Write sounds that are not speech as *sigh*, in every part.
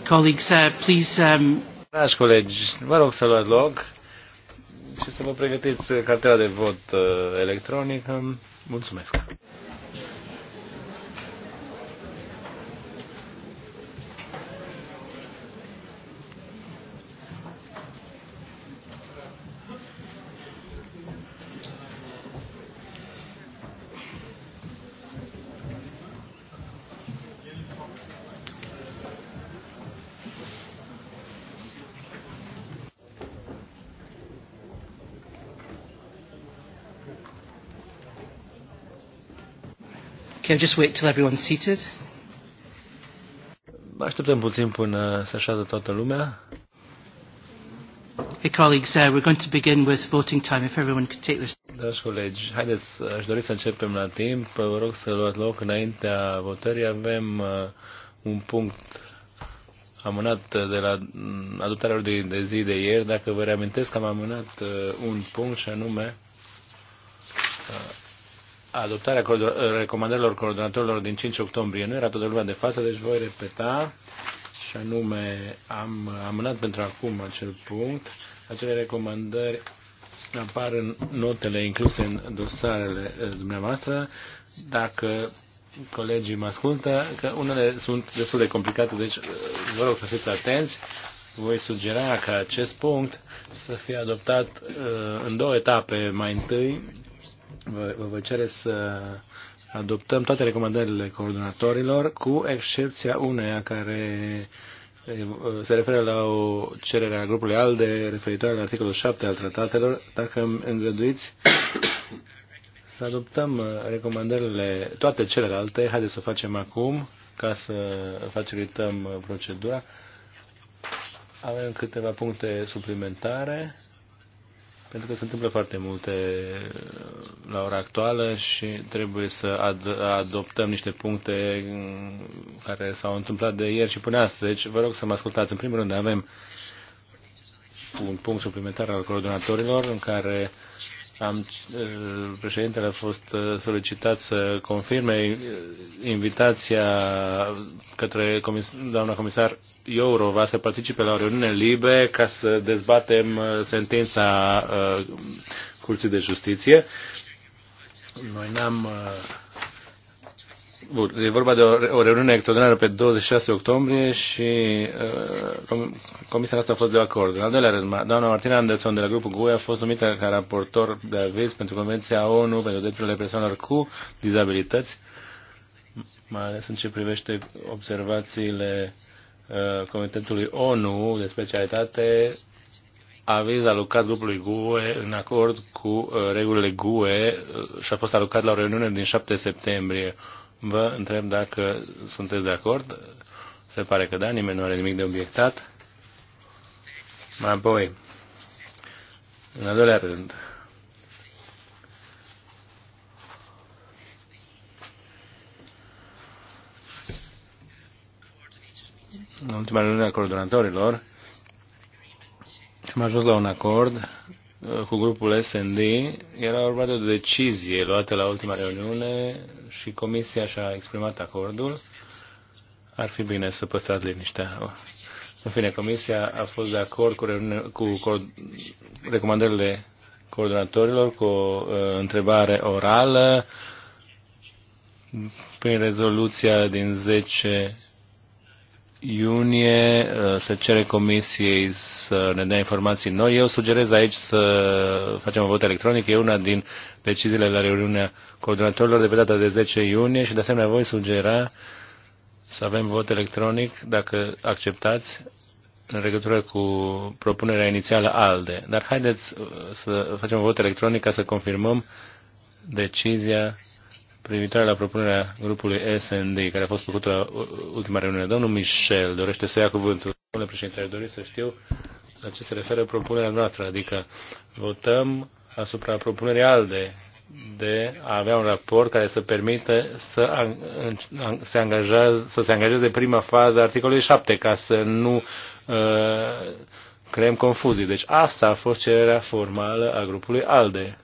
Colleagues, uh, please, um... Dragi colegi, vă rog să luați loc și să vă pregătiți cartela de vot uh, electronică. Mulțumesc. Can I just wait till everyone's seated? Așteptăm puțin până se așadă toată lumea. Hey colleagues, uh, we're going to begin with voting time if everyone could take their Dragi colegi, haideți, aș dori să începem la timp. Vă rog să luați loc înaintea votării. Avem uh, un punct amânat uh, de la mm, adoptarea ordinii de zi de ieri. Dacă vă reamintesc, am amânat uh, un punct și anume adoptarea recomandărilor coordonatorilor din 5 octombrie. Nu era toată lumea de față, deci voi repeta și anume am amânat pentru acum acel punct. Acele recomandări apar în notele incluse în dosarele eh, dumneavoastră. Dacă colegii mă ascultă, că unele sunt destul de complicate, deci eh, vă rog să fiți atenți. Voi sugera ca acest punct să fie adoptat eh, în două etape. Mai întâi, vă, vă cere să adoptăm toate recomandările coordonatorilor, cu excepția uneia care se referă la o cerere a grupului ALDE referitoare la articolul 7 al tratatelor. Dacă îmi îngăduiți să adoptăm uh, recomandările, toate celelalte, haideți să o facem acum ca să facilităm uh, procedura. Avem câteva puncte suplimentare pentru că se întâmplă foarte multe uh, la ora actuală și trebuie să ad- adoptăm niște puncte uh, care s-au întâmplat de ieri și până astăzi. Deci vă rog să mă ascultați. În primul rând avem un punct suplimentar al coordonatorilor în care am, uh, președintele a fost uh, solicitat să confirme uh, invitația către comis, doamna comisar Iourova să participe la o reuniune libe ca să dezbatem sentința Curții de Justiție. Noi n-am uh, Bun, e vorba de o, o reuniune extraordinară pe 26 octombrie și uh, comisia noastră a fost de acord. În al doilea rând, doamna Martina Anderson de la grupul GUE a fost numită ca raportor de aviz pentru Convenția ONU pentru drepturile persoanelor cu dizabilități, mai ales în ce privește observațiile uh, Comitetului ONU de specialitate aviz alocat grupului GUE în acord cu uh, regulile GUE uh, și a fost alocat la o reuniune din 7 septembrie. Vă întreb dacă sunteți de acord. Se pare că da, nimeni nu are nimic de obiectat. Mai apoi, în al doilea rând, în ultima reuniune a coordonatorilor, am ajuns la un acord Uh, cu grupul SND era vorba de o decizie luată la ultima reuniune și Comisia și-a exprimat acordul. Ar fi bine să păstrați liniștea. În fine, Comisia a fost de acord cu, reuni- cu, cord- recomandările coordonatorilor, cu o uh, întrebare orală prin rezoluția din 10 iunie uh, se cere comisiei să ne dea informații noi. Eu sugerez aici să facem un vot electronic. E una din deciziile la reuniunea coordonatorilor de pe data de 10 iunie și de asemenea voi sugera să avem vot electronic dacă acceptați în legătură cu propunerea inițială ALDE. Dar haideți uh, să facem un vot electronic ca să confirmăm decizia privitoare la propunerea grupului SND, care a fost făcută la ultima reuniune. Domnul Michel dorește să ia cuvântul. Domnule președinte, aș dori să știu la ce se referă propunerea noastră, adică votăm asupra propunerii ALDE de a avea un raport care să permită să se, să se angajeze prima fază a articolului 7 ca să nu uh, creăm confuzii. Deci asta a fost cererea formală a grupului ALDE.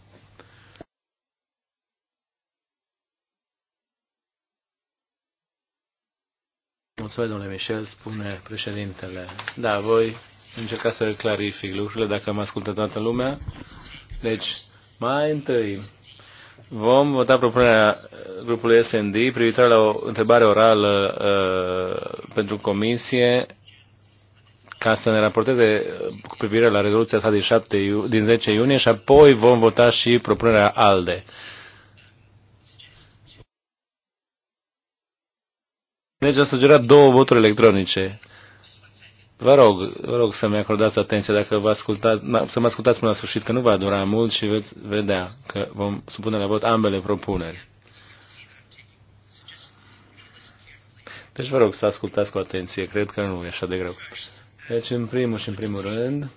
Mulțumesc, domnule Michel, spune președintele. Da, voi încerca să clarific lucrurile dacă am ascultat toată lumea. Deci, mai întâi, vom vota propunerea grupului SND privitoare la o întrebare orală uh, pentru comisie ca să ne raporteze cu privire la rezoluția sa din, 7, din 10 iunie și apoi vom vota și propunerea ALDE. Deci a sugerat două voturi electronice. Vă rog, vă rog să-mi acordați atenție dacă vă ascultați, să mă ascultați până la sfârșit, că nu va dura mult și veți vedea că vom supune la vot ambele propuneri. Deci vă rog să ascultați cu atenție, cred că nu e așa de greu. Deci în primul și în primul rând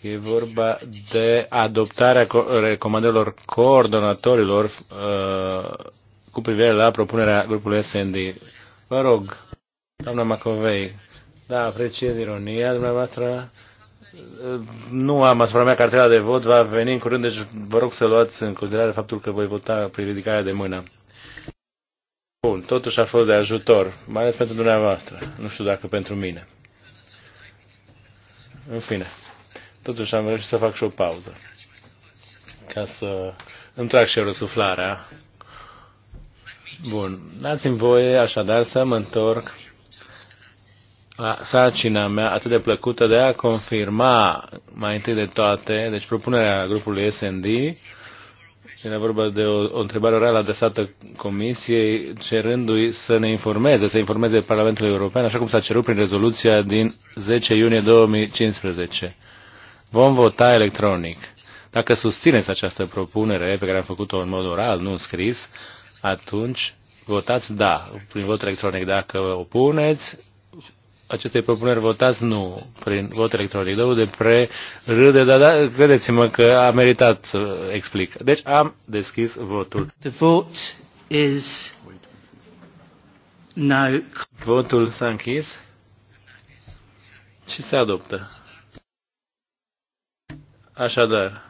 e vorba de adoptarea recomandărilor coordonatorilor uh, cu privire la propunerea grupului SND. Vă rog, doamna Macovei, da, apreciez ironia dumneavoastră. Nu am asupra mea cartela de vot, va veni în curând, deci vă rog să luați în considerare faptul că voi vota prin ridicarea de mână. Bun, totuși a fost de ajutor, mai ales pentru dumneavoastră, nu știu dacă pentru mine. În fine, totuși am reușit să fac și o pauză, ca să îmi trag și eu răsuflarea. Bun, dați-mi voie așadar să mă întorc la sarcina mea atât de plăcută de a confirma mai întâi de toate, deci propunerea grupului SND, era vorba de o, o întrebare orală adresată Comisiei, cerându-i să ne informeze, să informeze Parlamentul European, așa cum s-a cerut prin rezoluția din 10 iunie 2015. Vom vota electronic. Dacă susțineți această propunere pe care am făcut-o în mod oral, nu în scris, atunci votați da prin vot electronic. Dacă opuneți, acestei propuneri votați nu prin vot electronic. Domnul de pre râde, dar da, credeți-mă că a meritat să explic. Deci am deschis votul. The vote is now... Votul s-a închis și se adoptă. Așadar,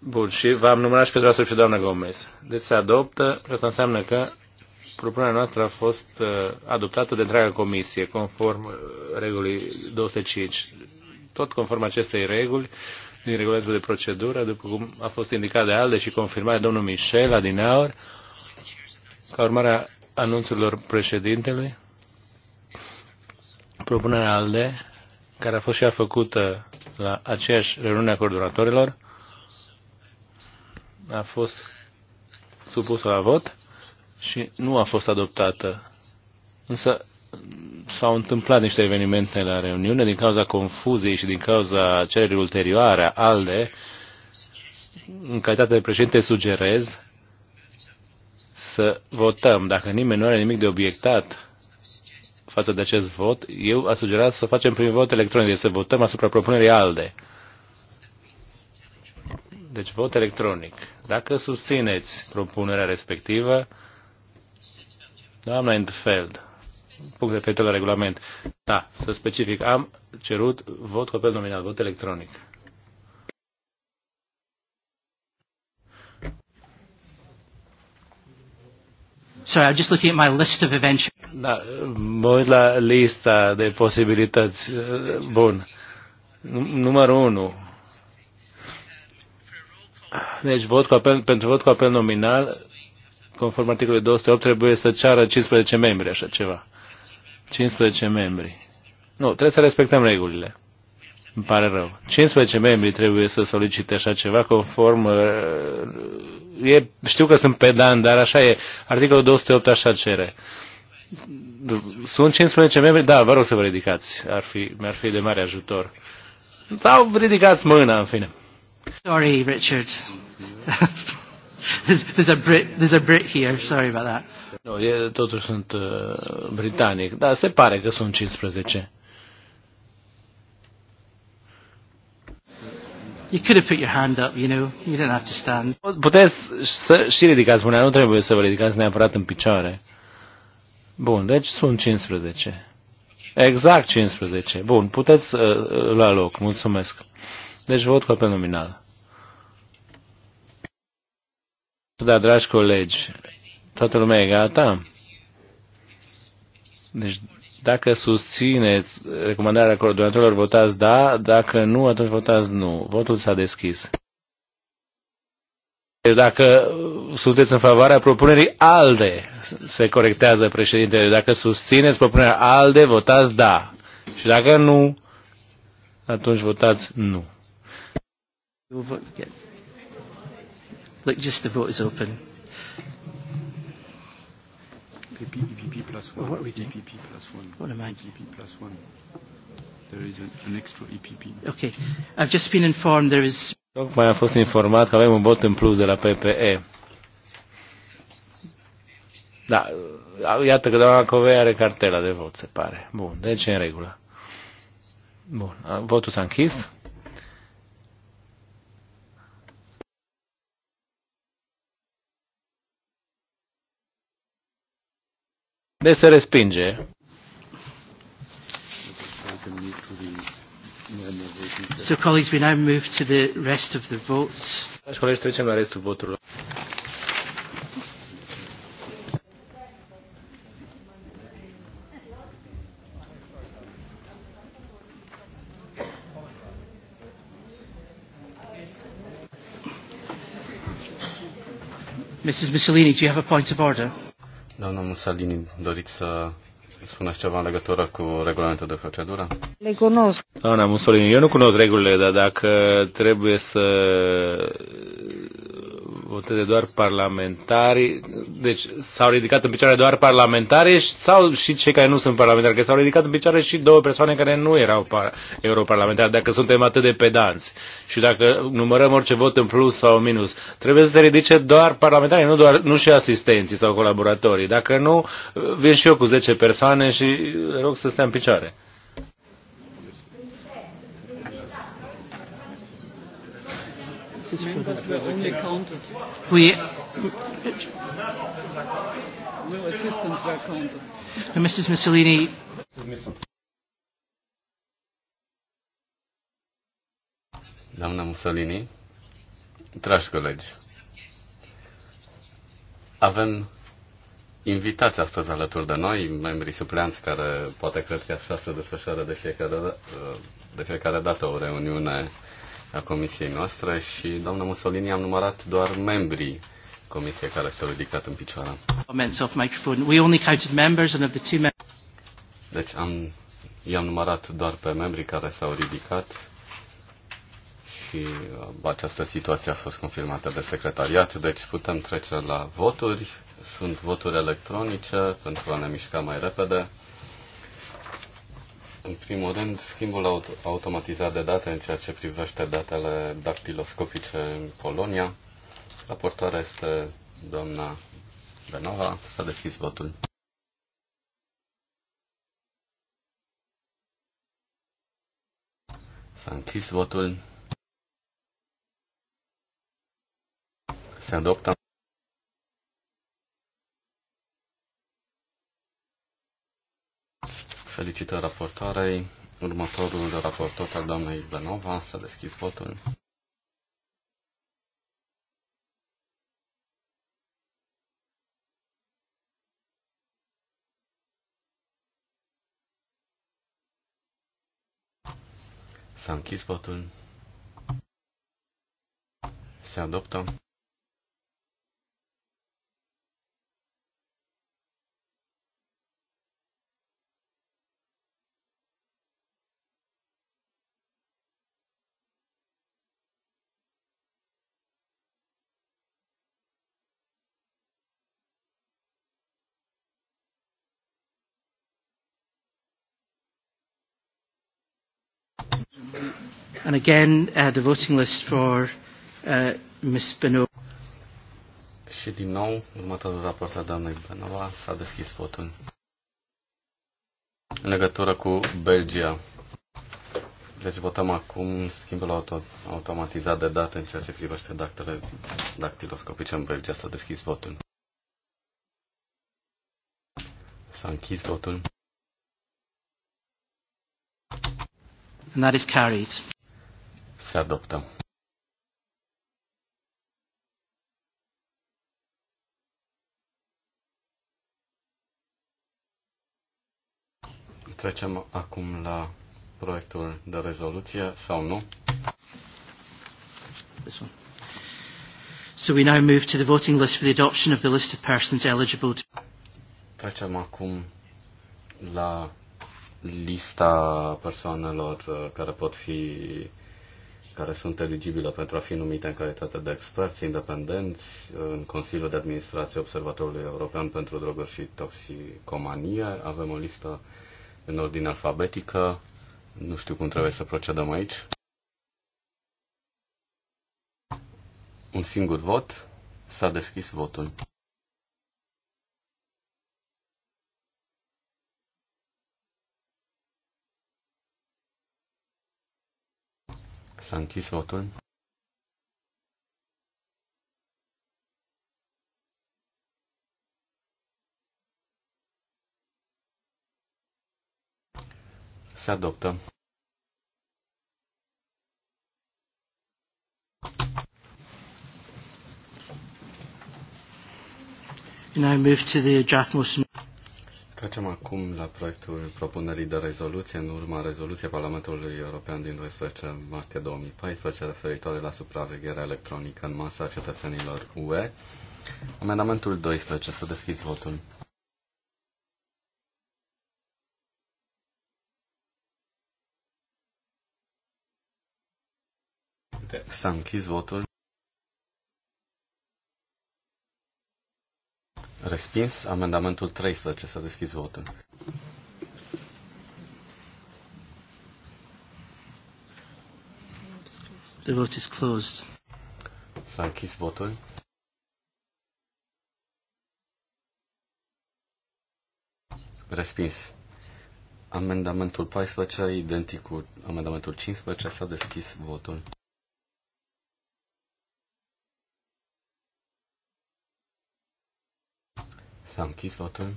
Bun, și v-am numărat și pe dumneavoastră și pe doamna Gomez. Deci se adoptă, asta înseamnă că propunerea noastră a fost uh, adoptată de întreaga comisie, conform uh, regulii 205. Tot conform acestei reguli, din regulamentul de procedură, după cum a fost indicat de ALDE și confirmat de domnul Michel Adinaur, ca urmare a anunțurilor președintelui, propunerea ALDE, care a fost și a făcută la aceeași reuniune a coordonatorilor, a fost supusă la vot și nu a fost adoptată. Însă s-au întâmplat niște evenimente la reuniune din cauza confuziei și din cauza cererii ulterioare a ALDE. În calitate de președinte sugerez să votăm. Dacă nimeni nu are nimic de obiectat față de acest vot, eu a sugerat să facem prin vot electronic, deci să votăm asupra propunerii ALDE. Deci vot electronic. Dacă susțineți propunerea respectivă, doamna Entfeld, punct de la regulament. Da, să specific, am cerut vot cu apel nominal, vot electronic. Sorry, I'm just looking at my list of events. Da, mă uit la lista de posibilități. Bun. Numărul 1 deci vot cu apel, pentru vot cu apel nominal, conform articolului 208, trebuie să ceară 15 membri, așa ceva. 15 membri. Nu, trebuie să respectăm regulile. Îmi pare rău. 15 membri trebuie să solicite așa ceva conform... Uh, e, știu că sunt pedan, dar așa e. Articolul 208 așa cere. Sunt 15 membri? Da, vă rog să vă ridicați. Ar fi, mi-ar fi de mare ajutor. Sau ridicați mâna, în fine. Sorry, Richard. *laughs* there's, there's, a Brit, there's a Brit here. Sorry about that. No, e, totuși sunt uh, britanic, dar se pare că sunt 15. You could have put your hand up, you know. You didn't have to stand. Puteți să și ridicați mâna, nu trebuie să vă ridicați neapărat în picioare. Bun, deci sunt 15. Exact 15. Bun, puteți uh, lua loc. Mulțumesc. Deci vot cu pe nominal. Da, dragi colegi, toată lumea e gata? Deci, dacă susțineți recomandarea coordonatorilor, votați da, dacă nu, atunci votați nu. Votul s-a deschis. Deci dacă sunteți în favoarea propunerii ALDE, se corectează președintele, dacă susțineți propunerea ALDE, votați da. Și dacă nu, atunci votați nu. Look, just the vote is open. PP, EPP plus one. What are we doing? EPP plus one. What am I? EPP plus one. There is an, an extra EPP. Okay. I've just been informed there is... Tocmai am fost informat că avem un vot în plus de la PPE. Da, iată că doamna Covei are cartela de vot, se pare. Bun, deci e în regulă. Bun, votul s-a închis. de se respinge. So colleagues, we now move to the rest of the votes. Dragi colegi, trecem la restul voturilor. Mrs. Mussolini, do you have a point of order? Doamna Mussolini, doriți să spuneți ceva în legătură cu regulamentul de procedură? Le cunosc. Doamna Mussolini, eu nu cunosc regulile, dar dacă trebuie să voteze doar parlamentari, deci s-au ridicat în picioare doar parlamentari sau și cei care nu sunt parlamentari, că s-au ridicat în picioare și două persoane care nu erau europarlamentari, dacă suntem atât de pedanți și dacă numărăm orice vot în plus sau în minus. Trebuie să se ridice doar parlamentari, nu, doar, nu și asistenții sau colaboratorii. Dacă nu, vin și eu cu 10 persoane și rog să stea în picioare. We... Mrs. Mussolini... Doamna Mussolini, dragi colegi, avem invitați astăzi alături de noi, membrii supleanți care poate cred că așa se desfășoară de fiecare, da, de fiecare dată o reuniune a comisiei noastre și, doamna Mussolini, am numărat doar membrii comisiei care s-au ridicat în picioare. microphone. We only counted members and of the two members. Deci am, i-am numărat doar pe membrii care s-au ridicat și uh, această situație a fost confirmată de secretariat, deci putem trece la voturi. Sunt voturi electronice pentru a ne mișca mai repede. În primul rând, schimbul automatizat de date în ceea ce privește datele dactiloscopice în Polonia. Raportoarea este doamna Benova. S-a deschis votul. S-a închis votul. Se adoptă. Felicitări raportoarei. Următorul raportor al doamnei s Să deschis votul. S-a închis votul. Se adoptă. And again, uh, the voting list for uh, Ms. Beno. Și din nou, următorul raport al doamnei Benova s-a deschis votul. În legătură cu Belgia. Deci votăm acum schimbul auto- automatizat de date în ceea ce privește datele dactiloscopice în Belgia. S-a deschis votul. S-a închis votul. And that is carried. Să adoptăm. Trecem acum la proiectul de rezoluție sau nu? This one. So we now move to the voting list for the adoption of the list of persons eligible to... Trecem acum la lista persoanelor uh, care pot fi care sunt eligibile pentru a fi numite în calitate de experți independenți în Consiliul de Administrație Observatorului European pentru Droguri și Toxicomanie. Avem o listă în ordine alfabetică. Nu știu cum trebuie să procedăm aici. Un singur vot. S-a deschis votul. S-a închis votul. Se adoptă. And I move to the Jack Wilson. Trecem acum la proiectul propunerii de rezoluție în urma rezoluției Parlamentului European din 12 martie 2014 referitoare la supraveghere electronică în masă a cetățenilor UE. Amendamentul 12. Să deschizi votul. S-a închis votul. respins. Amendamentul 13. S-a deschis votul. The vote is closed. S-a închis votul. Respins. Amendamentul 14, identic cu amendamentul 15, s-a deschis votul. S-a închis votul.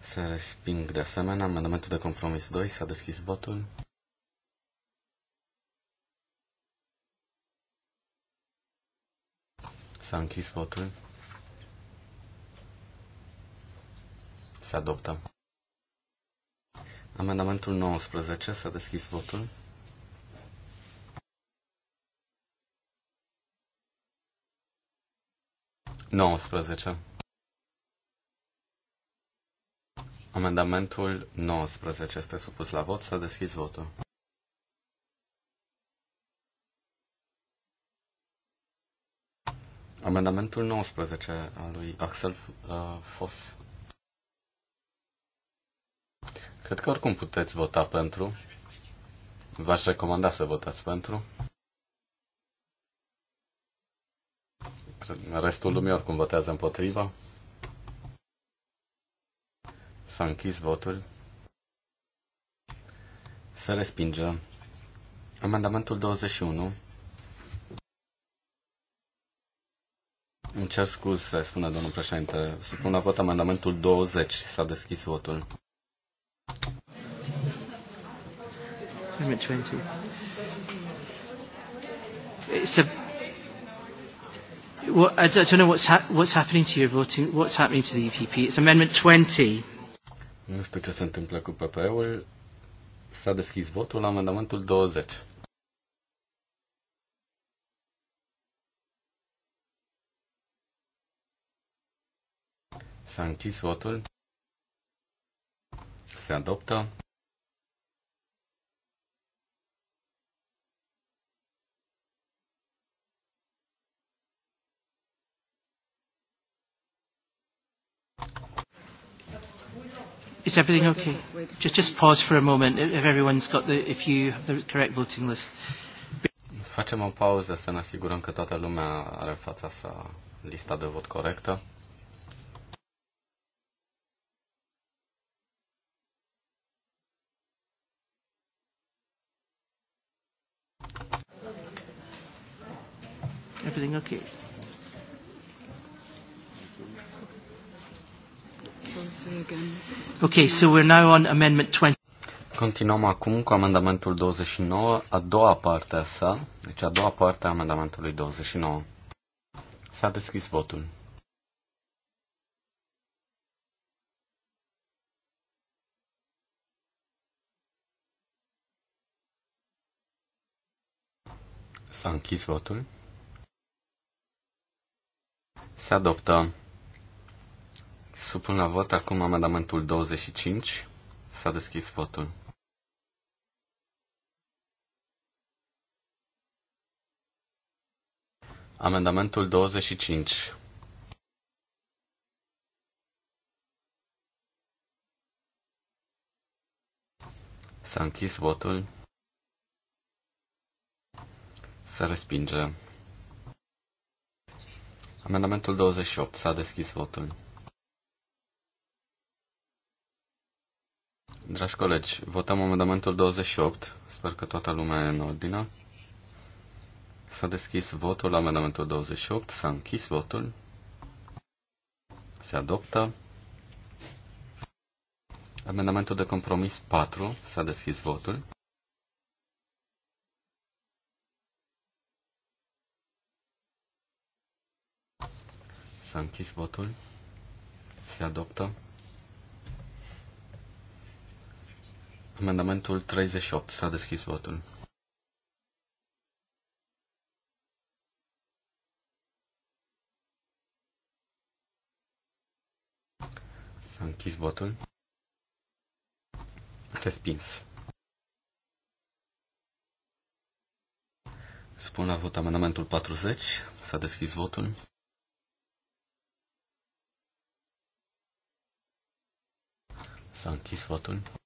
Se resping de asemenea amendamentul de compromis 2. S-a deschis votul. S-a închis votul. Se adoptă. Amendamentul 19. S-a deschis votul. 19. Amendamentul 19 este supus la vot. S-a deschis votul. Amendamentul 19 al lui Axel uh, Foss. Cred că oricum puteți vota pentru. V-aș recomanda să votați pentru. Restul lumii oricum votează împotriva. S-a închis votul. Să respingă Amendamentul 21. Îmi cer scuze, spune domnul președinte. Supun la vot amendamentul 20. S-a deschis votul. Amendment 20 well, I, don't know what's, ha- what's happening to your voting, what's happening to the EPP. It's Amendment 20. Nu știu ce se întâmplă cu PPE-ul. S-a deschis votul la amendamentul 20. S-a închis votul. Se adoptă. Is everything okay? Just, just pause for a moment if everyone's got the, if you have the correct voting list. Facem o pauză să ne asigurăm că toată lumea are în fața sa lista de vot corectă. Everything okay? Okay, so we're now on amendment 20. Continuăm acum cu amendamentul 29, a doua parte a sa, deci a doua parte a amendamentului 29. S-a deschis votul. S-a închis votul. Se adoptă Supun la vot acum amendamentul 25. S-a deschis votul. Amendamentul 25. S-a închis votul. Se respinge. Amendamentul 28. S-a deschis votul. Dragi colegi, votăm amendamentul 28. Sper că toată lumea e în ordine. S-a deschis votul la amendamentul 28, s-a închis votul, se adoptă. Amendamentul de compromis 4, s-a deschis votul. S-a închis votul, se adoptă. Amendamentul 38. S-a deschis votul. S-a închis votul. Respins. Spun la vot amendamentul 40. S-a deschis votul. S-a închis votul.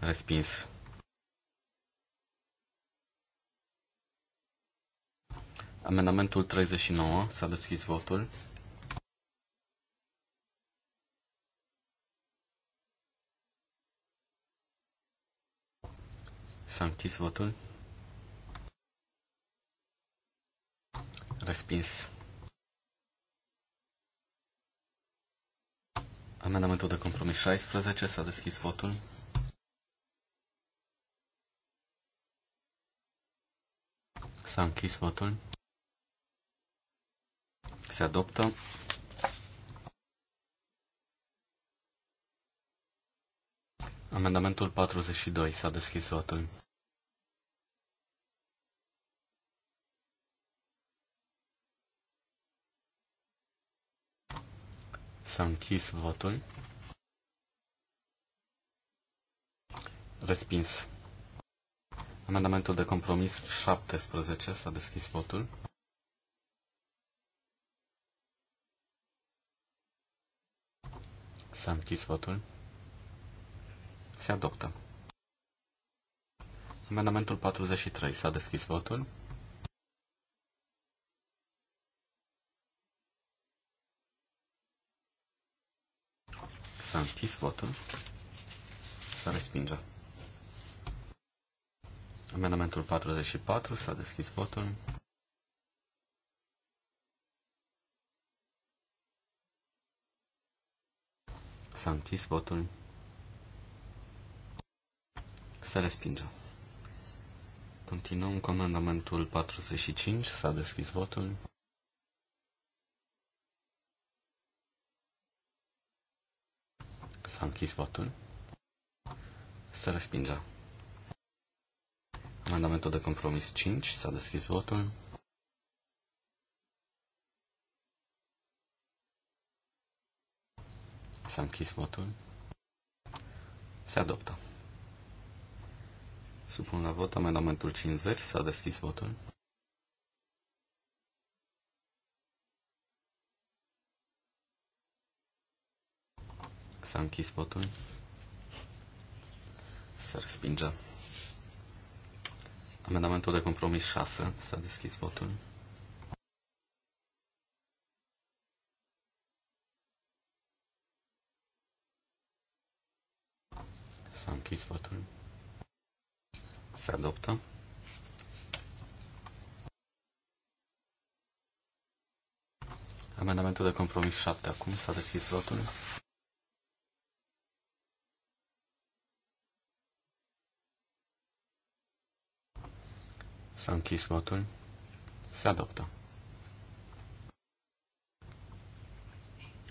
Respins. Amendamentul 39. S-a deschis votul. S-a închis votul. Respins. Amendamentul de compromis 16. S-a deschis votul. S-a închis votul. Se adoptă. Amendamentul 42. S-a deschis votul. S-a închis votul. Respins. Amendamentul de compromis 17 s-a deschis votul. S-a închis votul. Se adoptă. Amendamentul 43 s-a deschis votul. S-a închis votul. Să respinge. Amendamentul 44 s-a deschis votul. S-a întins votul. Se respinge. Continuăm cu amendamentul 45. S-a deschis votul. S-a închis votul. Se respinge. Amendamentul de compromis 5. S-a deschis votul. S-a închis votul. Se adoptă. Supun la vot amendamentul 50. S-a deschis votul. S-a închis votul. Se respinge. Amendamentul de compromis 6. S-a deschis votul. S-a închis votul. Se adoptă. Amendamentul de compromis 7. Acum s-a deschis votul. S-a închis votul. Se adoptă.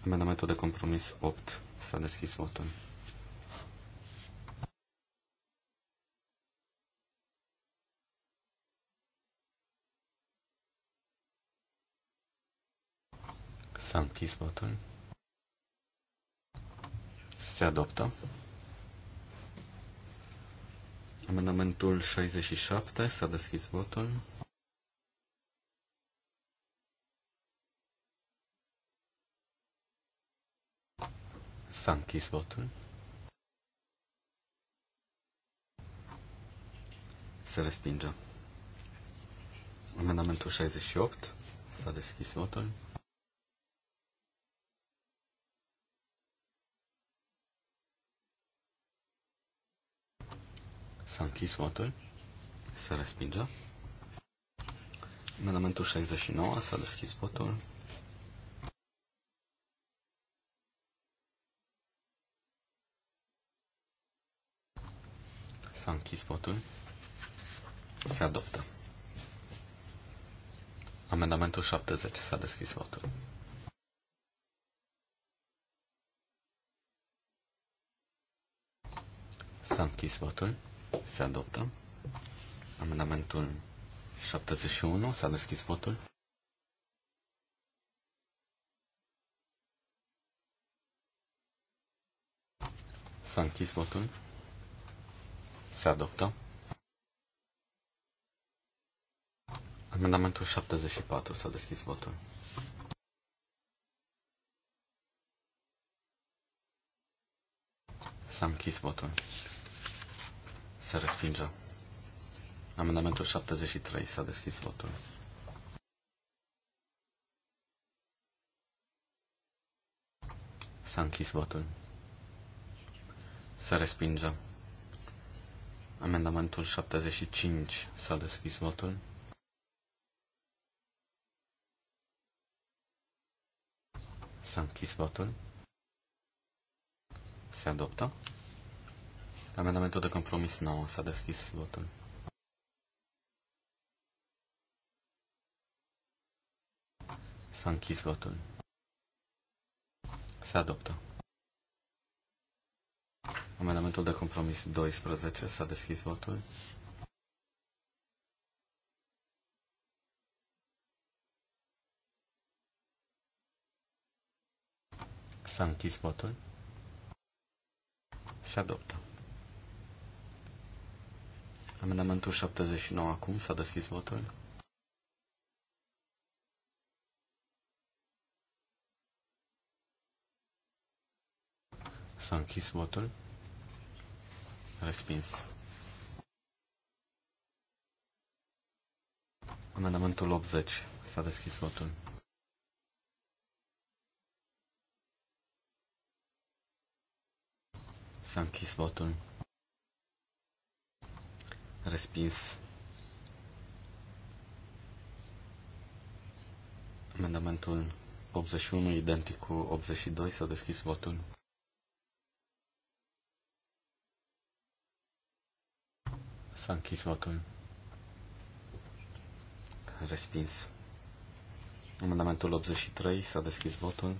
Amendamentul de compromis 8. S-a deschis votul. S-a închis votul. Se adoptă. Amendamentul 67, s-a deschis votul. S-a închis votul. Se respinge. Amendamentul 68, s-a deschis votul. S-a închis votul. Se respinge. Amendamentul 69. S-a deschis votul. S-a închis votul. Se adoptă. Amendamentul 70. S-a deschis votul. S-a închis votul se adoptă. Amendamentul 71, s-a deschis votul. S-a închis votul. Se adoptă. Amendamentul 74. S-a deschis votul. S-a închis votul. Se respinge. Amendamentul 73. S-a deschis votul. S-a închis votul. Se respinge. Amendamentul 75. S-a deschis votul. S-a închis votul. Se adoptă. Amendamentul de compromis 9. S-a deschis votul. S-a închis votul. Se adoptă. Amendamentul de compromis 12. S-a deschis votul. S-a închis votul. Se adoptă. Amendamentul 79 acum. S-a deschis votul. S-a închis votul. Respins. Amendamentul 80. S-a deschis votul. S-a închis votul. Respins. Amendamentul 81, identic cu 82, s-a deschis votul. S-a închis votul. Respins. Amendamentul 83, s-a deschis votul.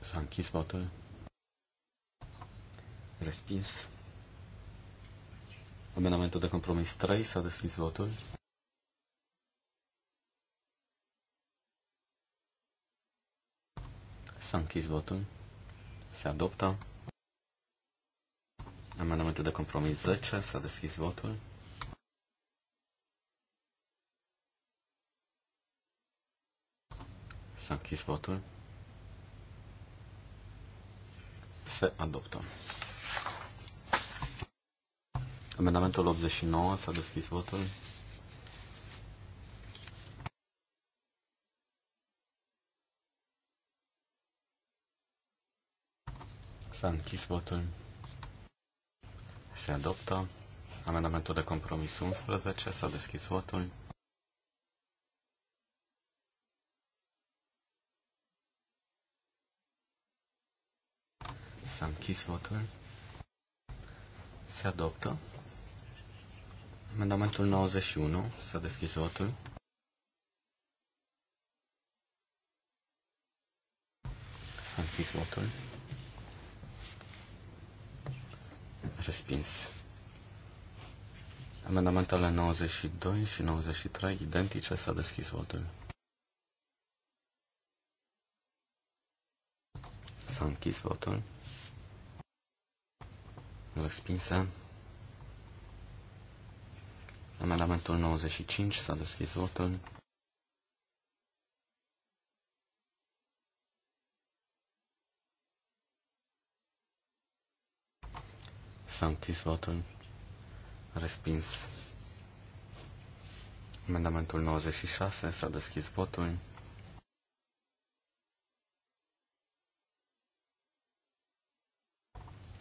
S-a închis votul. Respins. Amendamentul de compromis 3 s-a deschis votul. S-a închis votul. Se adoptă. Amendamentul de compromis 10 s-a deschis votul. S-a închis votul. Se adoptă. Amendamentul 89 s-a deschis votul. S-a închis votul. Se adoptă. Amendamentul de compromis 11 s-a deschis votul. S-a închis votul. Se adoptă. Amendamentul 91. S-a deschis votul. S-a închis votul. Respins. Amendamentele 92 și 93 identice s-a deschis votul. S-a închis votul. Respinsă. Amendamentul 95 s-a deschis votul. S-a închis votul. Respins. Amendamentul 96 s-a deschis votul.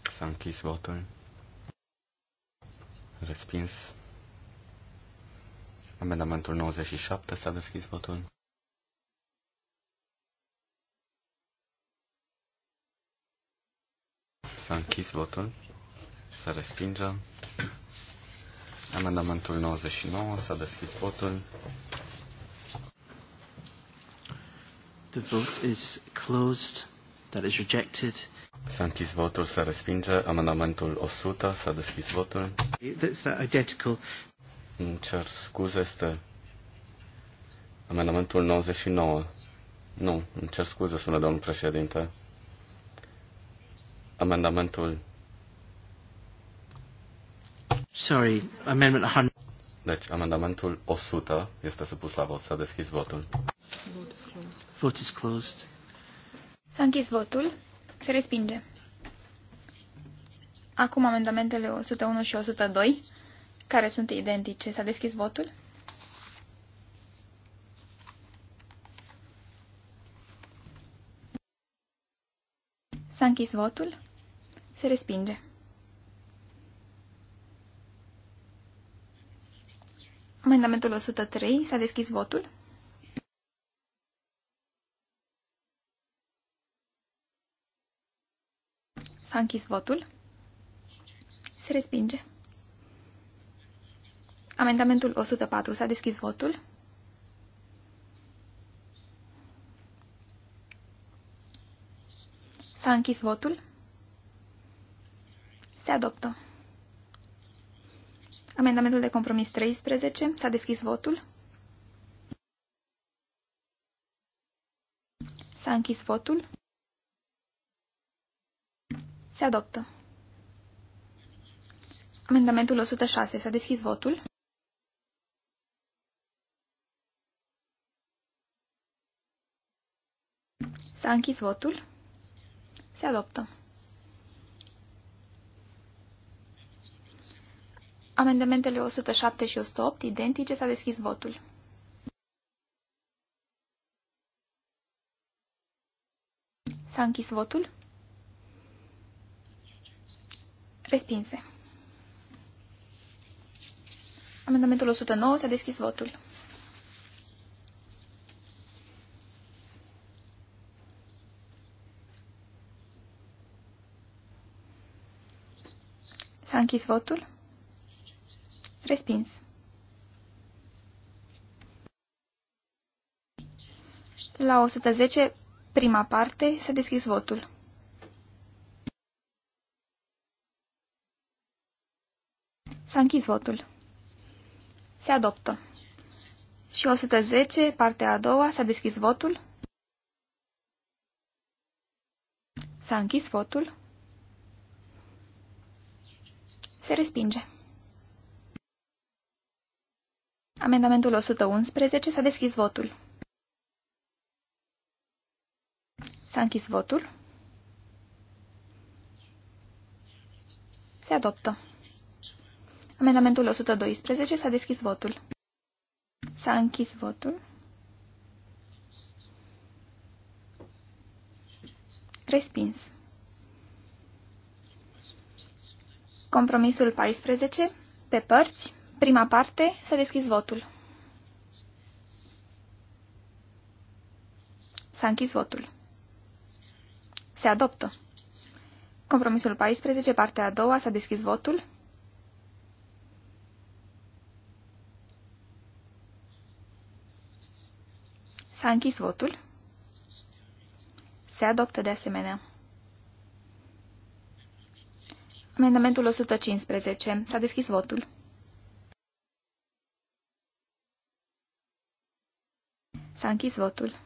S-a închis votul. Respins. Amendamentul 97 s-a deschis votul. S-a închis votul. Se respinge. Amendamentul 99 s-a deschis votul. The vote is closed. That is rejected. S-a închis votul, se respinge. Amendamentul 100, s-a deschis votul. That's that identical îmi cer scuze, este amendamentul 99. Nu, îmi cer scuze, spune domnul președinte. Amendamentul. Sorry, amendment 100. Deci, amendamentul 100 este supus la vot. S-a deschis votul. Vote is closed. S-a închis votul. Se respinge. Acum amendamentele 101 și 102 care sunt identice. S-a deschis votul? S-a închis votul. Se respinge. Amendamentul 103. S-a deschis votul. S-a închis votul. Se respinge. Amendamentul 104. S-a deschis votul. S-a închis votul. Se adoptă. Amendamentul de compromis 13. S-a deschis votul. S-a închis votul. Se adoptă. Amendamentul 106. S-a deschis votul. a închis votul. Se adoptă. Amendamentele 107 și 108, identice, s-a deschis votul. S-a închis votul. Respinse. Amendamentul 109 s-a deschis votul. S-a închis votul. Respins. La 110, prima parte, s-a deschis votul. S-a închis votul. Se adoptă. Și 110, partea a doua, s-a deschis votul. S-a închis votul. Se respinge. Amendamentul 111 s-a deschis votul. S-a închis votul. Se adoptă. Amendamentul 112 s-a deschis votul. S-a închis votul. Respins. Compromisul 14, pe părți, prima parte, să deschizi votul. S-a închis votul. Se adoptă. Compromisul 14, partea a doua, s-a deschis votul. S-a închis votul. Se adoptă de asemenea. Amendamentul 115. S-a deschis votul. S-a închis votul.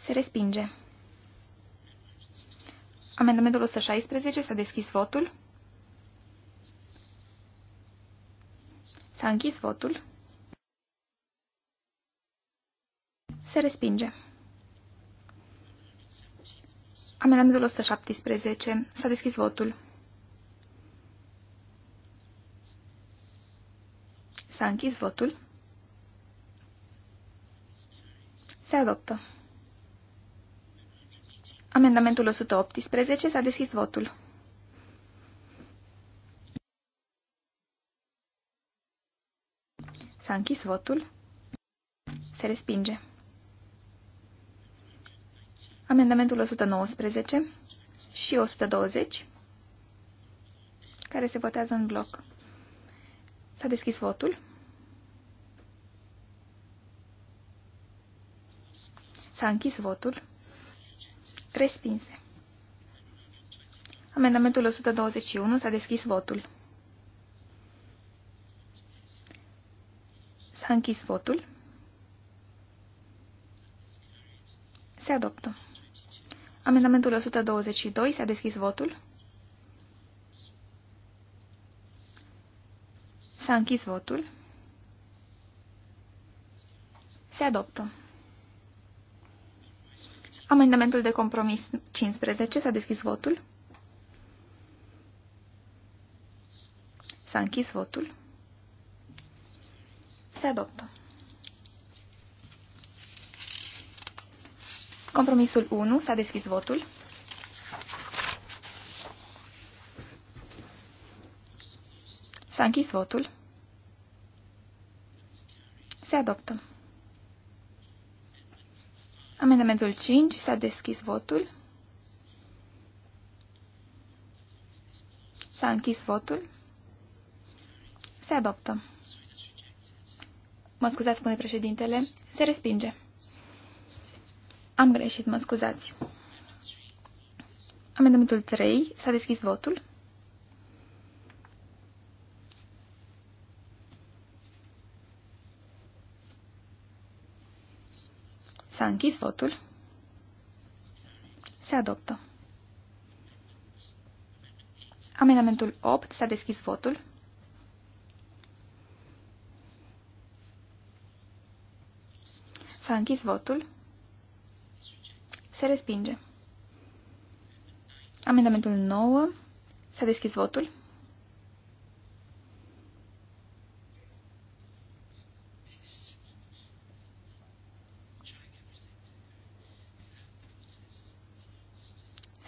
Se respinge. Amendamentul 116. S-a deschis votul. S-a închis votul. Se respinge. Amendamentul 117. S-a deschis votul. S-a închis votul. Se adoptă. Amendamentul 118 s-a deschis votul. S-a închis votul. Se respinge. Amendamentul 119 și 120, care se votează în bloc. S-a deschis votul. S-a închis votul. Respinse. Amendamentul 121 s-a deschis votul. S-a închis votul. Se adoptă. Amendamentul 122 s-a deschis votul. S-a închis votul. Se adoptă. Amendamentul de compromis 15. S-a deschis votul. S-a închis votul. Se adoptă. Compromisul 1. S-a deschis votul. S-a închis votul. Se adoptă. Amendamentul 5. S-a deschis votul. S-a închis votul. Se adoptă. Mă scuzați, spune președintele. Se respinge. Am greșit, mă scuzați. Amendamentul 3. S-a deschis votul. S-a închis votul. Se adoptă. Amendamentul 8. S-a deschis votul. S-a închis votul. Se respinge. Amendamentul 9. S-a deschis votul.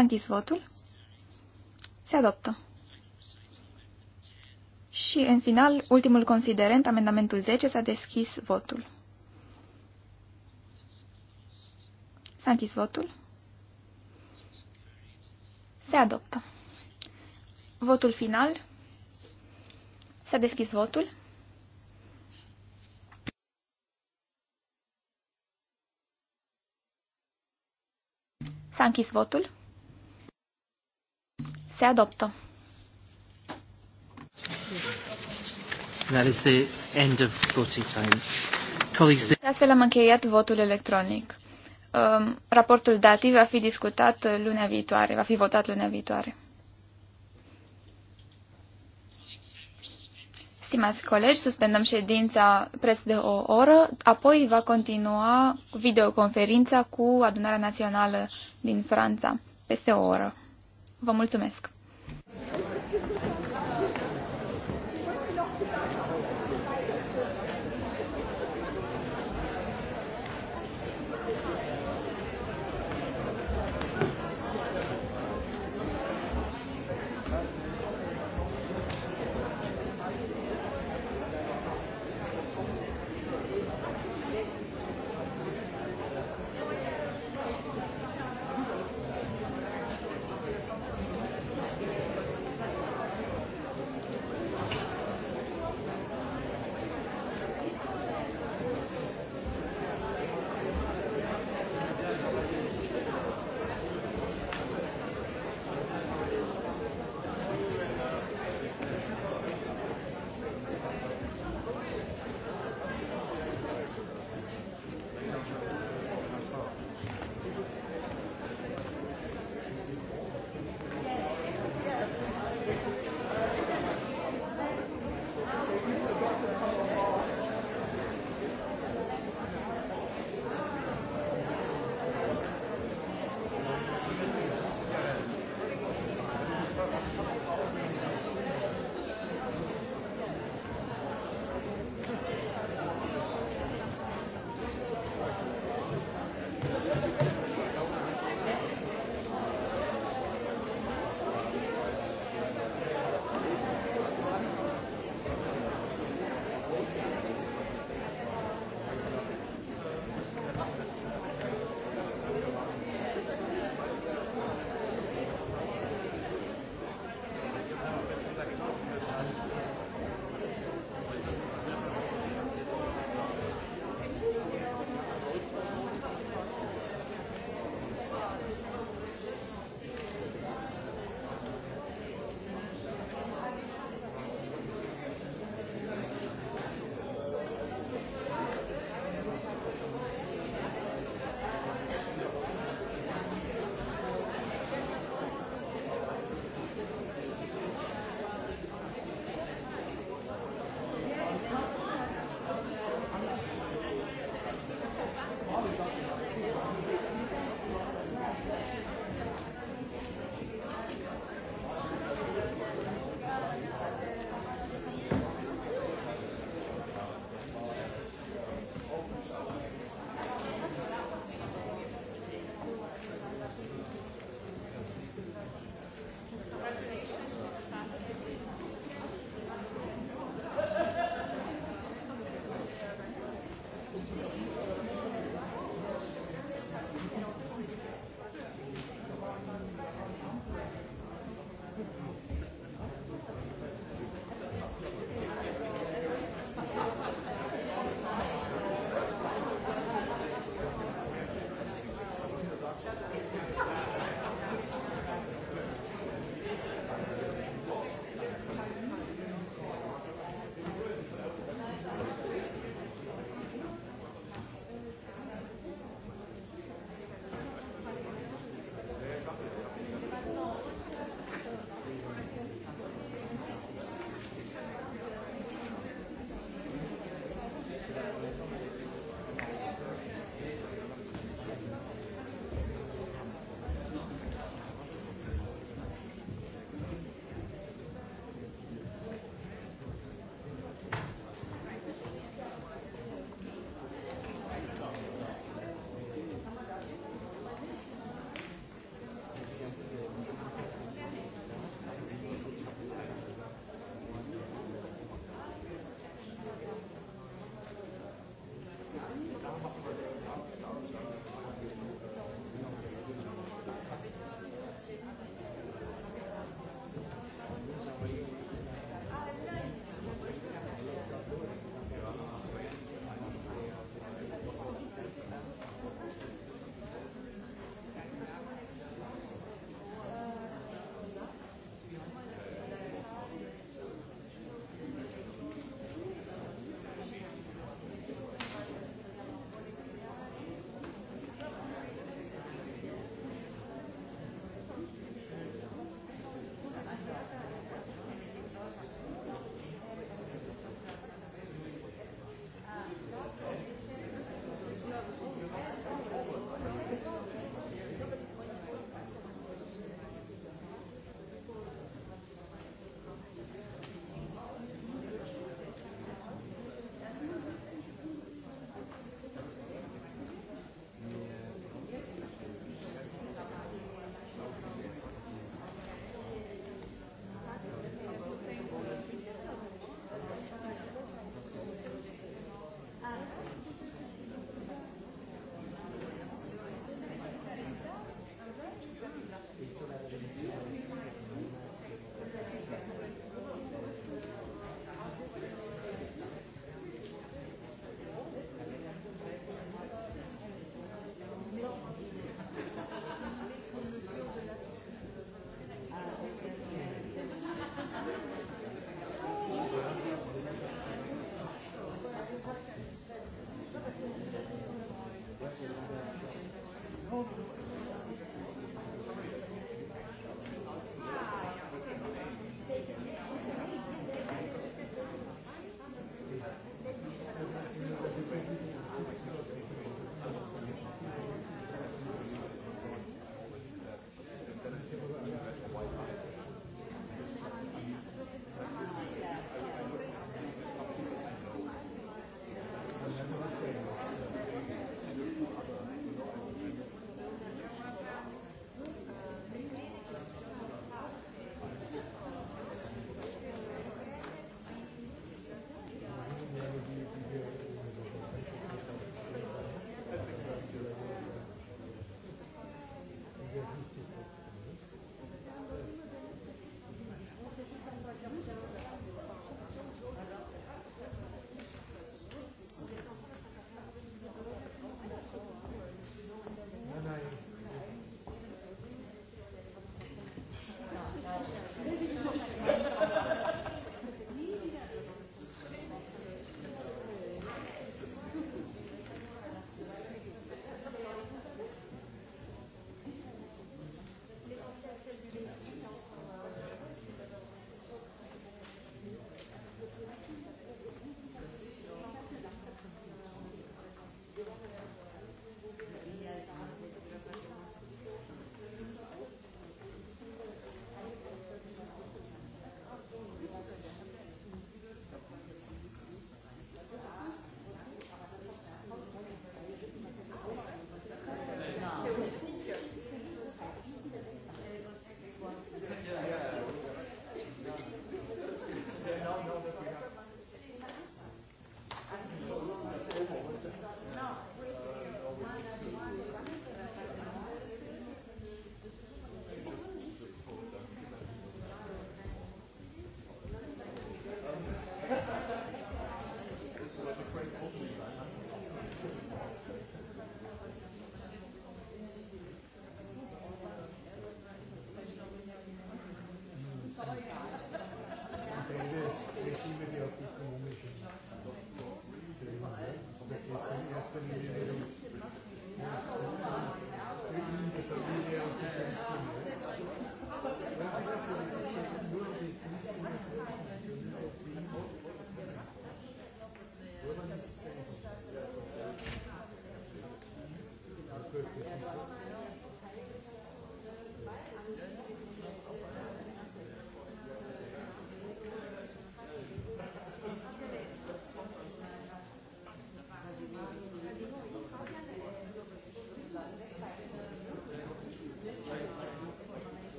S-a închis votul. Se adoptă. Și, în final, ultimul considerent, amendamentul 10, s-a deschis votul. S-a închis votul. Se adoptă. Votul final. S-a deschis votul. S-a închis votul. Se adoptă. That is the end of voting time. Colleagues, the... Astfel am încheiat votul electronic. Um, raportul DATI va fi discutat lunea viitoare, va fi votat lunea viitoare. Stimați colegi, suspendăm ședința preț de o oră, apoi va continua videoconferința cu Adunarea Națională din Franța peste o oră. Vă mulțumesc!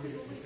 Thank you.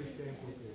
este important.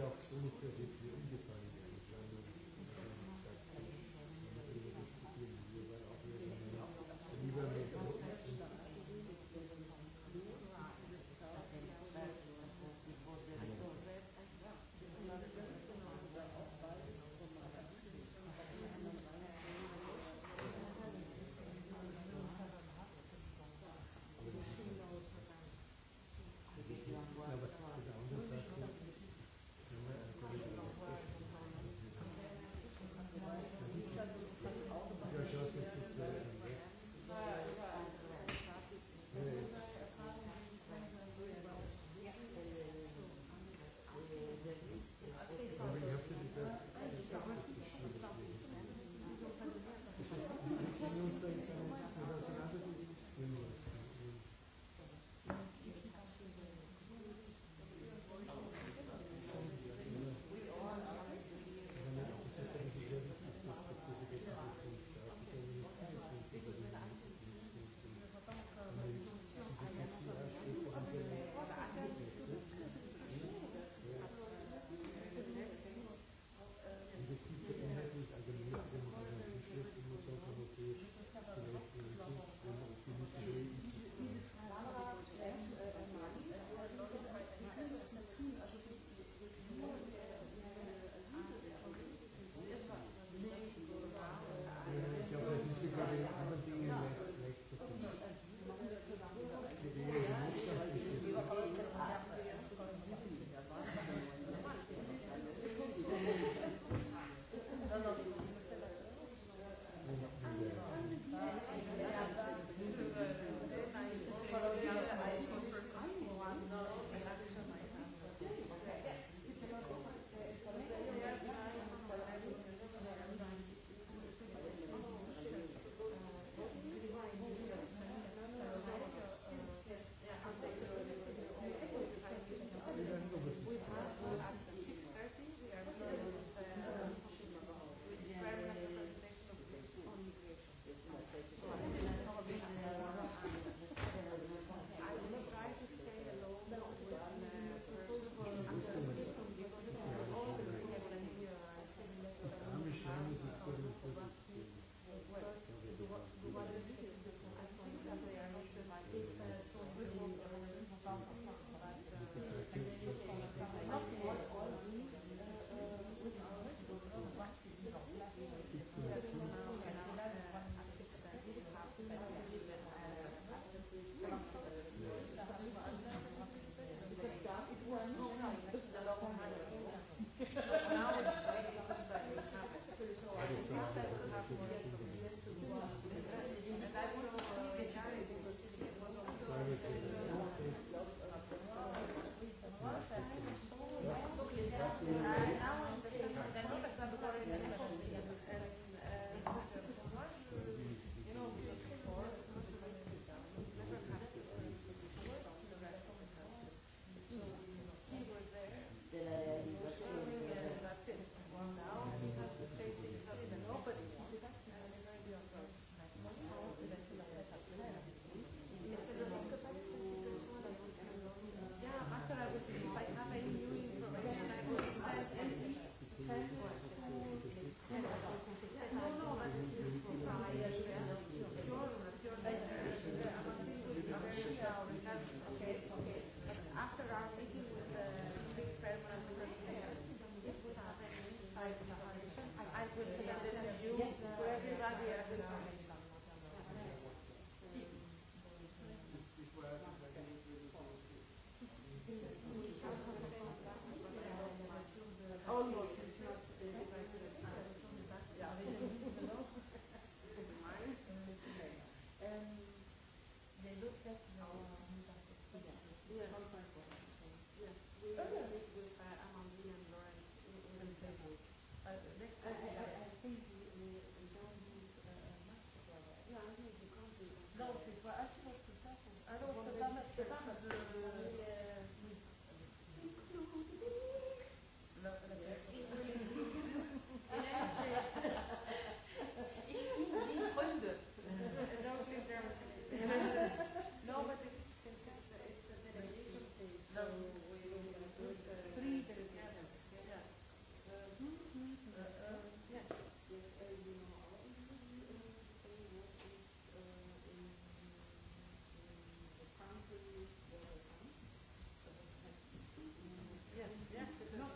ja auch so nicht, dass jetzt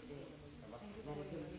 activități. Dar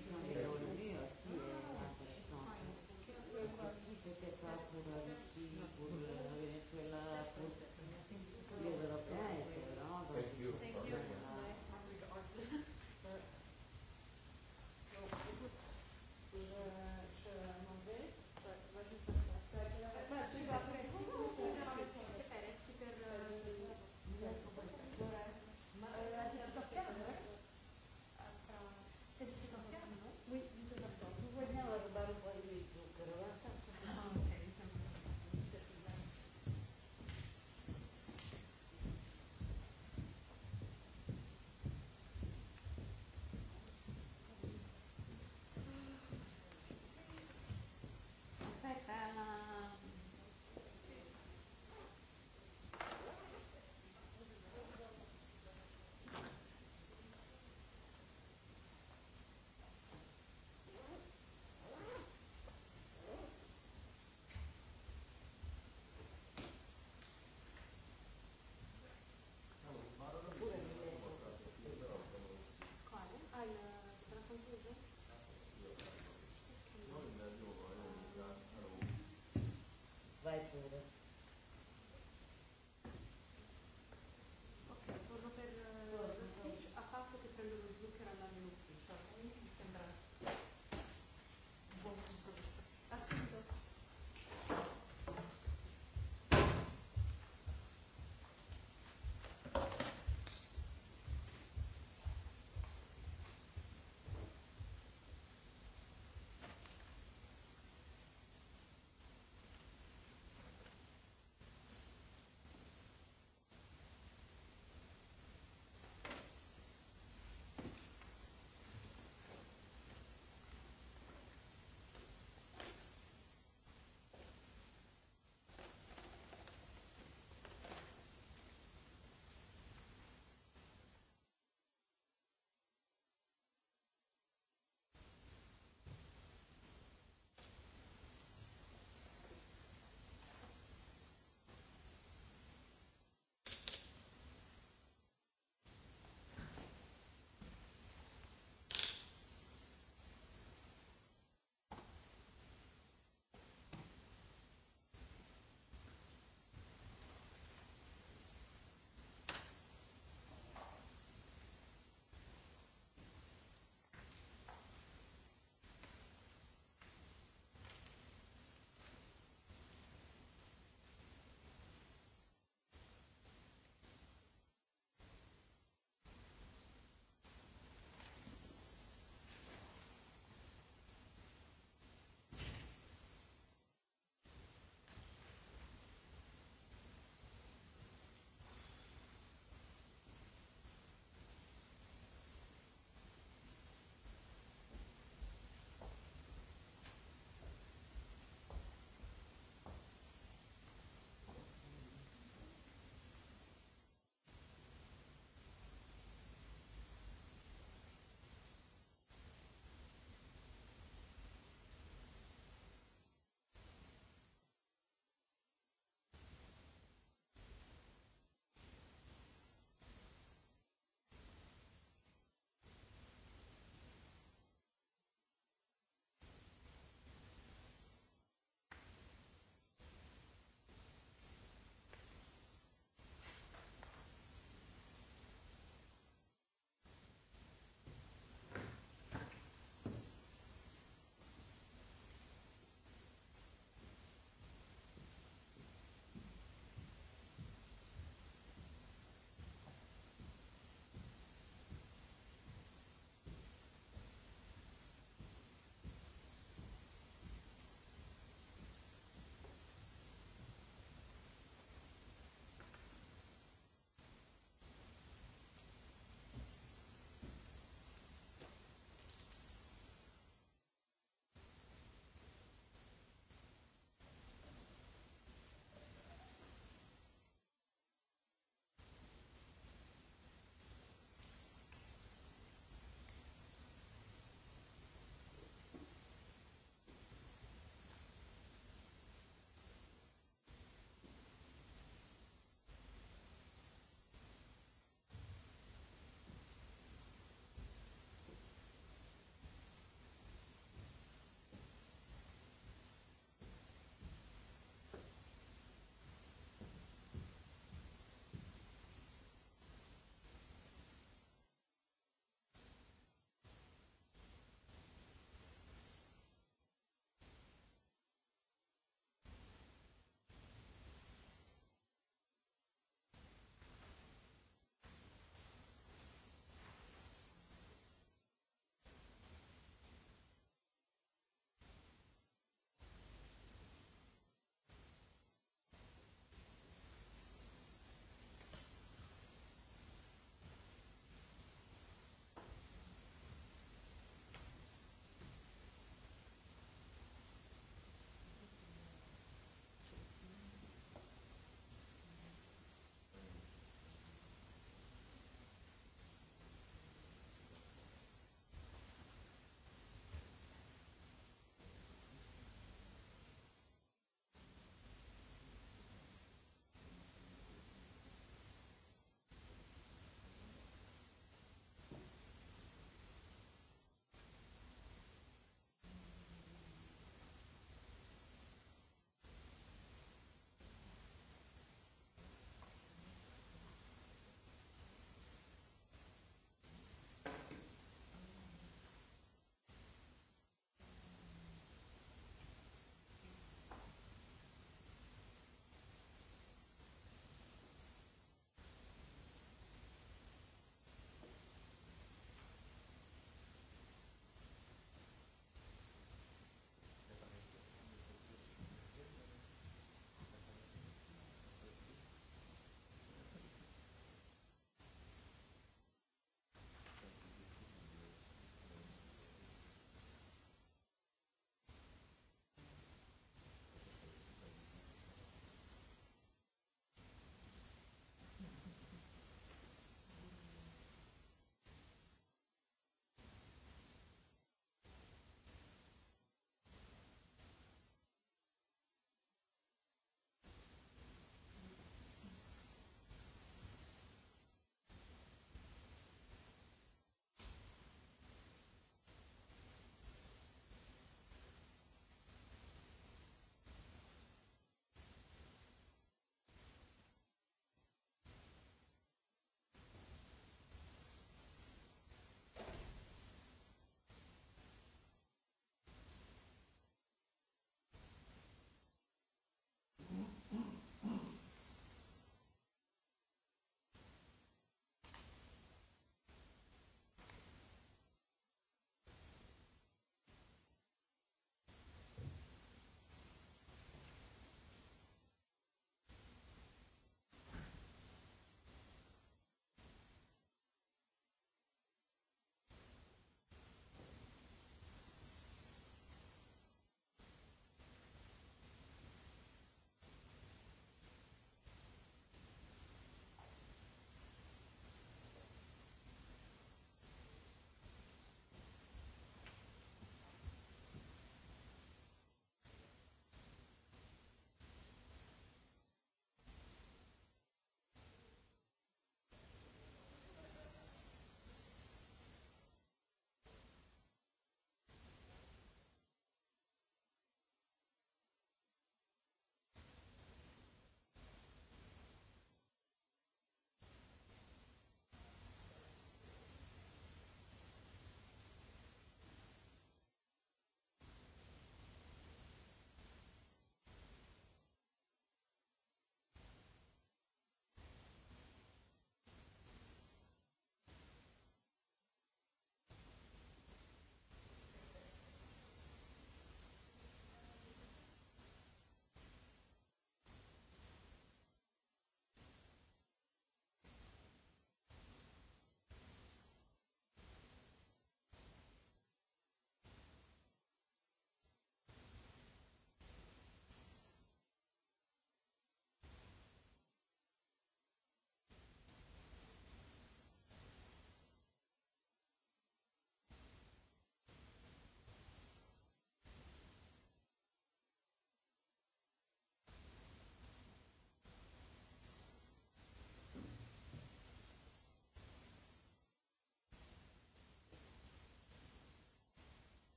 Weitwürde.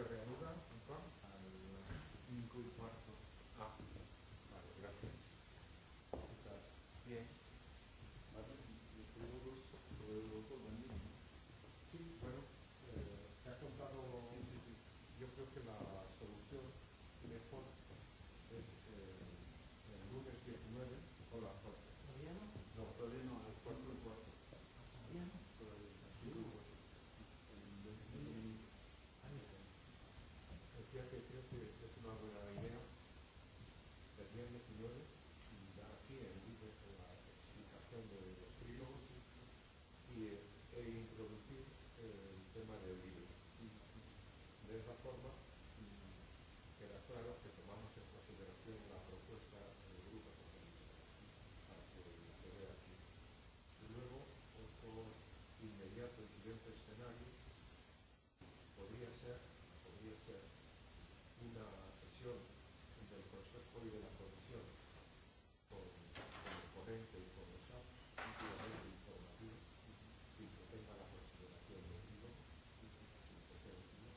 se reanuda a las cinco y cuarto. Ah, vale, gracias. Está bien. Vale, yo tengo dos, luego por la misma. Sí, bueno, eh, te ha contado, sí, sí, sí. yo creo que la solución mejor es eh, el lunes 19 o las 4. ¿Todavía no? No, todavía no, a las 4 y cuarto. ¿Todavía no? ya que creo que es una buena idea de lectores y dar aquí el libro con la explicación de los trílogos y, e introducir el tema del libro. De esa forma queda claro que tomamos en consideración la propuesta del grupo socialista para que se vea aquí. Luego, otro inmediato y siguiente escenario podría ser, podría ser una sesión del Consejo y de la Comisión con, con el ponente y con los ampliamente informativo y que tenga la consideración de vivo y que sea útil.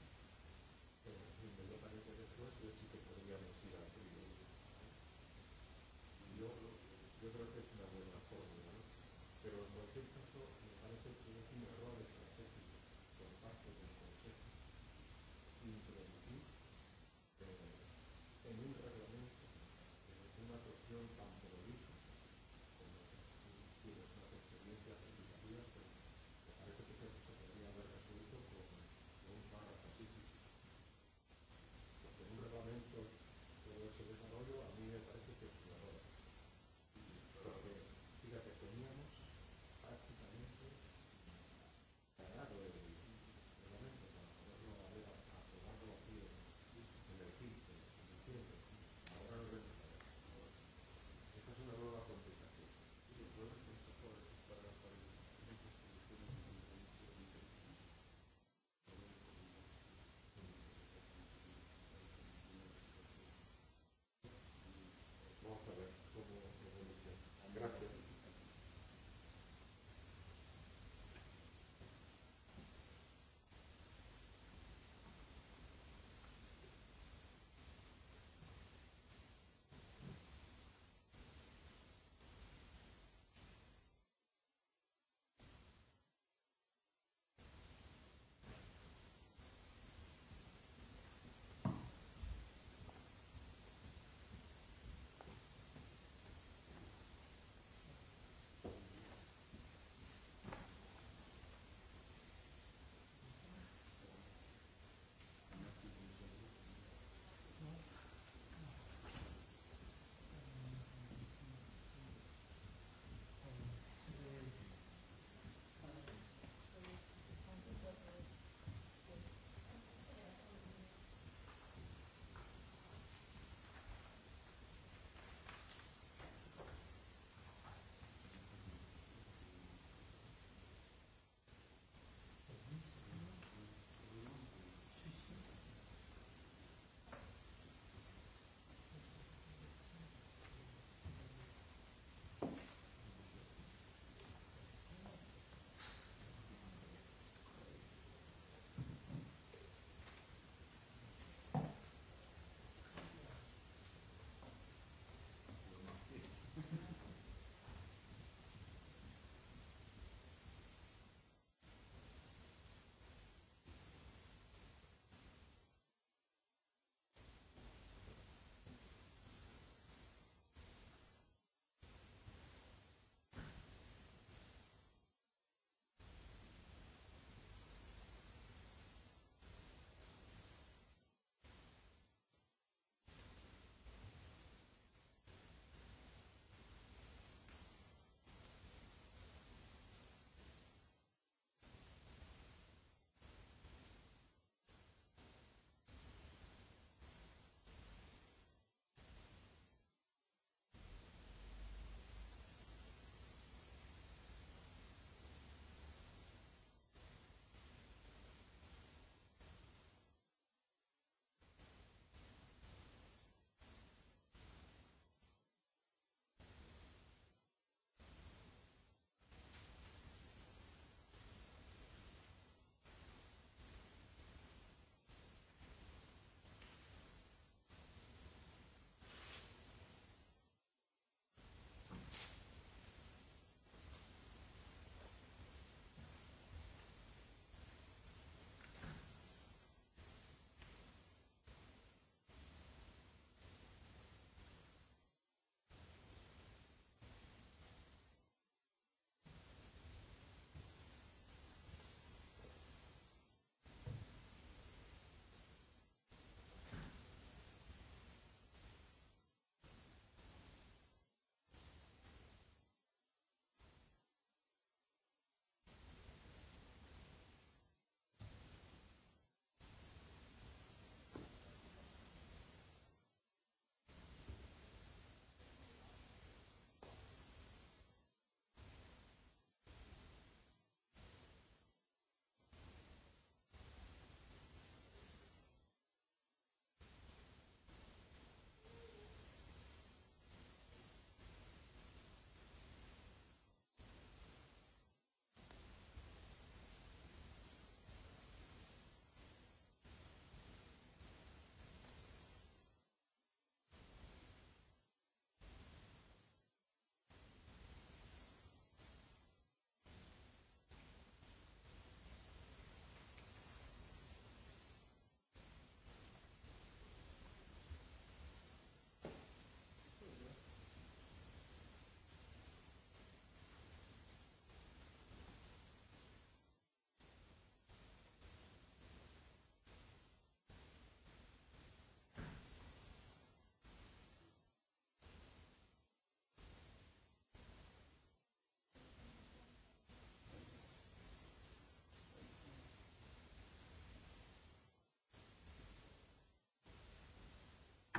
Pero inmediatamente después yo sí que podríamos ir a pedir. Yo, yo creo que es una buena fórmula, ¿no? pero en cualquier caso me parece que es un error estratégico por parte del Consejo introducir en un reglamento que una cuestión tan dolorosa como tiene unas experiencias legislativas, me parece que se podría haber resuelto con, con un párrafo así. Porque en un reglamento todo eso deja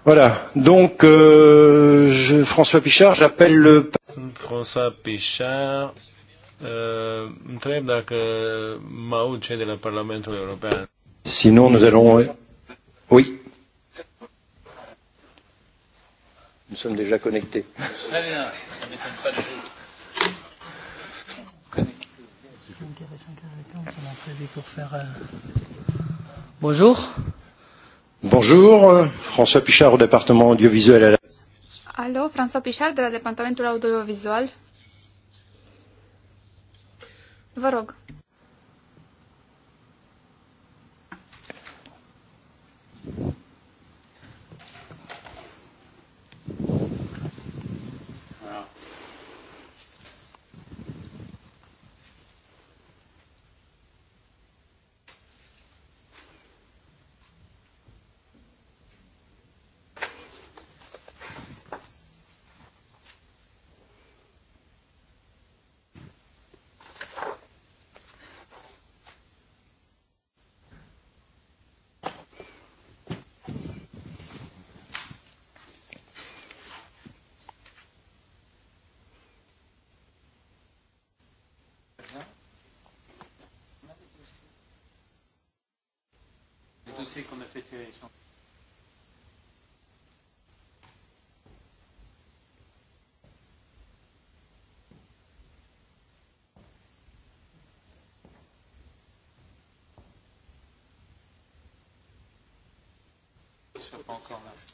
Voilà. Donc, euh, je, François Pichard, j'appelle le... François Pichard, euh, întreb dacă mă aud de la Parlement European. Sinon, nous allons... Euh, oui. Nous sommes déjà connectés. Très euh, Bonjour. Bonjour, François Pichard au département audiovisuel. Allô, François Pichard de la Departamentul Audiovizual. Vă rog. aussi qu'on a fait tirer Je ne sur pas encore là.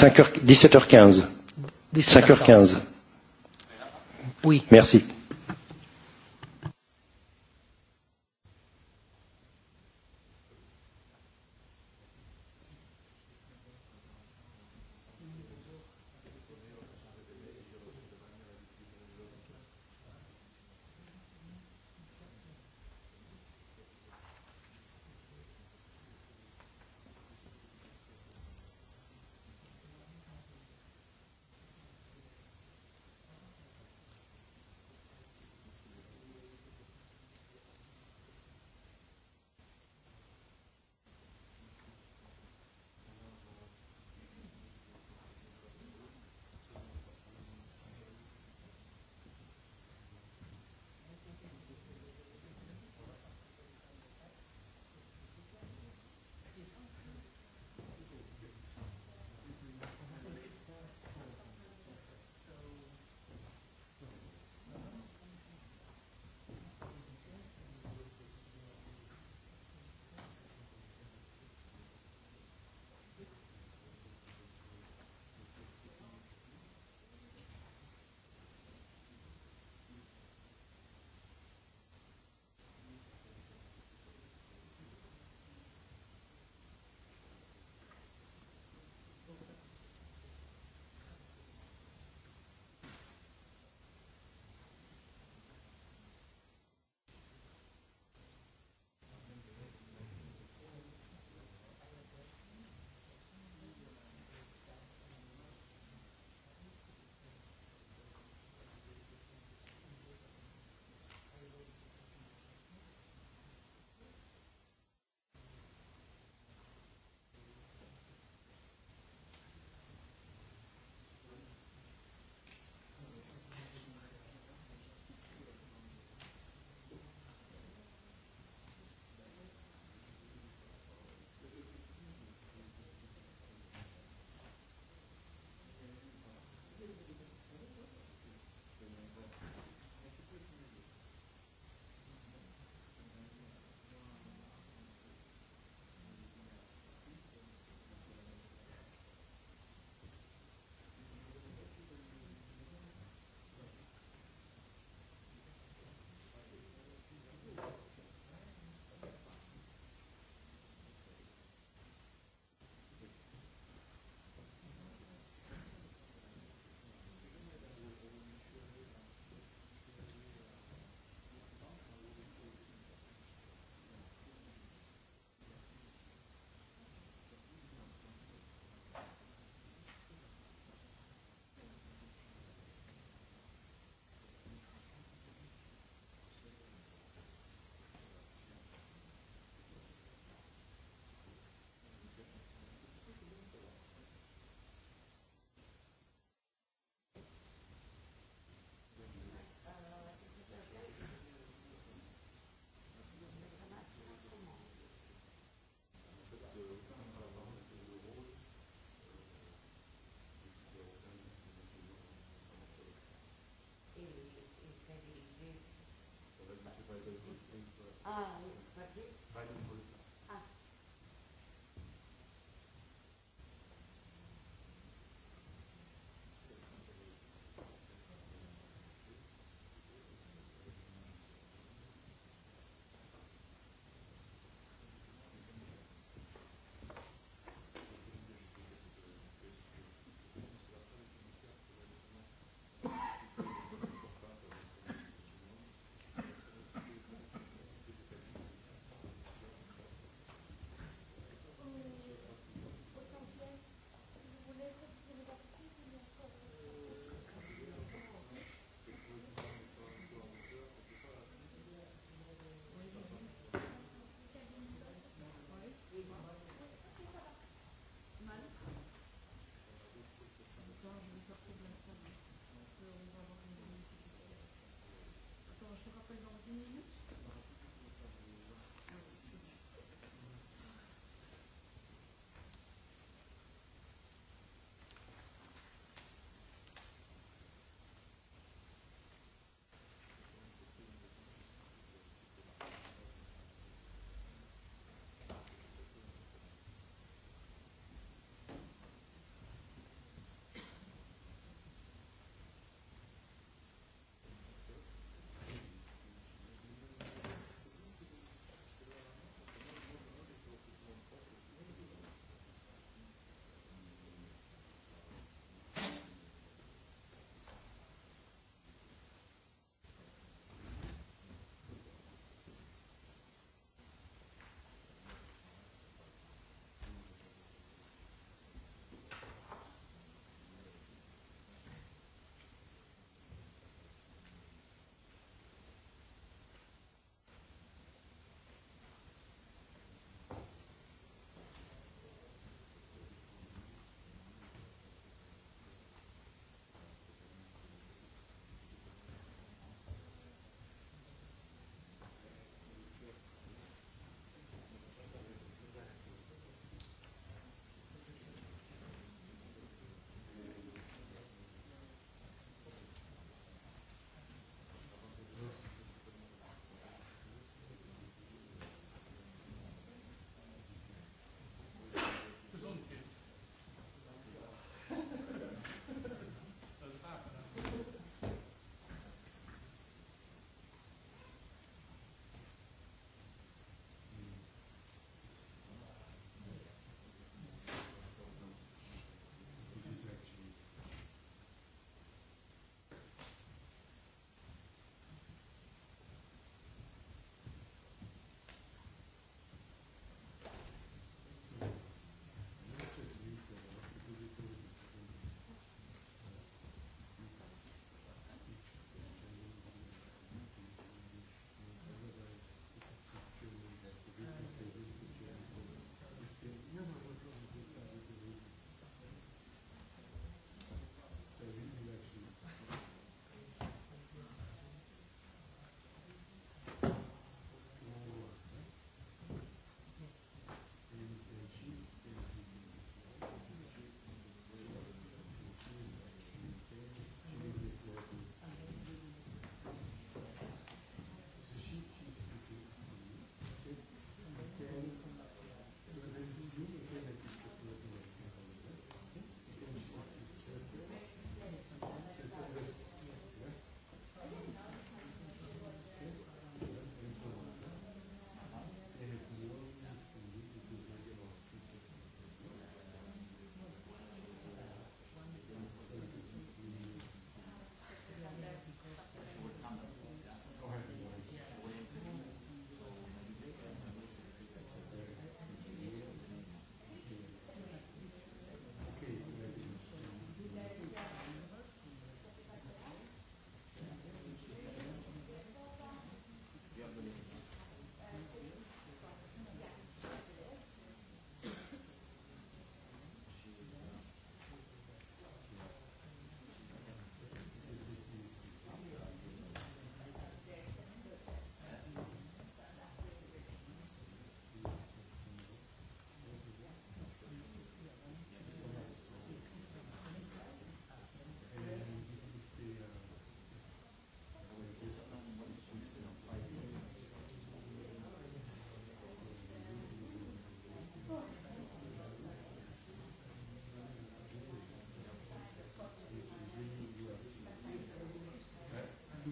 5h, h 15 5 17h15. Oui. Merci.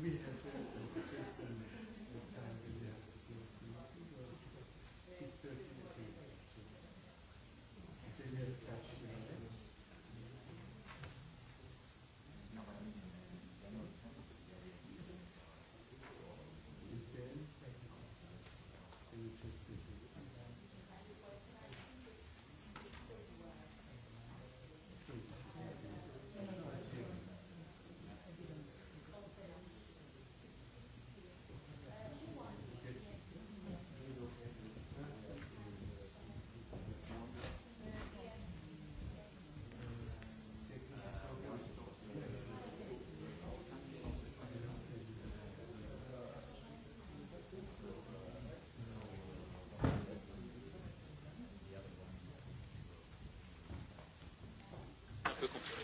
we have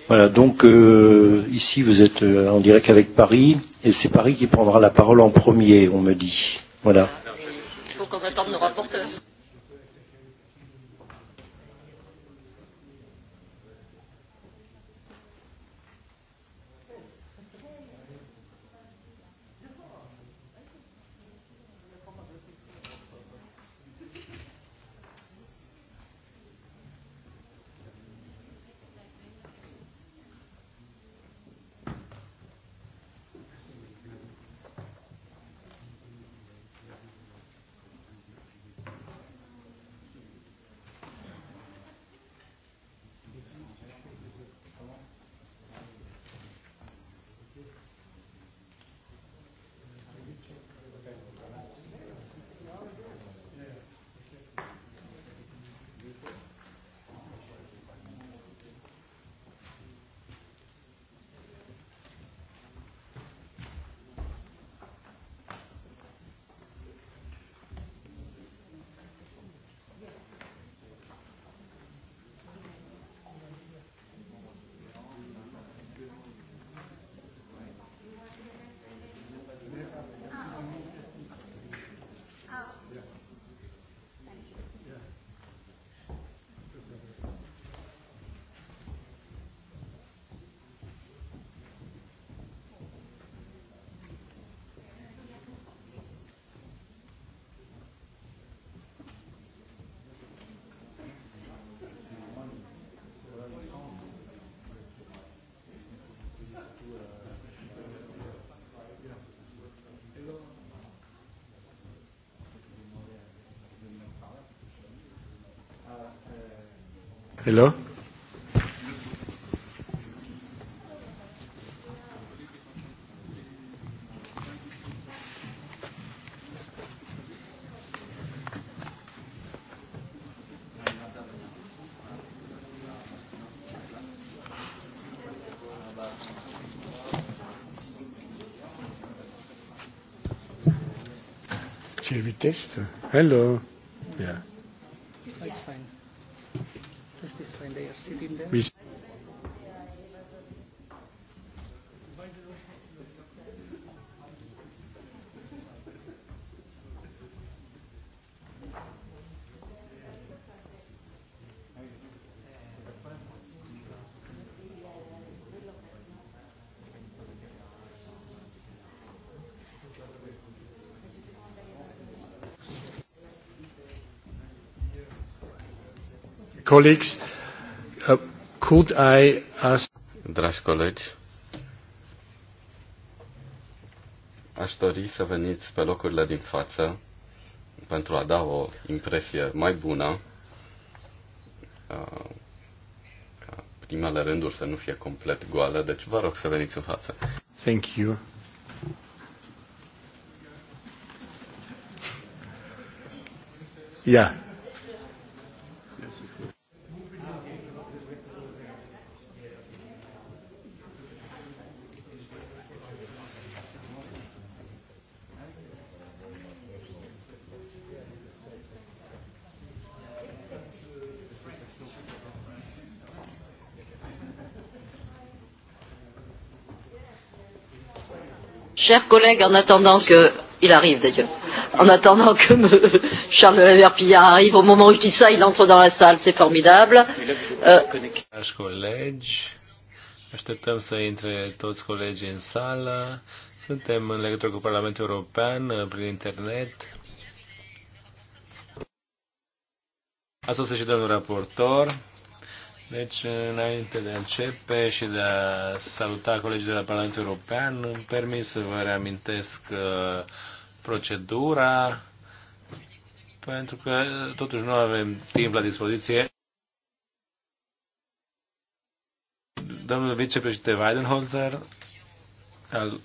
Voilà, donc euh, ici vous êtes euh, en direct avec Paris, et c'est Paris qui prendra la parole en premier, on me dit. Voilà. Shall we test? Hello. Yeah. It's fine. Just this fine. They are sitting there. colleagues, uh, could I ask... Dragi colegi, aș dori să veniți pe locurile din față pentru a da o impresie mai bună, uh, ca primele rânduri să nu fie complet goale, deci vă rog să veniți în față. Thank you. Yeah. Chers collègues, en attendant que il arrive d'ailleurs, en attendant que me, Charles Verpillard arrive, au moment où je dis ça, il entre dans la salle, c'est formidable. Euh, Dragi așteptăm să intre toți colegii în sală. Suntem în legătură cu Parlamentul European uh, prin internet. A sosit și domnul raportor. Deci, înainte de a începe și de a saluta colegii de la Parlamentul European, îmi permit să vă reamintesc uh, procedura, pentru că totuși nu avem timp la dispoziție. Domnul vicepreședinte Weidenholzer al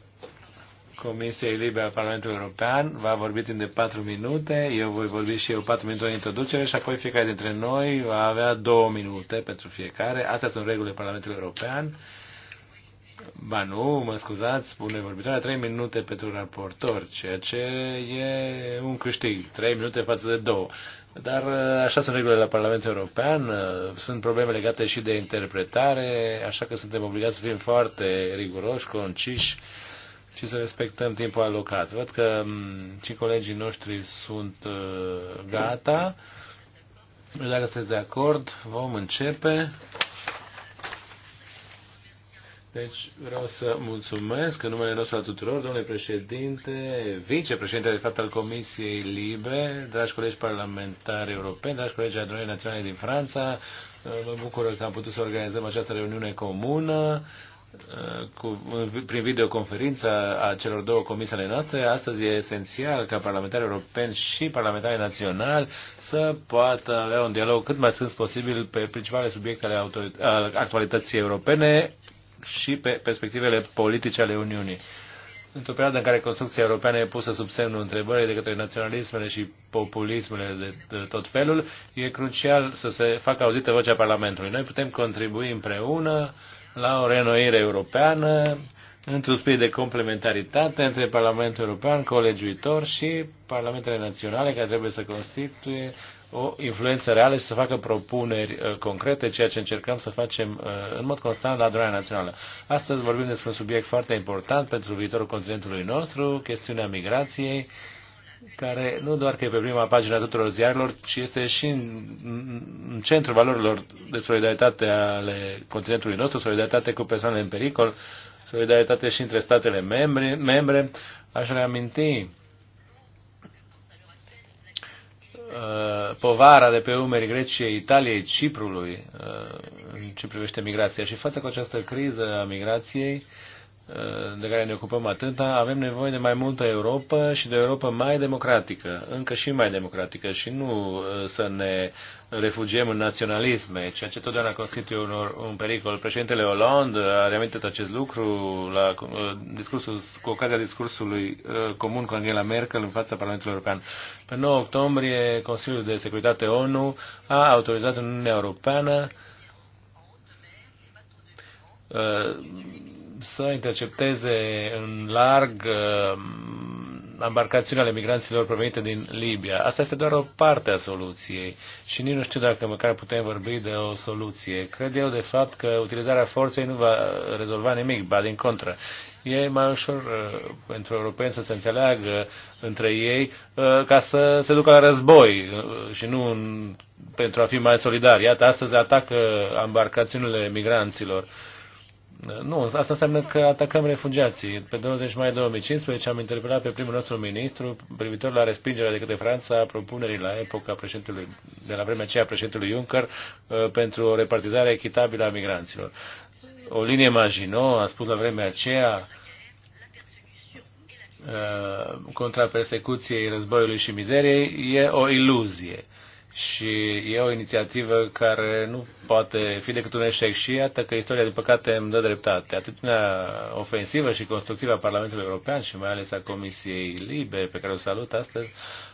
Comisiei Libe a Parlamentului European. Va vorbi timp de 4 minute, eu voi vorbi și eu 4 minute în introducere și apoi fiecare dintre noi va avea 2 minute pentru fiecare. Astea sunt regulile Parlamentului European. Ba nu, mă scuzați, spune vorbitoarea, 3 minute pentru raportor, ceea ce e un câștig, 3 minute față de 2. Dar uh, așa sunt regulile la Parlamentul European, uh, sunt probleme legate și de interpretare, așa că suntem obligați să fim foarte riguroși, conciși și să respectăm timpul alocat. Văd că mm, și colegii noștri sunt uh, gata. Dacă sunteți de acord, vom începe. Deci vreau să mulțumesc în numele nostru a tuturor, domnule președinte, vicepreședinte de fapt al Comisiei Libe, dragi colegi parlamentari europeni, dragi colegi adunării naționale din Franța, mă bucur că am putut să organizăm această reuniune comună cu, prin videoconferința a celor două comisii ale noastre, astăzi e esențial ca parlamentarii europeni și parlamentarii naționali să poată avea un dialog cât mai strâns posibil pe principalele subiecte ale, ale actualității europene și pe perspectivele politice ale Uniunii. Într-o perioadă în care construcția europeană e pusă sub semnul întrebării de către naționalismele și populismele de, de tot felul, e crucial să se facă auzită vocea Parlamentului. Noi putem contribui împreună uh, la o renoire europeană într-un spirit de complementaritate între Parlamentul European, colegiuitor și Parlamentele Naționale, care trebuie să constituie o influență reală și să facă propuneri uh, concrete, ceea ce încercăm să facem uh, în mod constant la adunarea națională. Astăzi vorbim despre un subiect foarte important pentru viitorul continentului nostru, chestiunea migrației, care nu doar că e pe prima pagină a tuturor ziarilor, ci este și în, în centrul valorilor de solidaritate ale continentului nostru, solidaritate cu persoanele în pericol, solidaritate și între statele membre. membre. Aș reaminti uh, povara de pe umeri Greciei, Italiei, Ciprului, uh, în ce privește migrația. Și față cu această criză a migrației, uh, de care ne ocupăm atâta, avem nevoie de mai multă Europa și de o Europa mai democratică, încă și mai democratică și nu uh, să ne refugiem în naționalisme, ceea ce totdeauna constituie un, un pericol. Președintele Hollande a reamintit acest lucru la uh, discursul, cu ocazia discursului uh, comun cu Angela Merkel în fața Parlamentului European. Pe 9 octombrie, Consiliul de Securitate ONU a autorizat Uniunea Europeană să intercepteze în larg uh, embarcațiunea ale migranților provenite din Libia. Asta este doar o parte a soluției și nici nu știu dacă măcar putem vorbi de o soluție. Cred eu, de fapt, că utilizarea forței nu va rezolva nimic, ba din contră. E mai ușor uh, pentru europeni să se înțeleagă între ei uh, ca să se ducă la război uh, și nu în, pentru a fi mai solidari. Iată, astăzi atacă embarcațiunile migranților. Uh, nu, asta înseamnă că atacăm refugiații. Pe 20 mai 2015 am interpelat pe primul nostru ministru privitor la respingerea de către Franța a propunerii la epoca președintelui, de la vremea aceea președintelui Juncker uh, pentru o repartizare echitabilă a migranților. O linie Maginot a spus la vremea aceea uh, contra persecuției, războiului și mizeriei e o iluzie. Uh, și e o inițiativă care nu poate fi decât un eșec și iată că istoria, din păcate, îmi dă dreptate. Atitudinea ofensivă și constructivă a Parlamentului European și mai ales a Comisiei Libe, pe care o salut astăzi,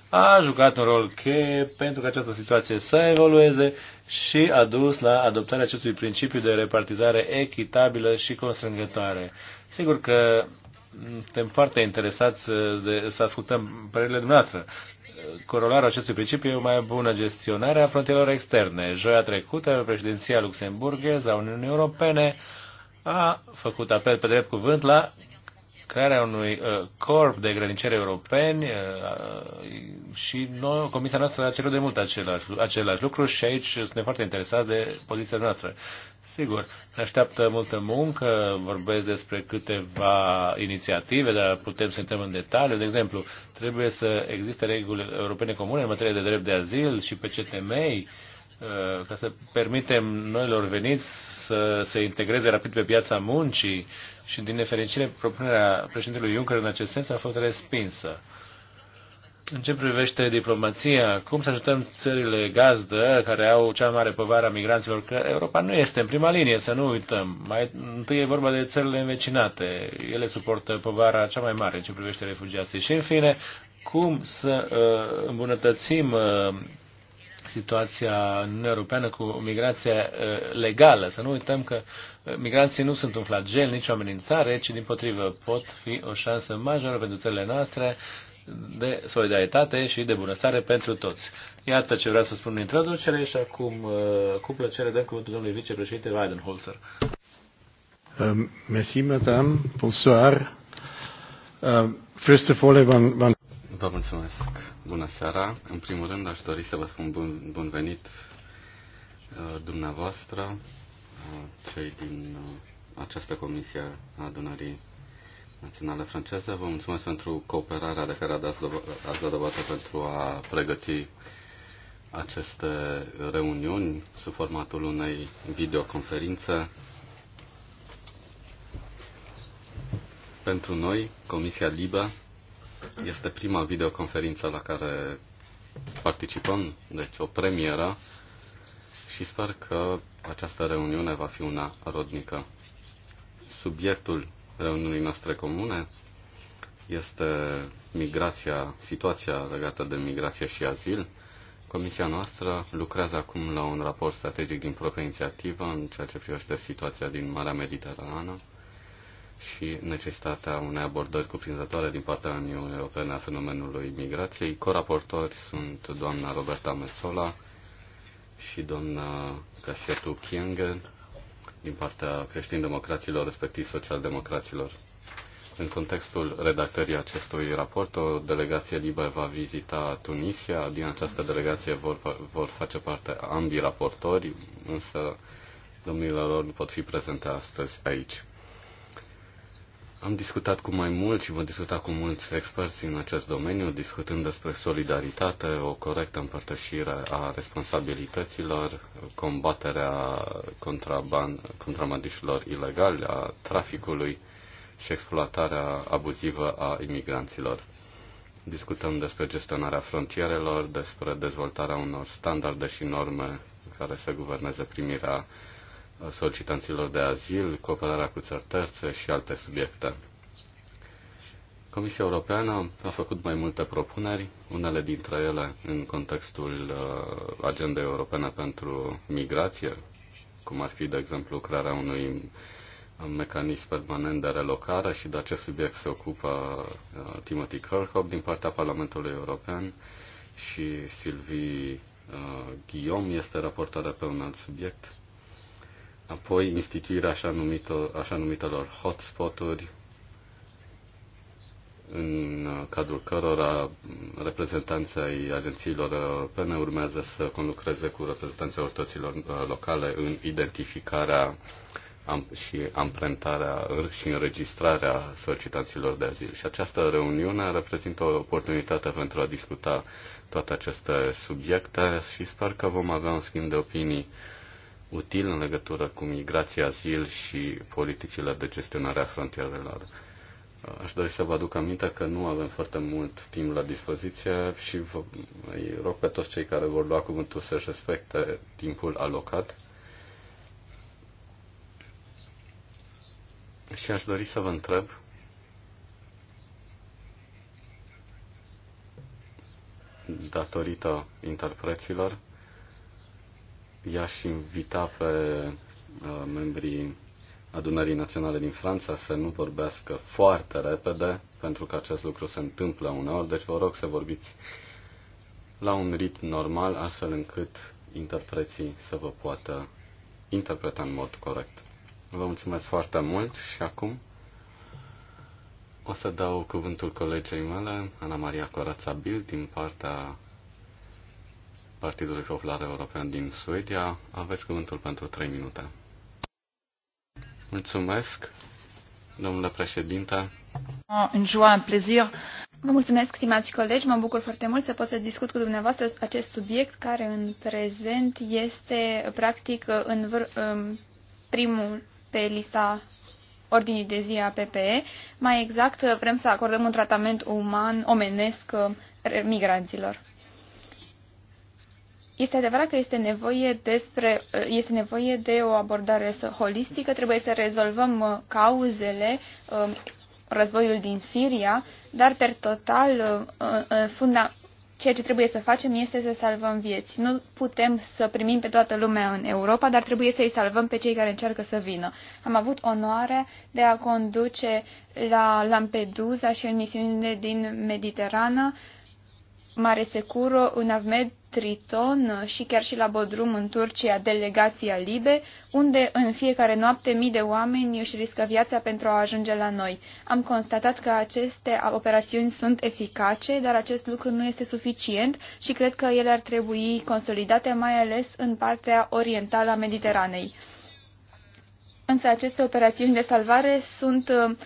a jucat un rol cheie pentru că această situație să evolueze și a dus la adoptarea acestui principiu de repartizare echitabilă și constrângătoare. Sigur că suntem foarte interesați de, să ascultăm părerile dumneavoastră corolarul acestui principiu e o mai bună gestionare a frontierelor externe. Joia trecută, președinția luxemburgheză a Uniunii Europene a făcut apel pe drept cuvânt la crearea unui uh, corp de grăniceri europeni uh, uh, și noi, comisia noastră a cerut de mult același, același lucru și aici suntem foarte interesați de poziția noastră. Sigur, ne așteaptă multă muncă, vorbesc despre câteva inițiative, dar putem să intrăm în detaliu. De exemplu, trebuie să existe reguli europene comune în materie de drept de azil și pe CTMI Uh, ca să permitem noilor veniți să se integreze rapid pe piața muncii și, din nefericire, propunerea președintelui Juncker în acest sens a fost respinsă. În ce privește diplomația, cum să ajutăm țările gazdă care au cea mare povară a migranților? Că Europa nu este în prima linie, să nu uităm. Mai întâi e vorba de țările învecinate. Ele suportă povara cea mai mare în ce privește refugiații. Și, în fine, cum să uh, îmbunătățim uh, situația în Uniunea Europeană cu migrația eh, legală. Să nu uităm că eh, migranții nu sunt un flagel, nici o amenințare, ci din potrivă pot fi o șansă majoră pentru țările noastre de solidaritate și de bunăstare pentru toți. Iată ce vreau să spun în introducere și acum eh, cu plăcere dăm cuvântul domnului vicepreședinte Weidenholzer. Um, merci, madame. Bonsoir. Um, first of all, I want, Vă mulțumesc. Bună seara. În primul rând aș dori să vă spun bun, bun venit uh, dumneavoastră, uh, cei din uh, această comisie a adunării naționale franceze. Vă mulțumesc pentru cooperarea de care ați dat dovadă pentru a pregăti aceste reuniuni sub formatul unei videoconferințe. Pentru noi, Comisia Liba este prima videoconferință la care participăm, deci o premieră și sper că această reuniune va fi una rodnică. Subiectul reuniunii noastre comune este migrația, situația legată de migrație și azil. Comisia noastră lucrează acum la un raport strategic din proprie inițiativă în ceea ce privește situația din Marea Mediterană și necesitatea unei abordări cuprinzătoare din partea Uniunii Europene a fenomenului migrației. Coraportori sunt doamna Roberta Metzola și doamna Cașetu Chienghe din partea creștin-democraților, respectiv social-democraților. În contextul redactării acestui raport, o delegație liberă va vizita Tunisia. Din această delegație vor, vor face parte ambii raportori, însă domnilor lor nu pot fi prezente astăzi aici. Am discutat cu mai mulți și vom discuta cu mulți experți în acest domeniu, discutând despre solidaritate, o corectă împărtășire a responsabilităților, combaterea contrabandișilor ilegali, a traficului și exploatarea abuzivă a imigranților. Discutăm despre gestionarea frontierelor, despre dezvoltarea unor standarde și norme care să guverneze primirea solicitanților de azil, cooperarea cu țări terțe și alte subiecte. Comisia Europeană a făcut mai multe propuneri, unele dintre ele în contextul uh, agendei europene pentru migrație, cum ar fi, de exemplu, crearea unui mecanism permanent de relocare și de acest subiect se ocupă uh, Timothy Kirkhope din partea Parlamentului European și Sylvie uh, Guillaume este raportată pe un alt subiect apoi instituirea așa, numită, așa numitelor hotspot-uri în cadrul cărora reprezentanții agențiilor europene urmează să conlucreze cu reprezentanții autorităților uh, locale în identificarea și amprentarea și înregistrarea solicitanților de azil. Și această reuniune reprezintă o oportunitate pentru a discuta toate aceste subiecte și sper că vom avea un schimb de opinii uh, util în legătură cu migrația, azil și politicile de gestionare a frontierelor. Aș dori să vă aduc aminte că nu avem foarte mult timp la dispoziție și vă îi rog pe toți cei care vor lua cuvântul să-și respecte timpul alocat. Și aș dori să vă întreb datorită interpreților i-aș invita pe uh, membrii adunării naționale din Franța să nu vorbească foarte repede, pentru că acest lucru se întâmplă uneori, deci vă rog să vorbiți la un ritm normal, astfel încât interpreții să vă poată interpreta în mod corect. Vă mulțumesc foarte mult și acum o să dau cuvântul colegei mele, Ana Maria Corața Bil, din partea Partidului Popular European din Suedia. Aveți cuvântul pentru 3 minute. Mulțumesc, domnule președinte. În joie, plaisir. Vă mulțumesc, stimați colegi. Mă bucur foarte mult să pot să discut cu dumneavoastră acest subiect care în prezent este practic în primul pe lista ordinii de zi a PPE. Mai exact, vrem să acordăm un tratament uman, omenesc migranților. Este adevărat că este nevoie, despre, uh, este nevoie de o abordare holistică, trebuie să rezolvăm uh, cauzele um, războiul din Siria, dar per total uh, funda, ceea ce trebuie să facem este să salvăm vieți. Nu putem să primim pe toată lumea în Europa, dar trebuie să-i salvăm pe cei care încearcă să vină. Am avut onoarea de a conduce la Lampedusa și în misiunile din Mediterana, Mare Securo, UNAVMED Triton și chiar și la Bodrum în Turcia delegația Libe, unde în fiecare noapte mii de oameni își riscă viața pentru a ajunge la noi. Am constatat că aceste operațiuni sunt eficace, dar acest lucru nu este suficient și cred că ele ar trebui consolidate mai ales în partea orientală a Mediteranei. Însă aceste operațiuni de salvare sunt um,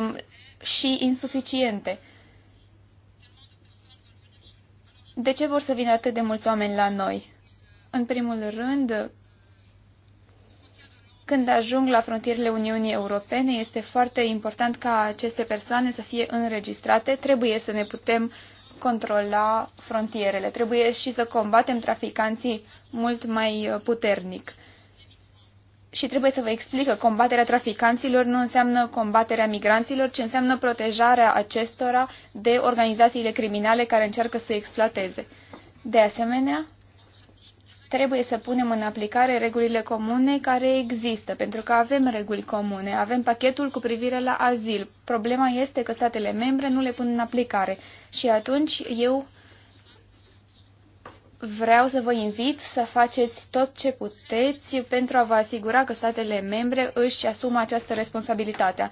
um și insuficiente. De ce vor să vină atât de mulți oameni la noi? În primul rând, când ajung la frontierele Uniunii Europene, este foarte important ca aceste persoane să fie înregistrate. Trebuie să ne putem controla frontierele. Trebuie și să combatem traficanții mult mai puternic și trebuie să vă explic că combaterea traficanților nu înseamnă combaterea migranților, ci înseamnă protejarea acestora de organizațiile criminale care încearcă să exploateze. De asemenea, trebuie să punem în aplicare regulile comune care există, pentru că avem reguli comune, avem pachetul cu privire la azil. Problema este că statele membre nu le pun în aplicare și atunci eu vreau să vă invit să faceți tot ce puteți pentru a vă asigura că statele membre își asumă această responsabilitate.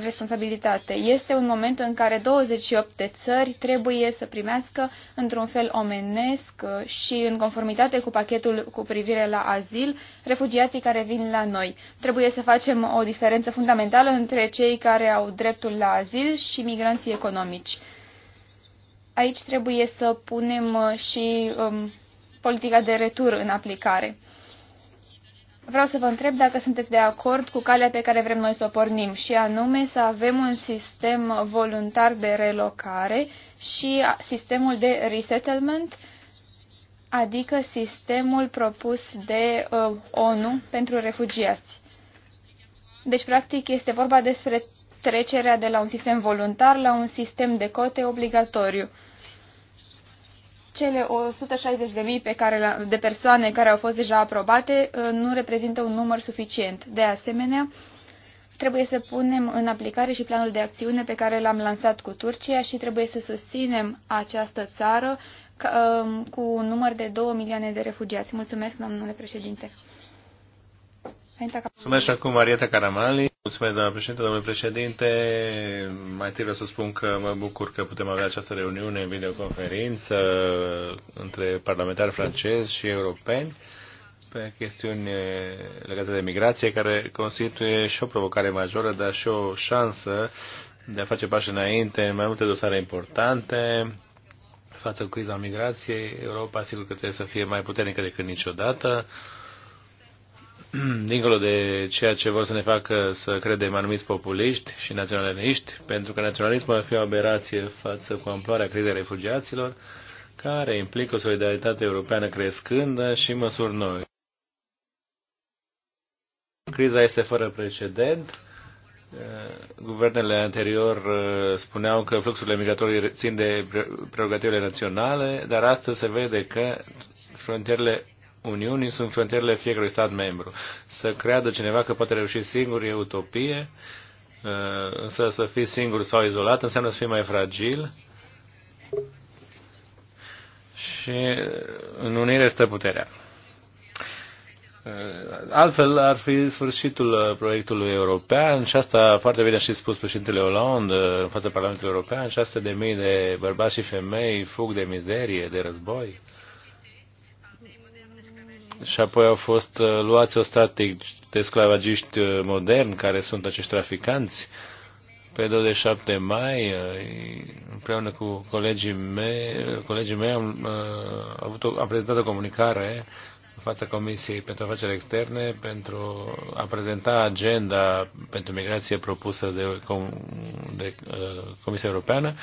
responsabilitate. Este un moment în care 28 de țări trebuie să primească într-un fel omenesc uh, și în conformitate cu pachetul cu privire la azil refugiații care vin la noi. Trebuie să facem o diferență fundamentală între cei care au dreptul la azil și migranții economici aici trebuie să punem uh, și um, politica de retur în aplicare. Vreau să vă întreb dacă sunteți de acord cu calea pe care vrem noi să o pornim, și anume să avem un sistem voluntar de relocare și sistemul de resettlement, adică sistemul propus de uh, ONU pentru refugiați. Deci, practic, este vorba despre trecerea de la un sistem voluntar la un sistem de cote obligatoriu cele 160.000 pe care, de persoane care au fost deja aprobate uh, nu reprezintă un număr suficient. De asemenea, trebuie să punem în aplicare și planul de acțiune pe care l-am lansat cu Turcia și trebuie să susținem această țară um, cu un număr de 2 milioane de refugiați. Mulțumesc, domnule președinte. Mulțumesc acum, Marieta Caramali. Mulțumesc, doamna președinte, domnule președinte. Mai trebuie să spun că mă bucur că putem avea această reuniune în videoconferință între parlamentari francezi și europeni pe chestiuni legate de migrație, care constituie și o provocare majoră, dar și o șansă de a face pași înainte în mai multe dosare importante. Față cu criza migrației, Europa sigur că trebuie să fie mai puternică decât niciodată *clears throat* dincolo de ceea ce vor să ne facă să credem anumiți populiști și naționaliști, pentru că naționalismul ar fi o aberație față cu amploarea crizei refugiaților, care implică o solidaritate europeană crescândă și măsuri noi. Criza este fără precedent. Uh, guvernele anterior uh, spuneau că fluxurile migratorii țin de prerogativele naționale, dar astăzi se vede că frontierele Uniunii sunt frontierele fiecărui stat membru. Să creadă cineva că poate reuși singur e utopie, uh, însă să fii singur sau izolat înseamnă să fii mai fragil și uh, în unire stă puterea. Uh, altfel ar fi sfârșitul proiectului european și asta foarte bine a și spus președintele Hollande în fața Parlamentului European, 600 de mii de bărbați și femei fug de mizerie, de război și apoi au fost uh, luați static de sclavagiști uh, moderni, care sunt acești traficanți. Pe 27 mai, uh, împreună cu colegii mei, colegii mei am, avut o, am prezentat o comunicare în fața Comisiei pentru Afaceri Externe pentru a prezenta agenda pentru migrație propusă de, de Comisia Europeană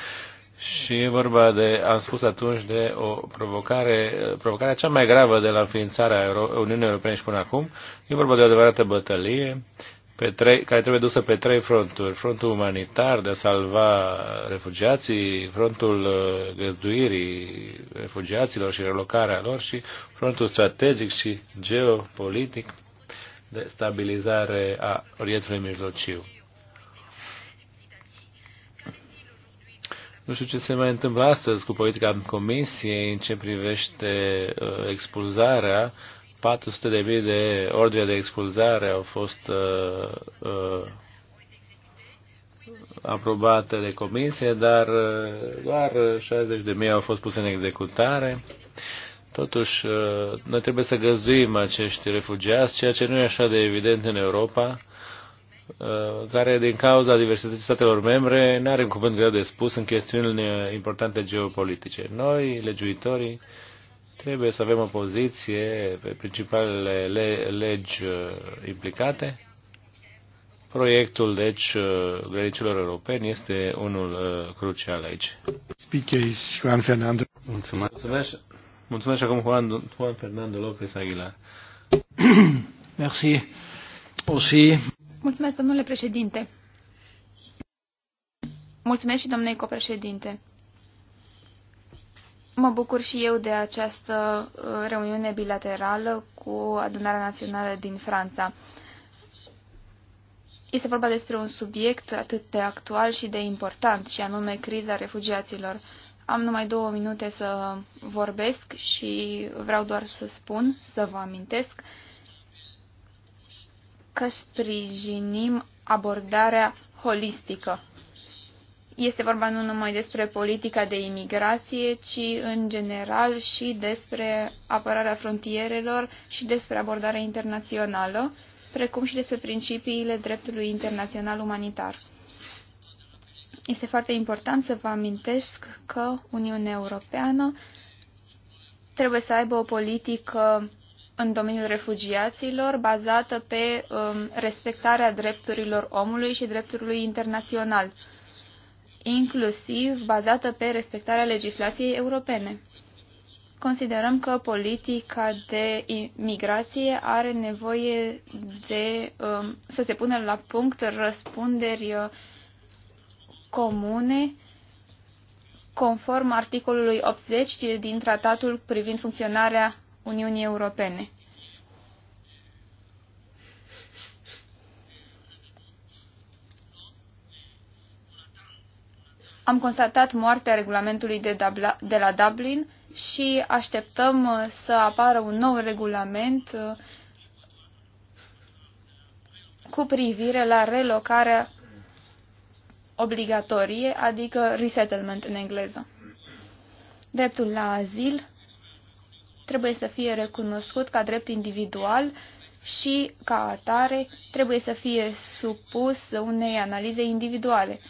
și e vorba de, am spus atunci, de o provocare, provocarea cea mai gravă de la înființarea Uniunii Europene și până acum. E vorba de o adevărată bătălie pe trei, care trebuie dusă pe trei fronturi. Frontul umanitar de a salva refugiații, frontul uh, găzduirii refugiaților și relocarea lor și frontul strategic și geopolitic de stabilizare a Orientului Mijlociu. Nu știu ce se mai întâmplă astăzi cu politica Comisiei în ce privește uh, expulzarea. 400.000 de, de ordine de expulzare au fost uh, uh, aprobate de Comisie, dar uh, doar 60.000 au fost puse în executare. Totuși, uh, noi trebuie să găzduim acești refugiați, ceea ce nu e așa de evident în Europa Uh, care din cauza diversității statelor membre nu are un cuvânt greu de spus în chestiunile uh, importante geopolitice. Noi, legiuitorii, trebuie să avem o poziție pe principalele legi uh, implicate. Proiectul, deci, granicelor europeni este unul crucial aici. Speakers, Juan Fernando. Mulțumesc. Mulțumesc, Mulțumesc acum Juan, Juan Fernando López Aguilar. Merci. Aussi. Mulțumesc, domnule președinte. Mulțumesc și domnului copreședinte. Mă bucur și eu de această uh, reuniune bilaterală cu Adunarea Națională din Franța. Este vorba despre un subiect atât de actual și de important, și anume criza refugiaților. Am numai două minute să vorbesc și vreau doar să spun, să vă amintesc, că sprijinim abordarea holistică. Este vorba nu numai despre politica de imigrație, ci în general și despre apărarea frontierelor și despre abordarea internațională, precum și despre principiile dreptului internațional umanitar. Este foarte important să vă amintesc că Uniunea Europeană trebuie să aibă o politică în domeniul refugiaților bazată pe um, respectarea drepturilor omului și drepturilor internațional, inclusiv bazată pe respectarea legislației europene. Considerăm că politica de imigrație are nevoie de um, să se pună la punct răspunderi uh, comune conform articolului 80 din tratatul privind funcționarea Uniunii Europene. Am constatat moartea regulamentului de, Dubla, de la Dublin și așteptăm uh, să apară un nou regulament uh, cu privire la relocarea obligatorie, adică resettlement în engleză. Dreptul la azil trebuie să fie recunoscut ca drept individual și, ca atare, trebuie să fie supus unei analize individuale.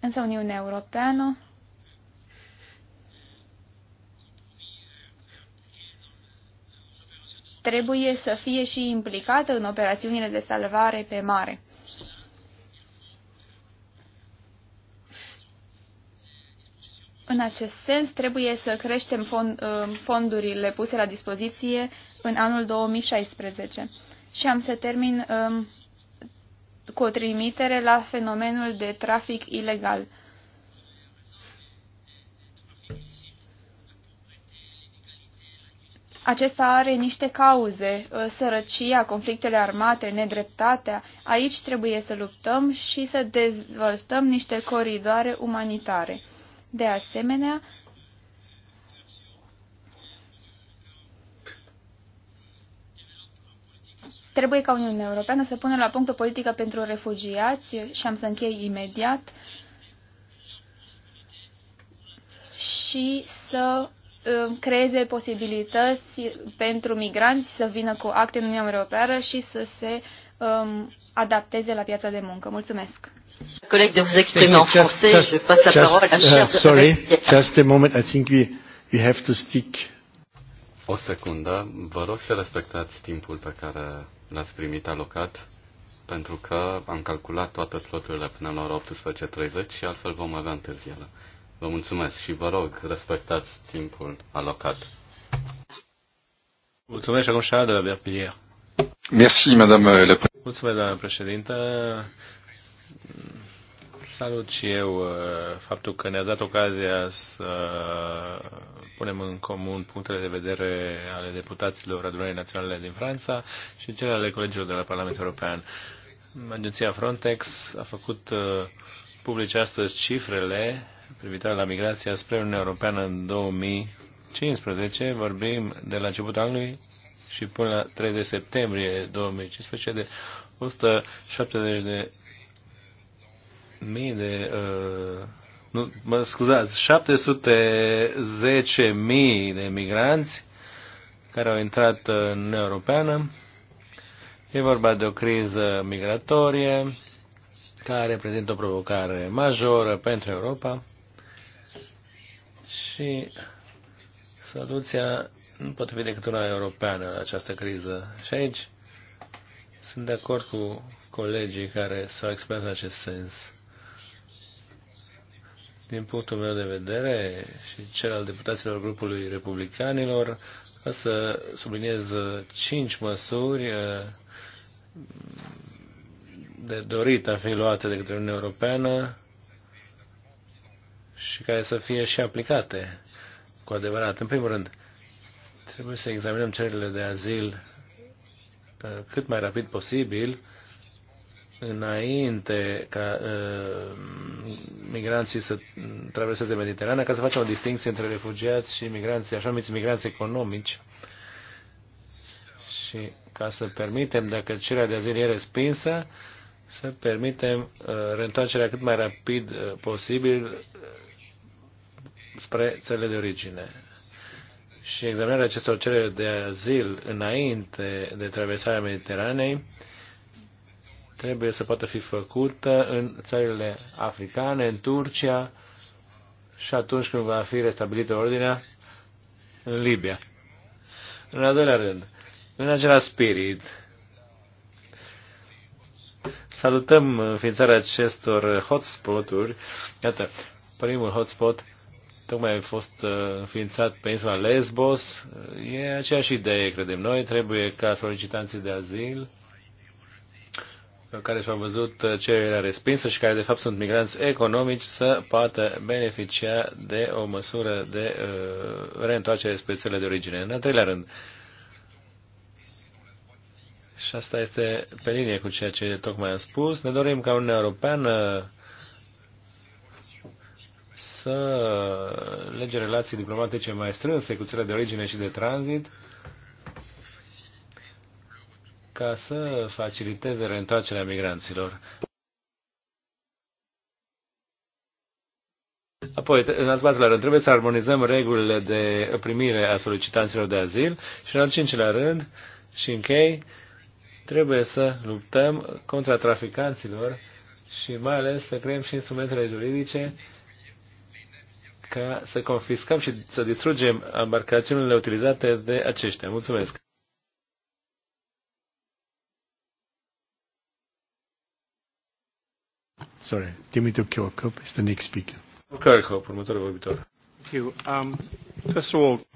Însă Uniunea Europeană trebuie să fie și implicată în operațiunile de salvare pe mare. În acest sens, trebuie să creștem fond, uh, fondurile puse la dispoziție în anul 2016. Și am să termin um, cu o trimitere la fenomenul de trafic ilegal. Acesta are niște cauze, uh, sărăcia, conflictele armate, nedreptatea. Aici trebuie să luptăm și să dezvoltăm niște coridoare umanitare. De asemenea, trebuie ca Uniunea Europeană să pună la punct o politică pentru refugiați și am să închei imediat și să uh, creeze posibilități pentru migranți să vină cu acte în Uniunea Europeană și să se um, adapteze la piața de muncă. Mulțumesc! Collègue, de vous exprimer en français, just, je passe la just, parole à uh, Sorry, just a moment, I think we, we have to stick. O secundă, vă rog să respectați timpul pe care l-ați primit alocat, pentru că am calculat toate sloturile până la ora 18.30 și altfel vom avea întârziere. Vă mulțumesc și vă rog, respectați timpul alocat. Mulțumesc acum și de la Berpilier. Mulțumesc, doamnă președintă. Salut și eu uh, faptul că ne-a dat ocazia să uh, punem în comun punctele de vedere ale deputaților adunării naționale din Franța și cele ale colegilor de la Parlamentul European. Agenția Frontex a făcut uh, publice astăzi cifrele privitoare la migrația spre Uniunea Europeană în 2015. Vorbim de la începutul anului și până la de septembrie 2015 de 170 de mii de... Uh, nu, mă scuzați, 710.000 de migranți care au intrat în Uniunea Europeană. E vorba de o criză migratorie care reprezintă o provocare majoră pentru Europa și soluția nu poate fi decât una europeană la această criză. Și aici sunt de acord cu colegii care s-au exprimat în acest sens din punctul meu de vedere și cel al deputaților grupului republicanilor, o să subliniez cinci măsuri eh, de dorit a fi luate de către Uniunea Europeană și care să fie și aplicate cu adevărat. În primul rând, trebuie să examinăm cererile de azil eh, cât mai rapid posibil, înainte ca uh, migranții să traverseze Mediterana, ca să facem o distinție între refugiați și migranții, așa numiți migranți economici. Și ca să permitem, dacă cererea de azil e respinsă, să permitem uh, reîntoarcerea cât mai rapid uh, posibil uh, spre țările de origine. Și examinarea acestor cereri de azil înainte de traversarea Mediteranei uh, trebuie să poată fi făcută în țările africane, în Turcia și atunci când va fi restabilită ordinea în Libia. În al doilea rând, în același spirit, salutăm înființarea acestor hotspot-uri. Iată, primul hotspot tocmai a fost uh, înființat pe insula Lesbos. E aceeași idee, credem noi. Trebuie ca solicitanții de azil care și-au văzut uh, cererea respinsă și care de fapt sunt migranți economici să poată beneficia de o măsură de uh, reîntoarcere spre țările de origine. În al treilea rând, și asta este pe linie cu ceea ce tocmai am spus, ne dorim ca Uniunea Europeană să lege relații diplomatice mai strânse cu țările de origine și de tranzit, ca să faciliteze reîntoarcerea migranților. Apoi, în al patrulea rând, trebuie să armonizăm regulile de primire a solicitanților de azil și, în al cincilea rând, și închei, trebuie să luptăm contra traficanților și mai ales să creăm și instrumentele juridice ca să confiscăm și să distrugem embarcațiunile utilizate de aceștia. Mulțumesc! Sorry, Dimitri Kirkhope is the next speaker. Kirkhope, următorul vorbitor. Thank you. Um, first of all...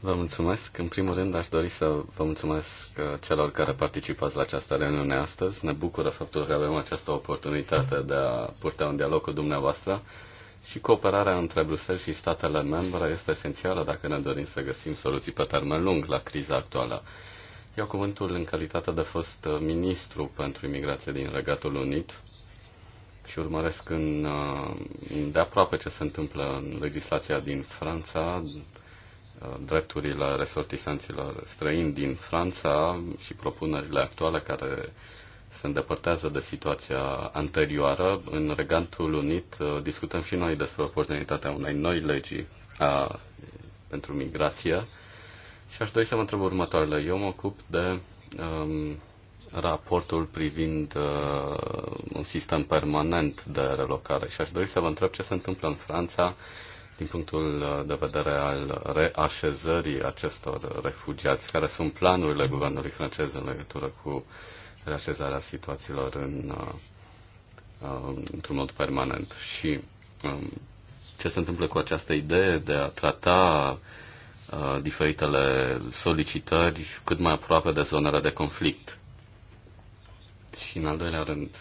Vă mulțumesc. În primul rând aș dori să vă mulțumesc uh, celor care participați la această reuniune astăzi. Ne bucură faptul că avem această oportunitate de a purta un dialog cu dumneavoastră și cooperarea între Bruxelles și statele membre este esențială dacă ne dorim să găsim soluții pe termen lung la criza actuală. Iau cuvântul în calitate de fost uh, ministru pentru imigrație din Regatul Unit și urmăresc în, uh, de aproape ce se întâmplă în legislația din Franța, uh, drepturile resortisanților străini din Franța și propunerile actuale care se îndepărtează de situația anterioară. În Regatul Unit uh, discutăm și noi despre oportunitatea unei noi legi a, pentru migrație și aș dori să mă întreb următoarele. Eu mă ocup de um, raportul privind uh, un sistem permanent de relocare și aș dori să vă întreb ce se întâmplă în Franța din punctul uh, de vedere al reașezării acestor refugiați, care sunt planurile guvernului francez în legătură cu reașezarea situațiilor în, uh, uh într-un mod permanent și um, ce se întâmplă cu această idee de a trata uh, diferitele solicitări cât mai aproape de zonele de conflict. Și în al doilea rând,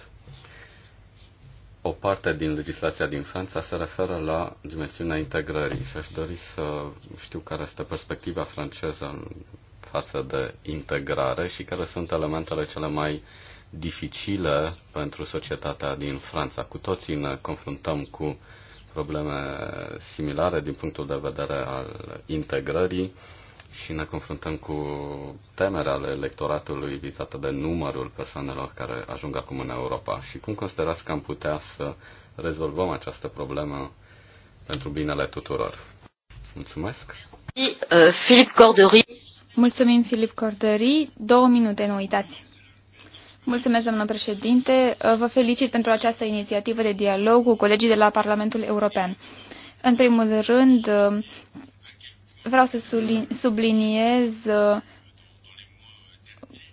o parte din legislația din Franța se referă la dimensiunea integrării și aș dori să știu care este perspectiva franceză în față de integrare și care sunt elementele cele mai dificile pentru societatea din Franța. Cu toții ne confruntăm cu probleme similare din punctul de vedere al integrării și ne confruntăm cu temere ale electoratului vizată de numărul persoanelor care ajung acum în Europa. Și cum considerați că am putea să rezolvăm această problemă pentru binele tuturor? Mulțumesc! Filip euh, Cordării. Mulțumim, Filip Cordării. Două minute, nu uitați. Mulțumesc, doamnă președinte. Uh, vă felicit pentru această inițiativă de dialog cu colegii de la Parlamentul European. În primul rând, uh, vreau să subliniez uh,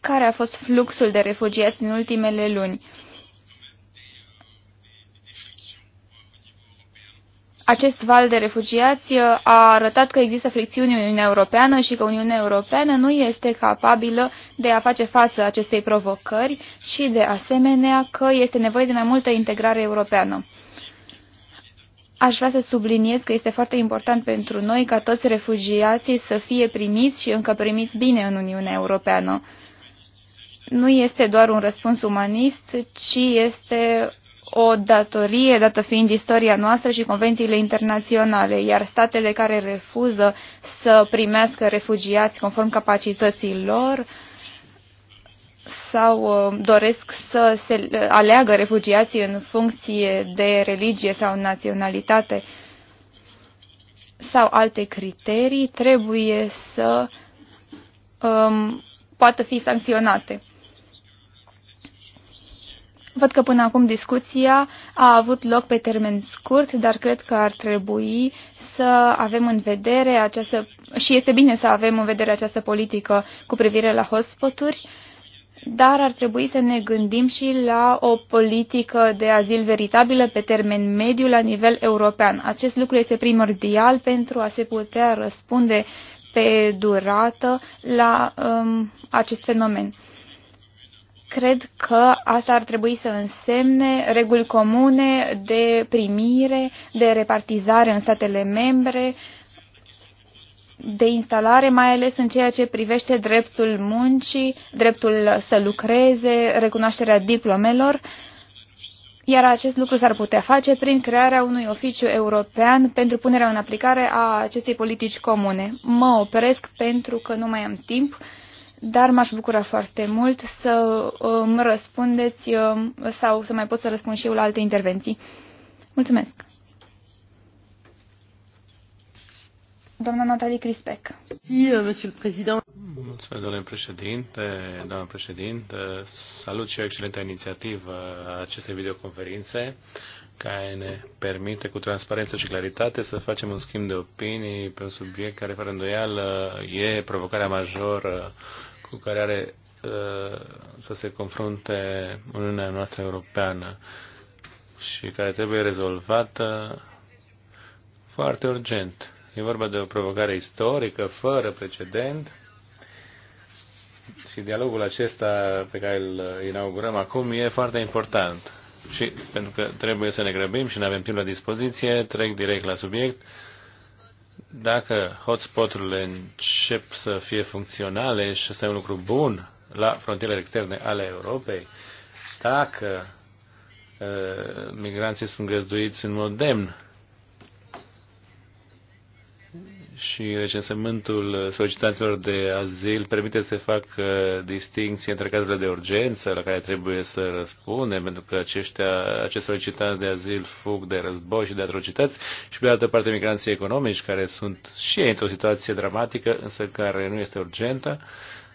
care a fost fluxul de refugiați în ultimele luni. Acest val de refugiați uh, a arătat că există fricțiuni în Uniunea Europeană și că Uniunea Europeană nu este capabilă de a face față acestei provocări și, de asemenea, că este nevoie de mai multă integrare europeană. Aș vrea să subliniez că este foarte important pentru noi ca toți refugiații să fie primiți și încă primiți bine în Uniunea Europeană. Nu este doar un răspuns umanist, ci este o datorie, dată fiind istoria noastră și convențiile internaționale, iar statele care refuză să primească refugiați conform capacității lor, uh, sau uh, doresc să se uh, aleagă refugiații în funcție de religie sau naționalitate sau alte criterii, trebuie să um, poată fi sancționate. Văd că până acum discuția a avut loc pe termen scurt, dar cred că ar trebui să avem în vedere această și este bine să avem în vedere această politică cu privire la hotspoturi. uri dar ar trebui să ne gândim și la o politică de azil veritabilă pe termen mediu la nivel european. Acest lucru este primordial pentru a se putea răspunde pe durată la um, acest fenomen. Cred că asta ar trebui să însemne reguli comune de primire, de repartizare în statele membre, uh, de instalare, mai ales în ceea ce privește dreptul muncii, dreptul să lucreze, recunoașterea diplomelor, iar acest lucru s-ar putea face prin crearea unui oficiu european pentru punerea în aplicare a acestei politici comune. Mă opresc pentru că nu mai am timp, dar m-aș bucura foarte mult să îmi um, răspundeți um, sau să mai pot să răspund și eu la alte intervenții. Mulțumesc! Doamna Natalie Crispec. Euh, Mulțumesc, domnule președinte, Doamna președinte. Salut și o excelentă inițiativă a acestei videoconferințe care ne permite cu transparență și claritate să facem un schimb de opinii pe un subiect care, fără îndoială, e provocarea majoră cu care are uh, să se confrunte Uniunea noastră europeană și care trebuie rezolvată foarte urgent E vorba de o provocare istorică, fără precedent. Și dialogul acesta pe care îl inaugurăm acum e foarte important. Și pentru că trebuie să ne grăbim și ne avem timp la dispoziție, trec direct la subiect. Dacă hotspoturile încep să fie funcționale și să e un lucru bun la frontierele externe ale Europei, dacă uh, migranții sunt găzduiți în mod demn, și recensământul solicitanților de azil permite să fac distinții între cazurile de urgență la care trebuie să răspundem, pentru că aceștia, acești solicitanți de azil fug de război și de atrocități și pe de altă parte migranții economici care sunt și într-o situație dramatică, însă care nu este urgentă.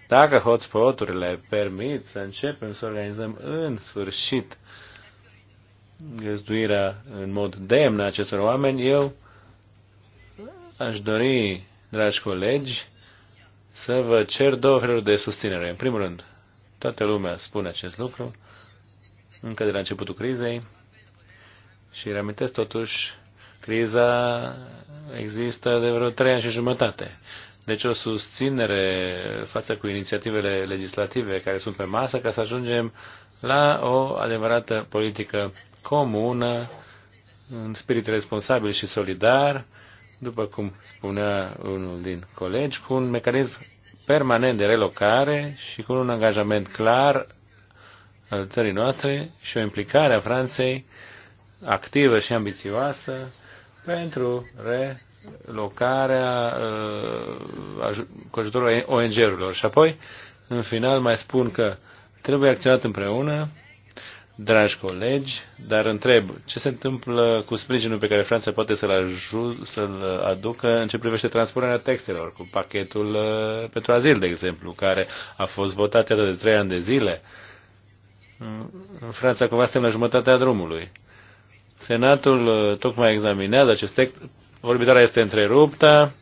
Dacă hotspoturile permit să începem să organizăm în sfârșit găzduirea în mod demn a acestor oameni, eu aș dori, dragi colegi, să vă cer două feluri de susținere. În primul rând, toată lumea spune acest lucru, încă de la începutul crizei, și reamintesc totuși, criza există de vreo trei ani și jumătate. Deci o susținere față cu inițiativele legislative care sunt pe masă ca să ajungem la o adevărată politică comună, în spirit responsabil și solidar, după cum spunea unul din colegi, cu un mecanism permanent de relocare și cu un angajament clar al țării noastre și o implicare a Franței activă și ambițioasă pentru relocarea uh, cu ajutorul ONG-urilor. Și apoi, în final, mai spun că trebuie acționat împreună dragi colegi, dar întreb, ce se întâmplă cu sprijinul pe care Franța poate să-l, să aducă în ce privește transpunerea textelor, cu pachetul uh, pentru azil, de exemplu, care a fost votat iată de trei ani de zile? În Franța cumva suntem la jumătatea drumului. Senatul uh, tocmai examinează acest text, vorbitoarea este întreruptă,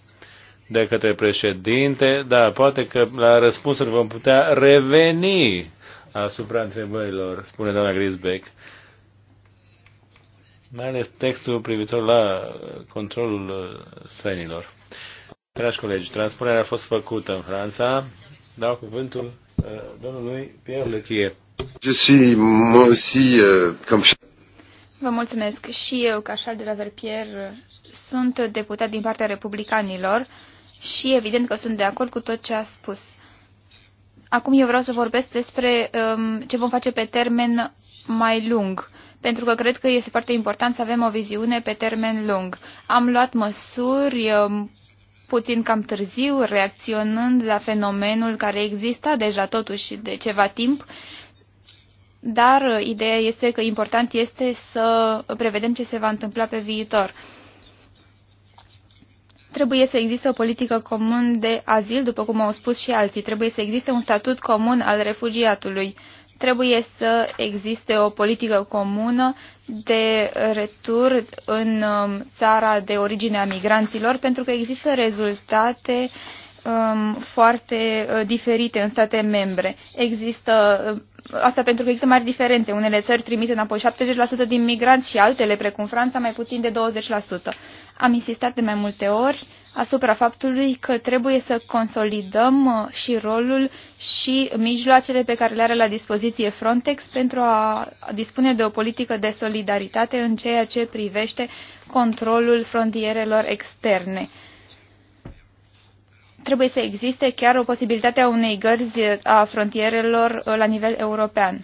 de către președinte, da, poate că la răspunsuri vom putea reveni asupra întrebărilor, spune doamna Grisbeck. Mai ales textul privitor la controlul uh, străinilor. Dragi colegi, transpunerea a fost făcută în Franța. Dau cuvântul uh, domnului Pierre Lechie. Je suis moi aussi euh, comme Vă mulțumesc. Și eu, ca Charles de la Verpierre, sunt deputat din partea republicanilor și evident că sunt de acord cu tot ce a spus. Acum eu vreau să vorbesc despre um, ce vom face pe termen mai lung, pentru că cred că este foarte important să avem o viziune pe termen lung. Am luat măsuri um, puțin cam târziu, reacționând la fenomenul care exista deja totuși de ceva timp, dar uh, ideea este că important este să prevedem ce se va întâmpla pe viitor. Uh, Trebuie să existe o politică comună de azil, după cum au spus și alții. Trebuie să existe un statut comun al refugiatului. Trebuie să existe o politică comună de retur în um, țara de origine a migranților, pentru că există rezultate uh, um, foarte uh, diferite în state membre. Există, uh, asta pentru că există mari diferențe. Unele țări trimite înapoi 70% din migranți și altele, precum Franța, mai puțin de 20%. Am insistat de mai multe ori asupra faptului că trebuie să consolidăm uh, și rolul și mijloacele pe care le are la dispoziție Frontex pentru a dispune de o politică de solidaritate în ceea ce privește controlul frontierelor externe trebuie să existe chiar o posibilitate a unei gărzi a frontierelor uh, la nivel european.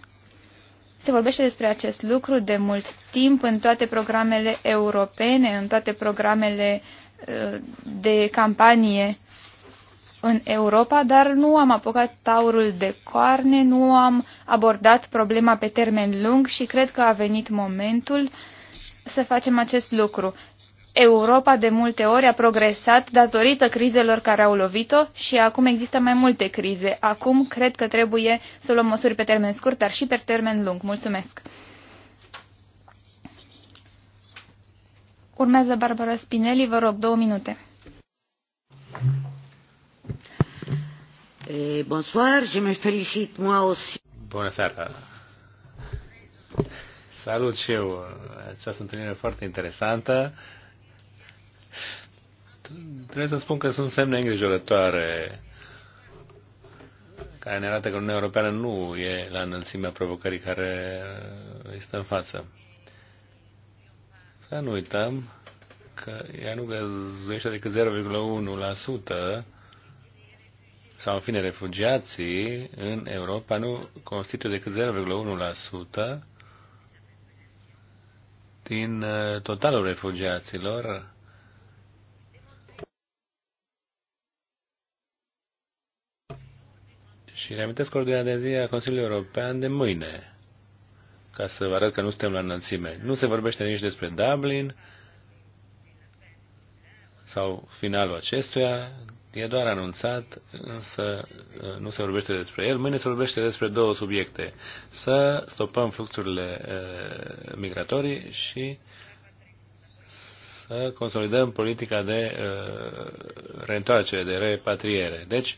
Se vorbește despre acest lucru de mult timp în toate programele europene, în toate programele uh, de campanie în Europa, dar nu am apucat taurul de coarne, nu am abordat problema pe termen lung și cred că a venit momentul să facem acest lucru. Europa de multe ori a progresat datorită crizelor care au lovit-o și acum există mai multe crize. Acum cred că trebuie să luăm măsuri pe termen scurt, dar și pe termen lung. Mulțumesc! Urmează Barbara Spinelli, vă rog, două minute. Eh, bonsoir, je me felicit moi aussi. Bună seara! Salut și eu! Această întâlnire foarte interesantă trebuie să spun că sunt semne îngrijorătoare care ne arată că Uniunea Europeană nu e la înălțimea provocării care îi stă în față. Să nu uităm că ea nu găzduiește decât 0,1% sau în fine refugiații în Europa nu constituie decât 0,1% din uh, totalul refugiaților Și reamintesc ordinea de zi a Consiliului European de mâine, ca să vă arăt că nu suntem la înălțime. Nu se vorbește nici despre Dublin sau finalul acestuia, e doar anunțat, însă uh, nu se vorbește despre el. Mâine se vorbește despre două subiecte. Să stopăm fluxurile uh, migratorii și să consolidăm politica de uh, reîntoarcere, de repatriere. Deci,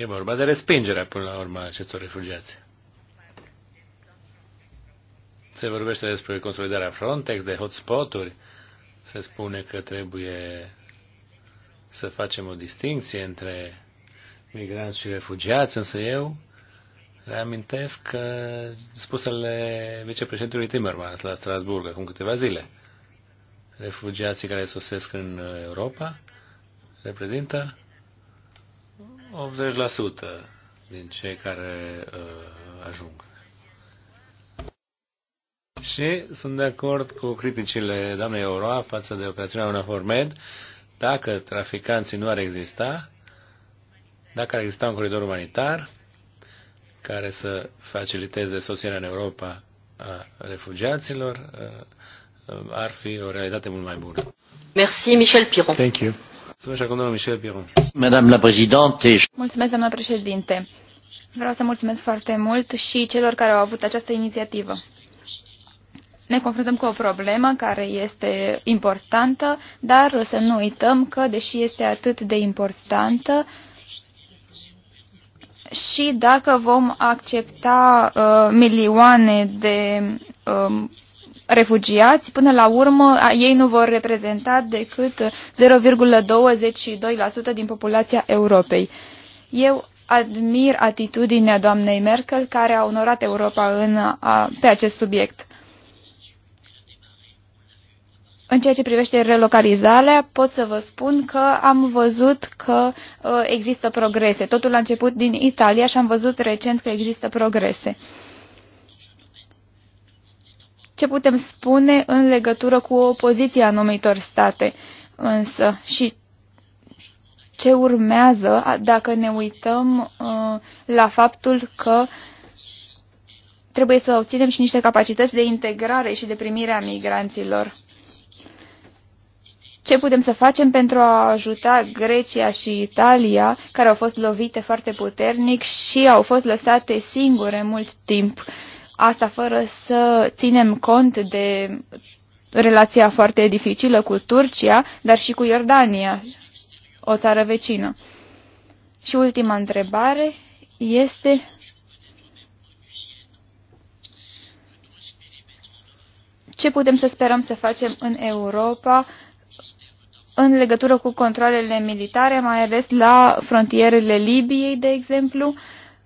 E vorba de respingerea până la urmă acestor refugiați. Se vorbește despre consolidarea Frontex, de hotspoturi. Se spune că trebuie să facem o distinție între migranți și refugiați, însă eu reamintesc spusele vicepreședintelui Timmermans la Strasburg acum câteva zile. Refugiații care sosesc în Europa reprezintă 80% din cei care uh, ajung. Și sunt de acord cu criticile doamnei Euroa față de operațiunea Unafor Med. Dacă traficanții nu ar exista, dacă ar exista un coridor umanitar care să faciliteze sosirea în Europa a refugiaților, uh, uh, ar fi o realitate mult mai bună. Merci, Michel Piron. Thank you. Mulțumesc, Președinte. doamna președinte. Vreau să mulțumesc foarte mult și celor care au avut această inițiativă. Ne confruntăm cu o problemă care este importantă, dar să nu uităm că, deși este atât de importantă, și dacă vom accepta uh, milioane de uh, refugiați, până la urmă ei nu vor reprezenta decât 0,22% din populația Europei. Eu admir atitudinea doamnei Merkel care a onorat Europa în, a, pe acest subiect. În ceea ce privește relocalizarea, pot să vă spun că am văzut că uh, există progrese. Totul a început din Italia și am văzut recent că există progrese ce putem spune în legătură cu opoziția anumitor state, însă și ce urmează dacă ne uităm uh, la faptul că trebuie să obținem și niște capacități de integrare și de primire a migranților. Ce putem să facem pentru a ajuta Grecia și Italia, care au fost lovite foarte puternic și au fost lăsate singure mult timp? Uh, Asta fără să ținem cont de relația foarte dificilă cu Turcia, dar și cu Iordania, o țară vecină. Și ultima întrebare este ce putem să sperăm să facem în Europa în legătură cu controlele militare, mai ales la frontierele Libiei, de exemplu, uh,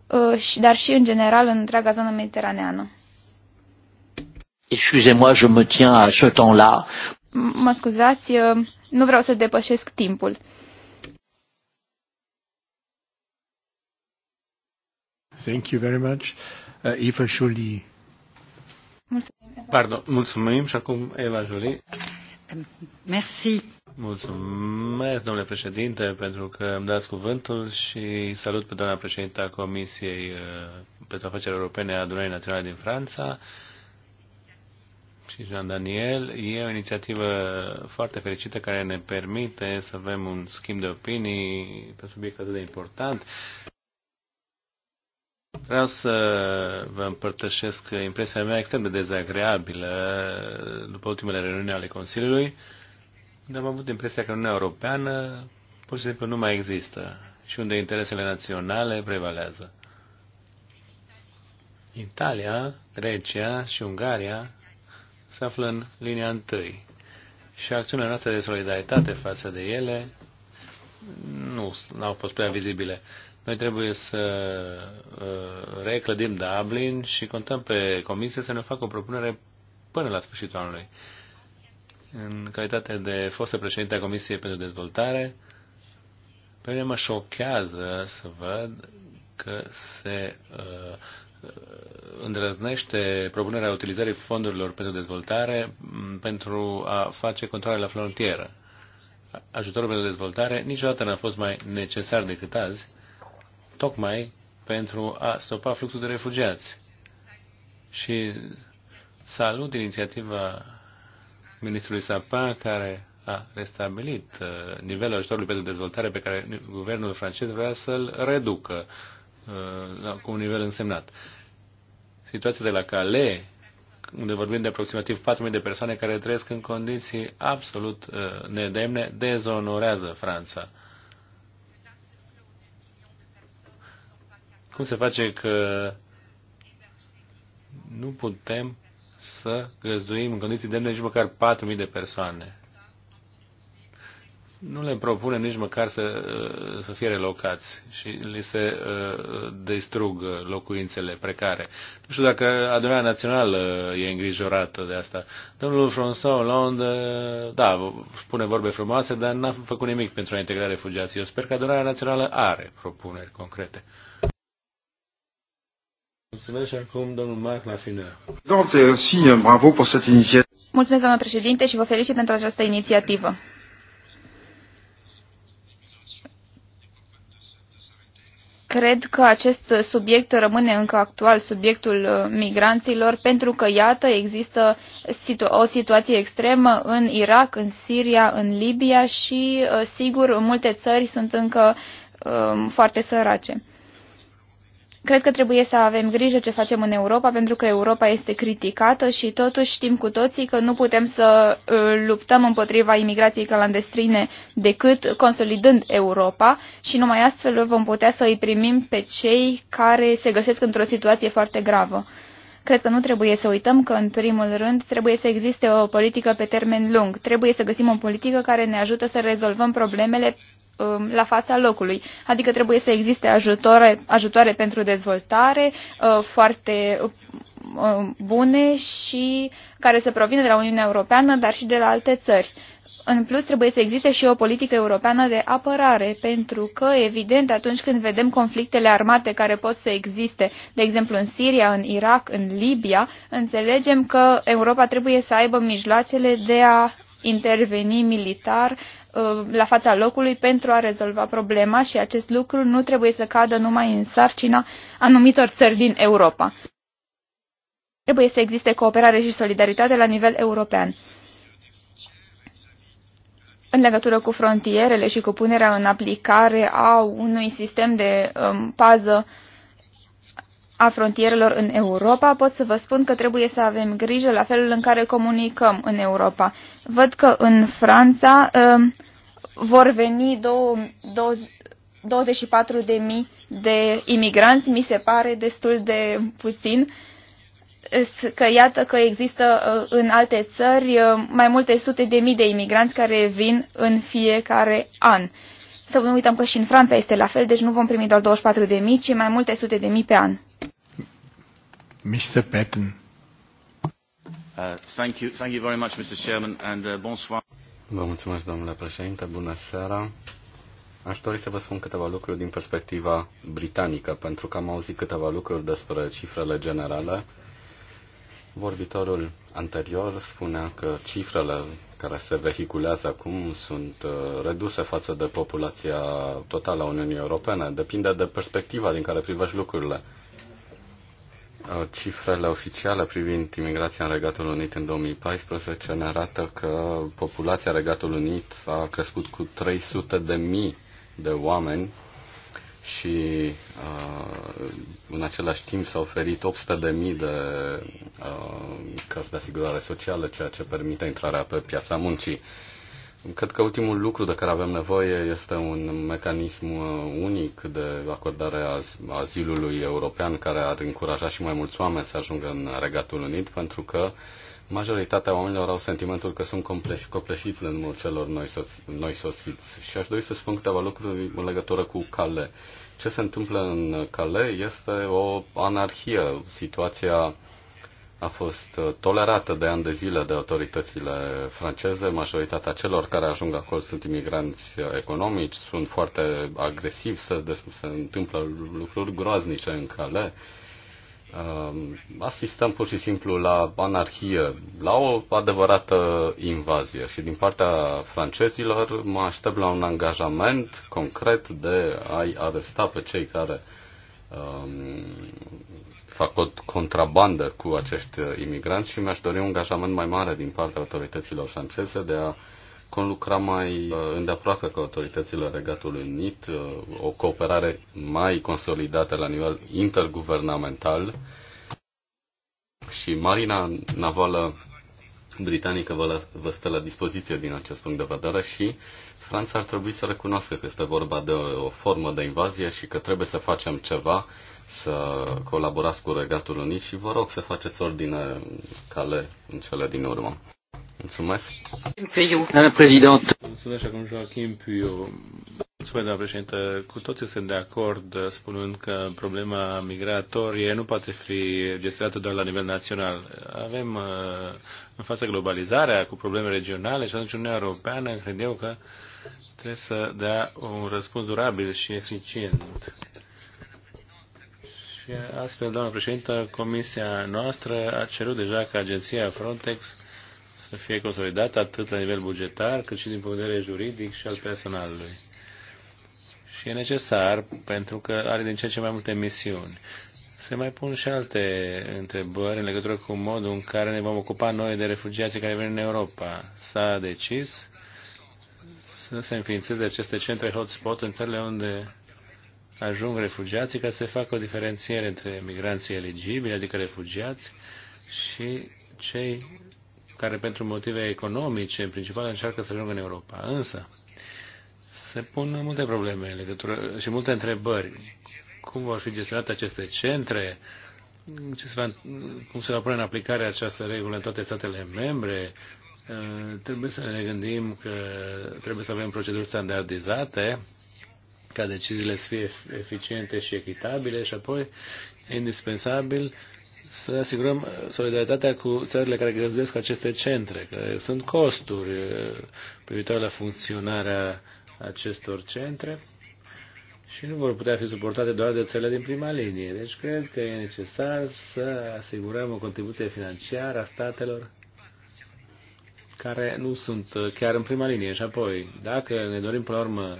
Uh, dar și în general în întreaga zonă mediteraneană. Excusez-moi, je me tiens à ce temps-là. Mă scuzați, uh, nu vreau să depășesc timpul. Thank you very much. Uh, Eva Jolie. Mulțumim. Pardon, mulțumim și acum Eva Jolie. Merci. Mulțumesc, domnule președinte, pentru că îmi dați cuvântul și salut pe doamna președinte a Comisiei uh, pentru Afaceri Europene a Adunării Naționale din Franța și Jean Daniel. E o inițiativă foarte fericită care ne permite să avem un schimb de opinii pe subiect atât de important. Vreau să vă împărtășesc impresia mea extrem de dezagreabilă după ultimele reuniuni ale Consiliului dar am avut impresia că Uniunea Europeană pur și simplu nu mai există și unde interesele naționale prevalează. Italia, Grecia și Ungaria se află în linia întâi și acțiunile noastre de solidaritate față de ele nu au fost prea vizibile. Noi trebuie să uh, reclădim Dublin și contăm pe comisie să ne facă o propunere până la sfârșitul anului în calitate de fostă președinte a Comisiei pentru Dezvoltare, pe mine mă șochează să văd că se uh, îndrăznește propunerea utilizării fondurilor pentru dezvoltare pentru a face controle la frontieră. Ajutorul pentru dezvoltare niciodată n-a fost mai necesar decât azi, tocmai pentru a stopa fluxul de refugiați. Și salut inițiativa ministrului Sapa, care a restabilit uh, nivelul ajutorului pentru dezvoltare pe care guvernul francez vrea să-l reducă uh, cu un nivel însemnat. Situația de la Calais, unde vorbim de aproximativ 4.000 de persoane care trăiesc în condiții absolut uh, nedemne, dezonorează Franța. Cum se face că nu putem să găzduim în condiții demne nici măcar 4.000 de persoane. Nu le propune nici măcar să, uh, să fie relocați și li se uh, distrug locuințele precare. Nu știu dacă adunarea națională uh, e îngrijorată de asta. Domnul François Hollande, da, spune vorbe frumoase, dar n-a făcut nimic pentru a integra refugiații. Eu sper că adunarea națională are propuneri concrete. Mulțumesc și domnul bravo pentru această inițiativă. Mulțumesc, președinte, și vă felicit pentru această inițiativă. Cred că acest subiect rămâne încă actual, subiectul uh, migranților, pentru că, iată, există situ o situație extremă în Irak, în Siria, în Libia și, uh, sigur, multe țări sunt încă um, foarte sărace. Cred că trebuie să avem grijă ce facem în Europa, pentru că Europa este criticată și totuși știm cu toții că nu putem să uh, luptăm împotriva imigrației clandestine decât consolidând Europa și numai astfel vom putea să îi primim pe cei care se găsesc într-o situație foarte gravă. Cred că nu trebuie să uităm că, în primul rând, trebuie să existe o politică pe termen lung. Trebuie să găsim o politică care ne ajută să rezolvăm problemele Um, la fața locului. Adică trebuie să existe ajutoare, ajutoare pentru dezvoltare uh, foarte uh, bune și care să provină de la Uniunea Europeană, dar și de la alte țări. În plus, trebuie să existe și o politică europeană de apărare, pentru că, evident, atunci când vedem conflictele armate care pot să existe, de exemplu în Siria, în Irak, în Libia, înțelegem că Europa trebuie să aibă mijloacele de a interveni militar Uh, la fața locului pentru a rezolva problema și acest lucru nu trebuie să cadă numai în sarcina anumitor țări din Europa. Trebuie să existe cooperare și solidaritate la nivel european. În legătură cu frontierele și cu punerea în aplicare a unui sistem de um, pază uh, a frontierelor în Europa, pot să vă spun că trebuie să avem grijă la felul în care comunicăm în Europa. Văd că în Franța um, vor veni 24.000 de imigranți, mi se pare destul de puțin, că iată că există uh, în alte țări uh, mai multe sute de mii de imigranți care vin în fiecare an. Să nu uităm că și în Franța este la fel, deci nu vom primi doar 24.000, ci mai multe sute de mii pe an. Mr. Patten, uh, thank you, thank you very much, Mr. Chairman, uh, bonsoir. Vă mulțumesc, domnule președinte. Bună seara. Aș dori să vă spun câteva lucruri din perspectiva britanică, pentru că am auzit câteva lucruri despre cifrele generale. Vorbitorul anterior spunea că cifrele care se vehiculează acum sunt uh, reduse față de populația totală a Uniunii Europene. Depinde de perspectiva din care privești lucrurile. Uh, cifrele oficiale privind imigrația în Regatul Unit în 2014 ne arată că populația Regatului Unit a crescut cu 300 de mii de oameni și uh, în același timp s-au oferit 800 de, mii de uh, cărți de asigurare socială, ceea ce permite intrarea pe piața muncii. Uh, Cred că ultimul lucru de care avem nevoie este un mecanism uh, unic de acordare a azilului european care ar încuraja și mai mulți oameni să ajungă în Regatul Unit, pentru că majoritatea oamenilor au sentimentul că sunt copleșiți de numărul celor noi, soți, noi soțiți. Și aș dori să spun câteva lucruri în legătură cu cale. Ce se întâmplă în cale este o anarhie, situația a fost uh, tolerată de ani de zile de autoritățile franceze. Majoritatea celor care ajung acolo sunt imigranți uh, economici, sunt foarte agresivi, se, se întâmplă lucruri groaznice în cale. Um, asistăm pur și simplu la anarhie, la o adevărată invazie și din partea francezilor mă aștept la un angajament concret de a-i aresta pe cei care um, fac o contrabandă cu acești uh, imigranți și mi-aș dori un angajament mai mare din partea autorităților franceze de a conlucra mai uh, îndeaproape cu autoritățile Regatului Unit, uh, o cooperare mai consolidată la nivel interguvernamental și Marina Navală britanică vă, la, vă stă la dispoziție din acest punct de vedere și Franța ar trebui să recunoască că este vorba de o formă de invazie și că trebuie să facem ceva să colaborați cu Regatul Unit și vă rog să faceți ordine cale în cele din urmă. Mulțumesc. Doamna președinte. Mulțumesc acum Joachim Piu. Mulțumesc, doamna președinte. Cu toții sunt de acord spunând că problema migratorie nu poate fi gestionată doar la nivel național. Avem uh, în fața globalizarea cu probleme regionale și atunci Uniunea Europeană cred eu că trebuie să dea un răspuns durabil și eficient și astfel, doamnă președintă, comisia noastră a cerut deja ca agenția Frontex să fie consolidată atât la nivel bugetar, cât și din punct de vedere juridic și al personalului. Și e necesar pentru că are din ce ce mai multe misiuni. Se mai pun și alte întrebări în legătură cu modul în care ne vom ocupa noi de refugiații care vin în Europa. S-a decis să se înființeze aceste centre hotspot în țările unde ajung refugiații, ca să se facă o diferențiere între migranții eligibili, adică refugiați, și cei care pentru motive economice, în principal, încearcă să ajungă în Europa. Însă, se pun multe probleme în legătură și multe întrebări. Cum vor fi gestionate aceste centre? Ce se va, cum se va pune în aplicare această regulă în toate statele membre? Trebuie să ne gândim că trebuie să avem proceduri standardizate ca deciziile să fie eficiente și echitabile și apoi e indispensabil să asigurăm solidaritatea cu țările care găzduiesc aceste centre, că sunt costuri uh, privitoare la funcționarea acestor centre și nu vor putea fi suportate doar de țările din prima linie. Deci cred că e necesar să asigurăm o contribuție financiară a statelor care nu sunt uh, chiar în prima linie. Și apoi, dacă ne dorim, până la urmă,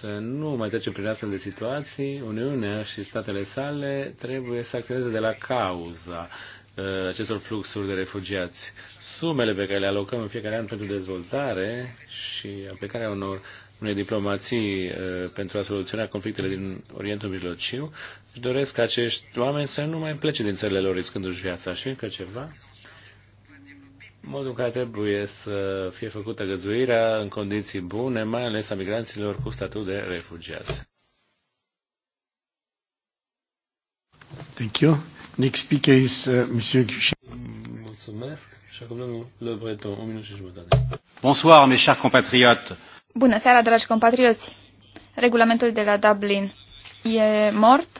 să nu mai trecem prin astfel de situații, Uniunea și statele sale trebuie să acționeze de la cauza uh, acestor fluxuri de refugiați. Sumele pe care le alocăm în fiecare an pentru dezvoltare și aplicarea unor unei diplomații uh, pentru a soluționa conflictele din Orientul Mijlociu, își doresc ca acești oameni să nu mai plece din țările lor riscându-și viața. Și încă ceva, modul în care trebuie să fie făcută găzuirea în condiții bune, mai ales a migranților cu statut de refugiați. Thank you. Next speaker is uh, Monsieur Mulțumesc. Și acum domnul Le Breton, un minut și jumătate. Bonsoir, mes chers compatriotes. Bună seara, dragi compatrioți. Regulamentul de la Dublin e mort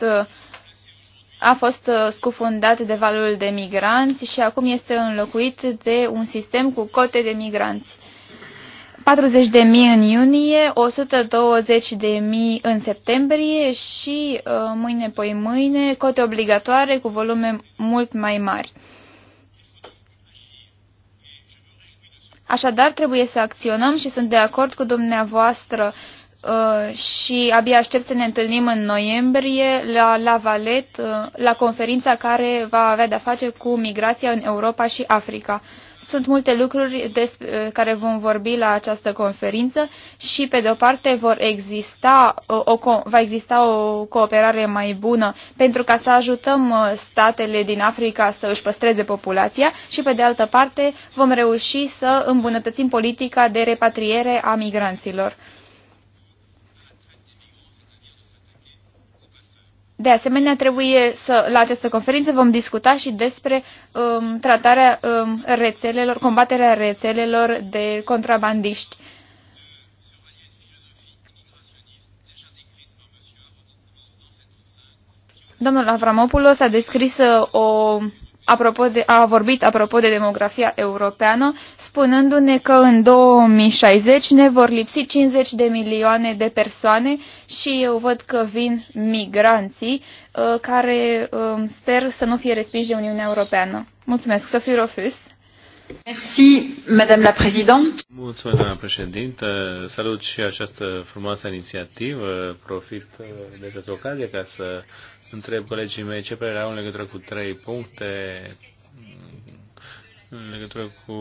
a fost uh, scufundat de valul de migranți și acum este înlocuit de un sistem cu cote de migranți. 40.000 în iunie, 120.000 în septembrie și uh, mâine poi mâine cote obligatoare cu volume mult mai mari. Așadar, trebuie să acționăm și sunt de acord cu dumneavoastră uh, Uh, și abia aștept să ne întâlnim în noiembrie la La Valet, uh, la conferința care va avea de-a face cu migrația în Europa și Africa. Sunt multe lucruri despre uh, care vom vorbi la această conferință și, pe de-o parte, vor exista o, o, va exista o cooperare mai bună pentru ca să ajutăm statele din Africa să își păstreze populația și, pe de altă parte, vom reuși să îmbunătățim politica de repatriere a migranților. De asemenea, trebuie să, la această conferință vom discuta și despre um, tratarea um, rețelelor, combaterea rețelelor de contrabandiști. Domnul Avramopoulos a descris uh, o apropo de, a vorbit apropo de demografia europeană, spunându-ne că în 2060 ne vor lipsi 50 de milioane de persoane și eu văd că vin migranții uh, care um, sper să nu fie respinși de Uniunea Europeană. Mulțumesc, Sophie Rofus. Merci, Madame la Présidente. Mulțumesc, doamna președintă. Salut și această frumoasă inițiativă. Profit uh, de această ocazie ca să întreb colegii mei ce părere au în legătură cu trei puncte, în legătură cu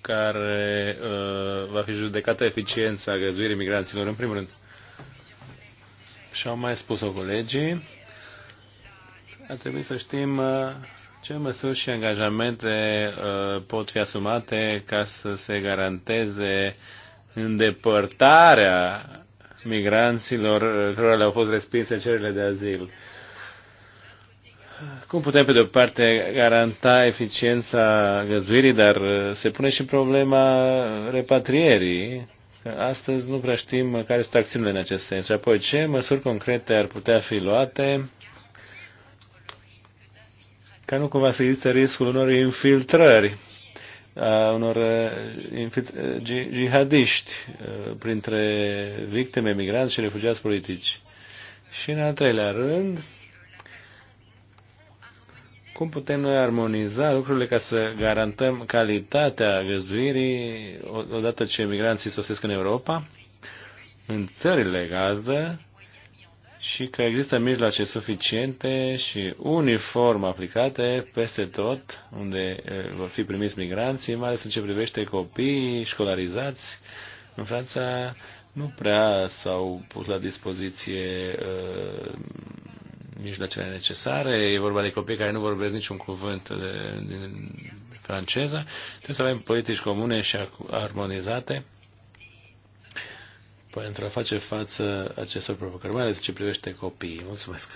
care uh, va fi judecată eficiența găzduirii migranților, în primul rând. Și au mai spus-o colegii. A trebui să știm uh, ce măsuri și angajamente uh, pot fi asumate ca să se garanteze îndepărtarea migranților uh, care le-au fost respinse cererile de azil cum putem, pe de o parte, garanta eficiența găzduirii, dar se pune și problema repatrierii. Astăzi nu prea știm care sunt acțiunile în acest sens. Și apoi, ce măsuri concrete ar putea fi luate ca nu cumva să există riscul unor infiltrări, a unor uh, uh, jihadiști uh, printre victime, migranți și refugiați politici. Și în al treilea rând, cum putem noi armoniza lucrurile ca să garantăm calitatea găzduirii odată ce migranții sosesc în Europa, în țările gazdă, și că există mijloace suficiente și uniform aplicate peste tot unde vor fi primiți migranții, mai ales în ce privește copiii școlarizați. În Franța nu prea s-au pus la dispoziție uh, mijloacele necesare. E vorba de copii care nu vorbesc niciun cuvânt de, din franceză. Trebuie să avem politici comune și armonizate pentru a face față acestor provocări, mai ales ce privește copiii. Mulțumesc!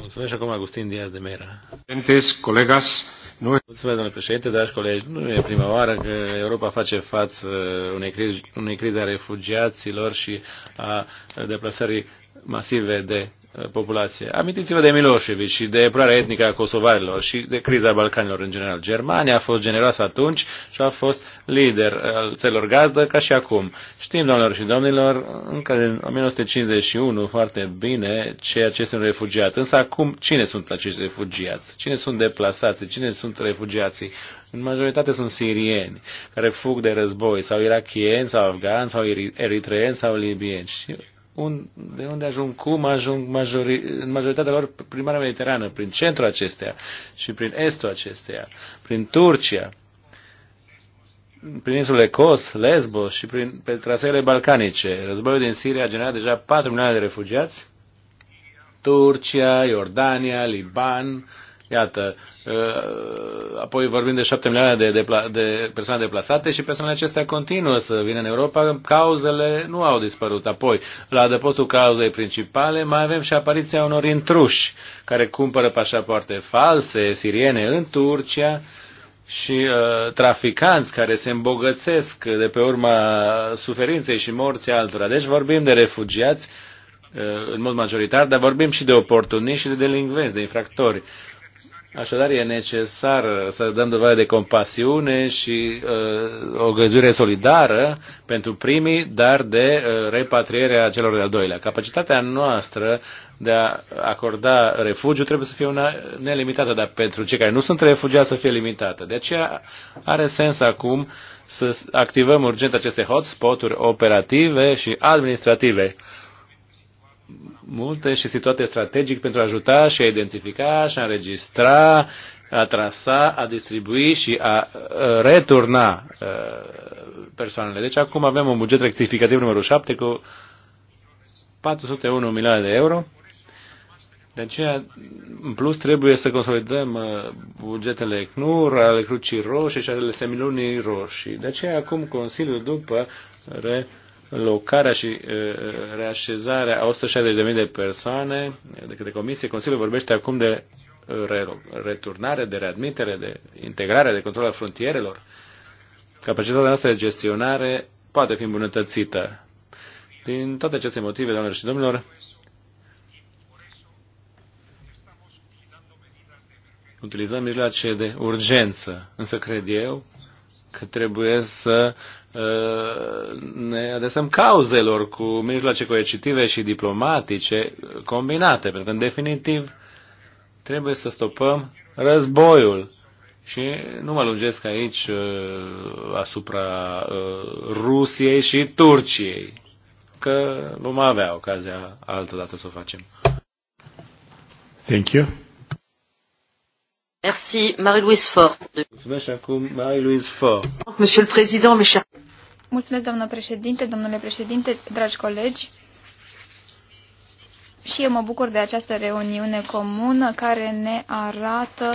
Mulțumesc acum Agustin Diaz de Mera. colegas, nu... Mulțumesc, domnule președinte, dragi colegi. Nu e prima oară că Europa face față unei crize, unei crize a refugiaților și a deplasării masive de uh, populație. Amintiți-vă de Milosevic și de epurarea etnică a kosovarilor și de criza Balcanilor în general. Germania a fost generoasă atunci și a fost lider al țărilor gazdă ca și acum. Știm, doamnelor și domnilor, încă din 1951 foarte bine ceea ce sunt refugiați. Însă acum cine sunt acești refugiați? Cine sunt deplasați? Cine sunt refugiații? În majoritate sunt sirieni care fug de război sau irachieni sau afgani sau eritreeni sau libieni. Și un, de unde ajung, cum ajung majori, majoritatea lor prin Marea Mediterană, prin centrul acesteia și prin estul acesteia, prin Turcia, prin insulele Kos, Lesbos și prin, pe traseele balcanice. Războiul din Siria a generat deja 4 milioane de refugiați. Turcia, Iordania, Liban, Iată, uh, apoi vorbim de șapte milioane de, de, de persoane deplasate și persoanele acestea continuă să vină în Europa, cauzele nu au dispărut. Apoi, la adăpostul cauzei principale, mai avem și apariția unor intruși care cumpără pașapoarte false, siriene, în Turcia, și uh, traficanți care se îmbogățesc de pe urma suferinței și morții altora. Deci vorbim de refugiați uh, în mod majoritar, dar vorbim și de oportuniști și de delinvenți, de infractori. Așadar, e necesar să dăm dovadă de compasiune și uh, o găzuire solidară pentru primii, dar de uh, repatrierea celor de-al doilea. Capacitatea noastră de a acorda refugiu trebuie să fie una nelimitată, dar pentru cei care nu sunt refugiați să fie limitată. De aceea are sens acum să activăm urgent aceste hotspot-uri operative și administrative multe și situate strategic pentru a ajuta și a identifica și a înregistra, a trasa, a distribui și a uh, returna uh, persoanele. Deci acum avem un buget rectificativ numărul 7 cu 401 milioane de euro. De aceea, în plus, trebuie să consolidăm uh, bugetele Cnur, ale Crucii Roșii și ale Semilunii Roșii. De aceea, acum Consiliul, după re- locarea și uh, reașezarea a 160.000 de persoane de către Comisie. Consiliul vorbește acum de uh, returnare, de readmitere, de integrare, de control al frontierelor. Capacitatea noastră de gestionare poate fi îmbunătățită. Din toate aceste motive, doamnelor și domnilor, utilizăm mijloace de urgență. Însă cred eu că trebuie să uh, ne adesăm cauzelor cu mijloace coercitive și diplomatice combinate, pentru că, în definitiv, trebuie să stopăm războiul. Și nu mă lungesc aici uh, asupra uh, Rusiei și Turciei, că vom avea ocazia dată să o facem. Thank you. Merci, Marie-Louise Fort. Mulțumesc acum, Marie-Louise Fort. Monsieur le Président, mes chers... Mulțumesc, doamnă președinte, domnule președinte, dragi colegi. Și eu mă bucur de această reuniune comună care ne arată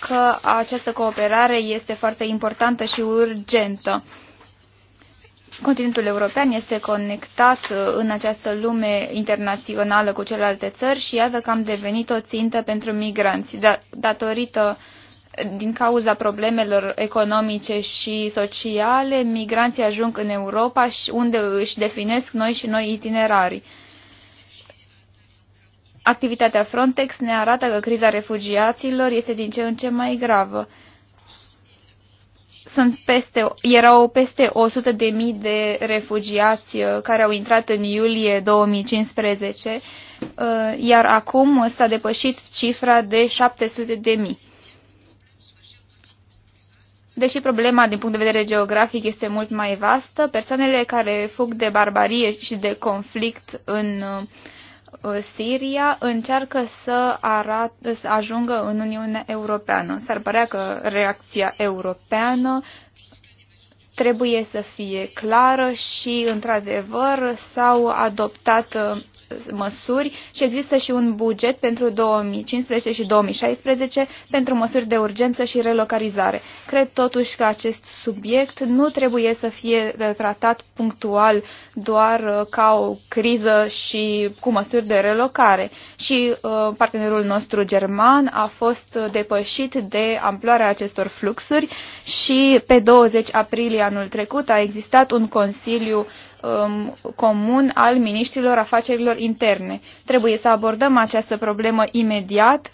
că această cooperare este foarte importantă și urgentă continentul european este conectat uh, în această lume internațională cu celelalte țări și iată că am devenit o țintă pentru migranți, da, datorită din cauza problemelor economice și sociale, migranții ajung în Europa și unde își definesc noi și noi itinerarii. Activitatea Frontex ne arată că criza refugiaților este din ce în ce mai gravă sunt peste, erau peste 100 de mii de refugiați uh, care au intrat în iulie 2015, uh, iar acum s-a depășit cifra de 700 de mii. Deși problema din punct de vedere geografic este mult mai vastă, persoanele care fug de barbarie și de conflict în uh, Uh, Siria încearcă să, arat, să ajungă în Uniunea Europeană. S-ar părea că reacția europeană trebuie să fie clară și, într-adevăr, s-au adoptat uh, măsuri și există și un buget pentru 2015 și 2016 pentru măsuri de urgență și relocalizare. Cred totuși că acest subiect nu trebuie să fie tratat punctual doar uh, ca o criză și cu măsuri de relocare. Și uh, partenerul nostru german a fost depășit de amploarea acestor fluxuri și pe 20 aprilie anul trecut a existat un consiliu um, comun al miniștrilor afacerilor interne. Trebuie să abordăm această problemă imediat,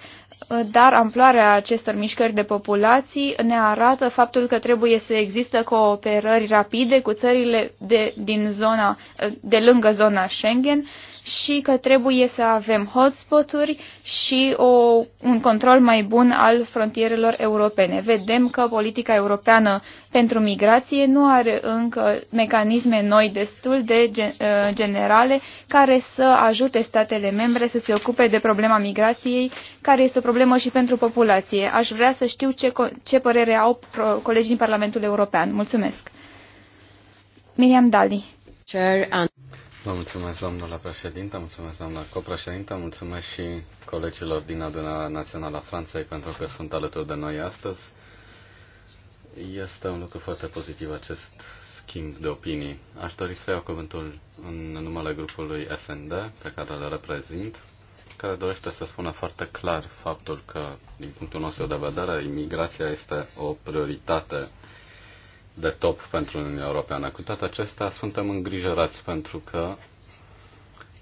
uh, dar amploarea acestor mișcări de populații ne arată faptul că trebuie să există cooperări rapide cu țările de, din zona, uh, de lângă zona Schengen, uh, și că trebuie să avem hotspoturi și o, un control mai bun al frontierelor europene. Vedem că politica europeană pentru migrație nu are încă mecanisme noi destul de uh, generale care să ajute statele membre să se ocupe de problema migrației, care este o problemă și pentru populație. Aș vrea să știu ce, ce părere au colegii din Parlamentul European. Mulțumesc! Miriam Dali. Vă mulțumesc, domnule președinte, mulțumesc, doamna copreședinte, mulțumesc și colegilor din Adunarea Națională a Franței pentru că sunt alături de noi astăzi. Este un lucru foarte pozitiv acest schimb de opinii. Aș dori să iau cuvântul în numele grupului SND, pe care le reprezint, care dorește să spună foarte clar faptul că, din punctul nostru de vedere, imigrația este o prioritate de top pentru Uniunea Europeană. Cu toate acestea, suntem îngrijorați pentru că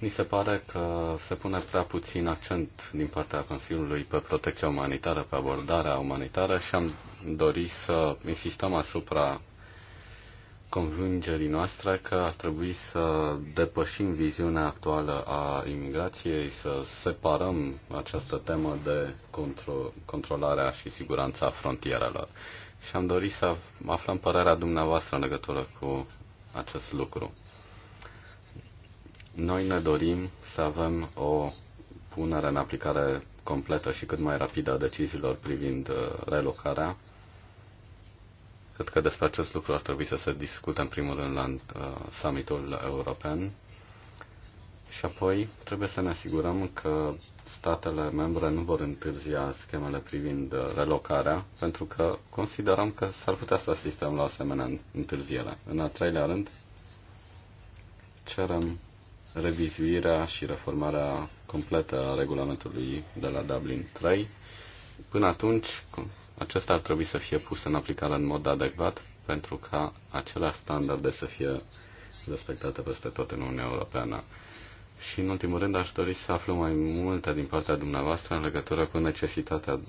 mi se pare că se pune prea puțin accent din partea Consiliului pe protecția umanitară, pe abordarea umanitară și am dorit să insistăm asupra convingerii noastre că ar trebui să depășim viziunea actuală a imigrației, să separăm această temă de contro- controlarea și siguranța frontierelor și am dorit să aflăm părerea dumneavoastră în legătură cu acest lucru. Noi ne dorim să avem o punere în aplicare completă și cât mai rapidă a deciziilor privind uh, relocarea. Cred că despre acest lucru ar trebui să se discute în primul rând la uh, summitul european și apoi trebuie să ne asigurăm că statele membre nu vor întârzia schemele privind uh, relocarea, pentru că considerăm că s-ar putea să asistăm la asemenea întârziere. În al treilea rând, cerem revizuirea și reformarea completă a regulamentului de la Dublin 3. Până atunci, acesta ar trebui să fie pus în aplicare în mod adecvat pentru ca acelea standarde să fie respectate peste tot în Uniunea Europeană. Și, în ultimul rând, aș dori să aflu mai multe din partea dumneavoastră în legătură cu necesitatea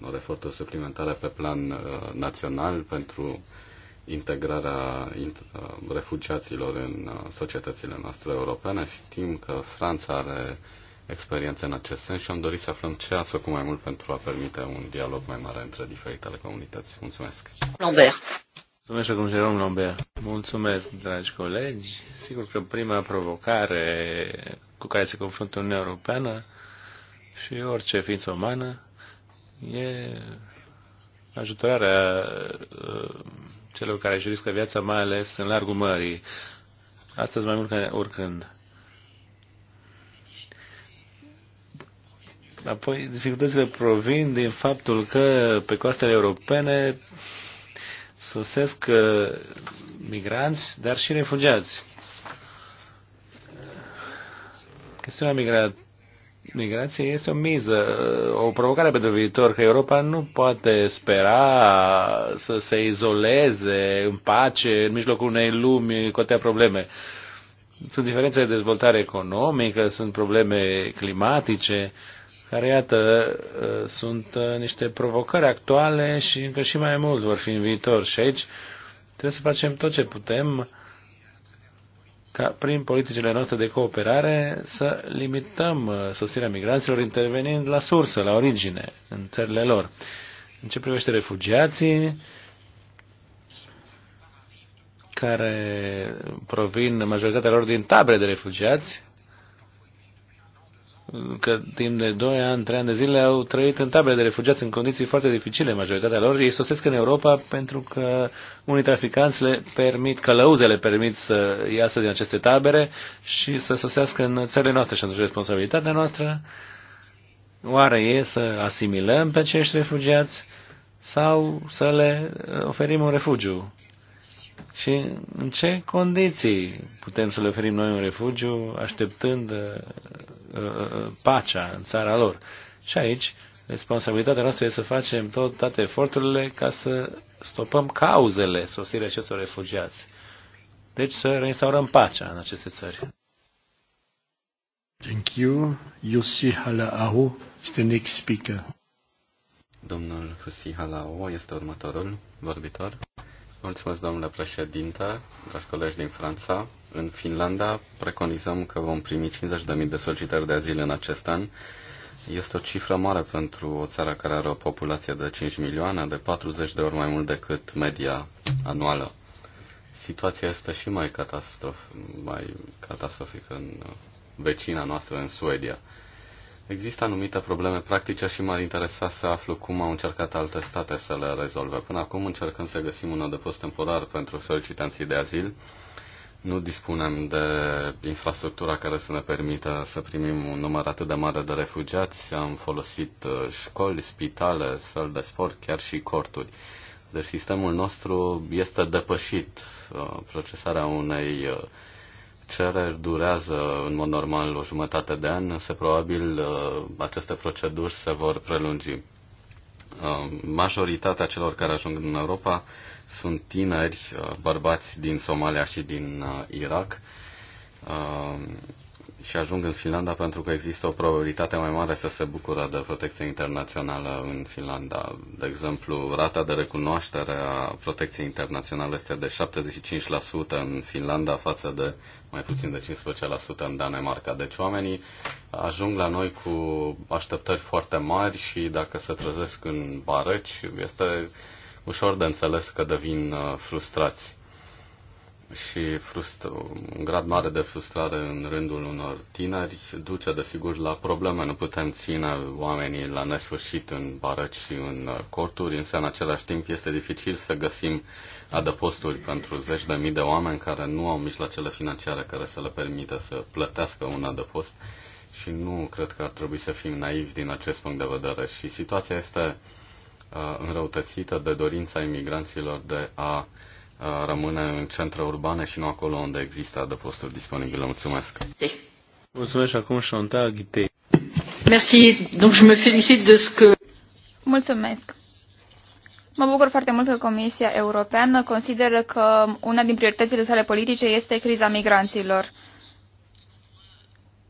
unor eforturi suplimentare pe plan uh, național pentru integrarea int- uh, refugiaților în uh, societățile noastre europene. Știm că Franța are experiențe în acest sens și am dorit să aflăm ce ați făcut mai mult pentru a permite un dialog mai mare între diferitele comunități. Mulțumesc! Lambert. Mulțumesc acum, Jerom Lombea. Mulțumesc, dragi colegi. Sigur că prima provocare cu care se confruntă Uniunea Europeană și orice ființă umană e ajutorarea uh, celor care își riscă viața, mai ales în largul mării. Astăzi mai mult ca oricând. Apoi, dificultățile provin din faptul că pe coastele europene sosesc uh, migranți, dar și refugiați. Chestiunea migra migrației este o miză, o provocare pentru viitor, că Europa nu poate spera să se izoleze în pace, în mijlocul unei lumi cu atâtea probleme. Sunt diferențe de dezvoltare economică, sunt probleme climatice, uh, care, iată, uh, sunt uh, niște provocări actuale și încă și mai mult vor fi în viitor. Și aici trebuie să facem tot ce putem ca prin politicile noastre de cooperare să limităm uh, sosirea migranților intervenind la sursă, la origine, în țările lor. În ce privește refugiații, care provin majoritatea lor din tabere de refugiați, că timp de 2 ani, 3 ani de zile au trăit în tabere de refugiați în condiții foarte dificile, majoritatea lor. Ei sosesc în Europa pentru că unii traficanți le permit, călăuzele permit să iasă din aceste tabere și să sosească în țările noastre și atunci responsabilitatea noastră oare e să asimilăm pe acești refugiați sau să le oferim un refugiu și în ce condiții putem să le oferim noi un refugiu așteptând uh, uh, uh, pacea în țara lor. Și aici responsabilitatea noastră este să facem tot, toate eforturile ca să stopăm cauzele sosirii acestor refugiați. Deci să reinstaurăm pacea în aceste țări. Thank you. Yossi Halaahu is the next speaker. Domnul Yossi Halaahu este următorul vorbitor. Mulțumesc, domnule președinte, dragi colegi din Franța. În Finlanda preconizăm că vom primi 50.000 de solicitări de azil în acest an. Este o cifră mare pentru o țară care are o populație de 5 milioane, de 40 de ori mai mult decât media anuală. Situația este și mai, catastrof, mai catastrofică în vecina noastră, în Suedia. Există anumite probleme practice și m-ar interesa să aflu cum au încercat alte state să le rezolve. Până acum încercăm să găsim un adăpost temporar pentru solicitanții de azil. Nu dispunem de infrastructura care să ne permită să primim un număr atât de mare de refugiați. Am folosit uh, școli, spitale, săli de sport, chiar și corturi. Deci sistemul nostru este depășit. Uh, procesarea unei uh, cereri durează în mod normal o jumătate de an, însă probabil uh, aceste proceduri se vor prelungi. Uh, majoritatea celor care ajung în Europa sunt tineri, uh, bărbați din Somalia și din Irak și ajung în Finlanda pentru că există o probabilitate mai mare să se bucură de protecție internațională în Finlanda. De exemplu, rata de recunoaștere a protecției internaționale este de 75% în Finlanda față de mai puțin de 15% în Danemarca. Deci oamenii ajung la noi cu așteptări foarte mari și dacă se trezesc în barăci, este ușor de înțeles că devin uh, frustrați și un grad mare de frustrare în rândul unor tineri duce, desigur, la probleme. Nu putem ține oamenii la nesfârșit în barăci și în corturi, însă în același timp este dificil să găsim adăposturi pentru zeci de mii de oameni care nu au mijloacele financiare care să le permită să plătească un adăpost și nu cred că ar trebui să fim naivi din acest punct de vedere. Și situația este uh, înrăutățită de dorința imigranților de a uh, rămâne în centre urbane și nu acolo unde există adăposturi disponibile. Mulțumesc! Mulțumesc acum Chantal Ghitei. Merci. Donc je me félicite de ce que... Mulțumesc. Mă bucur foarte mult că Comisia Europeană consideră că una din prioritățile sale politice este criza migranților.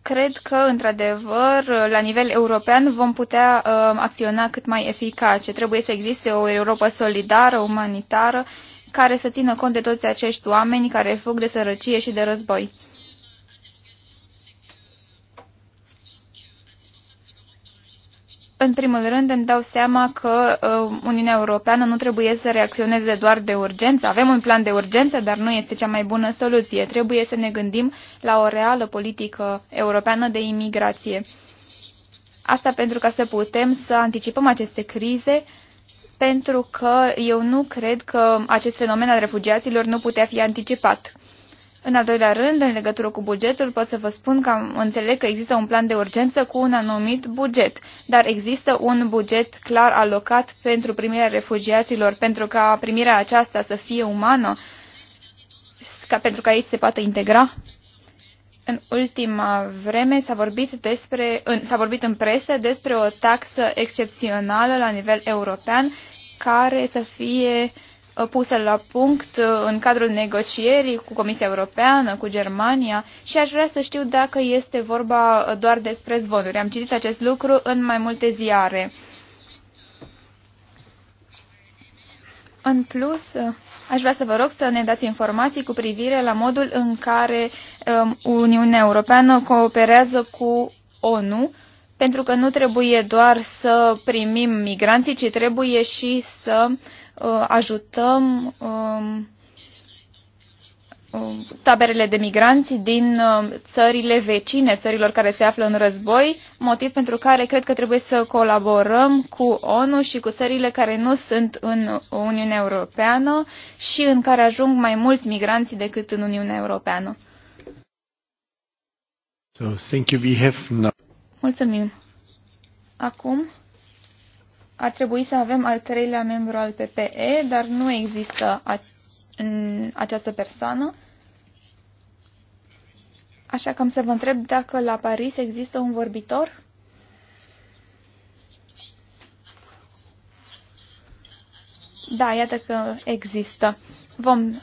Cred că, într-adevăr, la nivel european vom putea uh, acționa cât mai eficace. Trebuie să existe o Europa solidară, umanitară care să țină cont de toți acești oameni care fug de sărăcie și de război. În primul rând îmi dau seama că uh, Uniunea Europeană nu trebuie să reacționeze doar de urgență. Avem un plan de urgență, dar nu este cea mai bună soluție. Trebuie să ne gândim la o reală politică europeană de imigrație. Asta pentru ca să putem să anticipăm aceste crize uh, pentru că eu nu cred că acest fenomen al refugiaților nu putea fi anticipat. În al doilea rând, în legătură cu bugetul, pot să vă spun că am înțeleg că există un plan de urgență cu un anumit buget, dar există un buget clar alocat pentru primirea refugiaților, pentru ca primirea aceasta să fie umană, ca pentru ca ei se poată integra? în ultima vreme s-a vorbit, despre, în, s-a vorbit în presă despre o taxă excepțională la nivel european care să fie uh, pusă la punct uh, în cadrul negocierii cu Comisia Europeană, cu Germania și aș vrea să știu dacă este vorba uh, doar despre zvonuri. Am citit acest lucru în mai multe ziare. În plus, Aș vrea să vă rog să ne dați informații cu privire la modul în care um, Uniunea Europeană cooperează cu ONU, pentru că nu trebuie doar să primim migranții, ci trebuie și să uh, ajutăm um, Um, taberele de migranți din um, țările vecine, țărilor care se află în război, motiv pentru care cred că trebuie să colaborăm cu ONU și cu țările care nu sunt în Uniunea Europeană și în care ajung mai mulți migranți decât în Uniunea Europeană. So, thank you. We have no... Mulțumim. Acum ar trebui să avem al treilea membru al PPE, dar nu există acest această persoană. Așa că am să vă întreb dacă la Paris există un vorbitor? Da, iată că există. Vom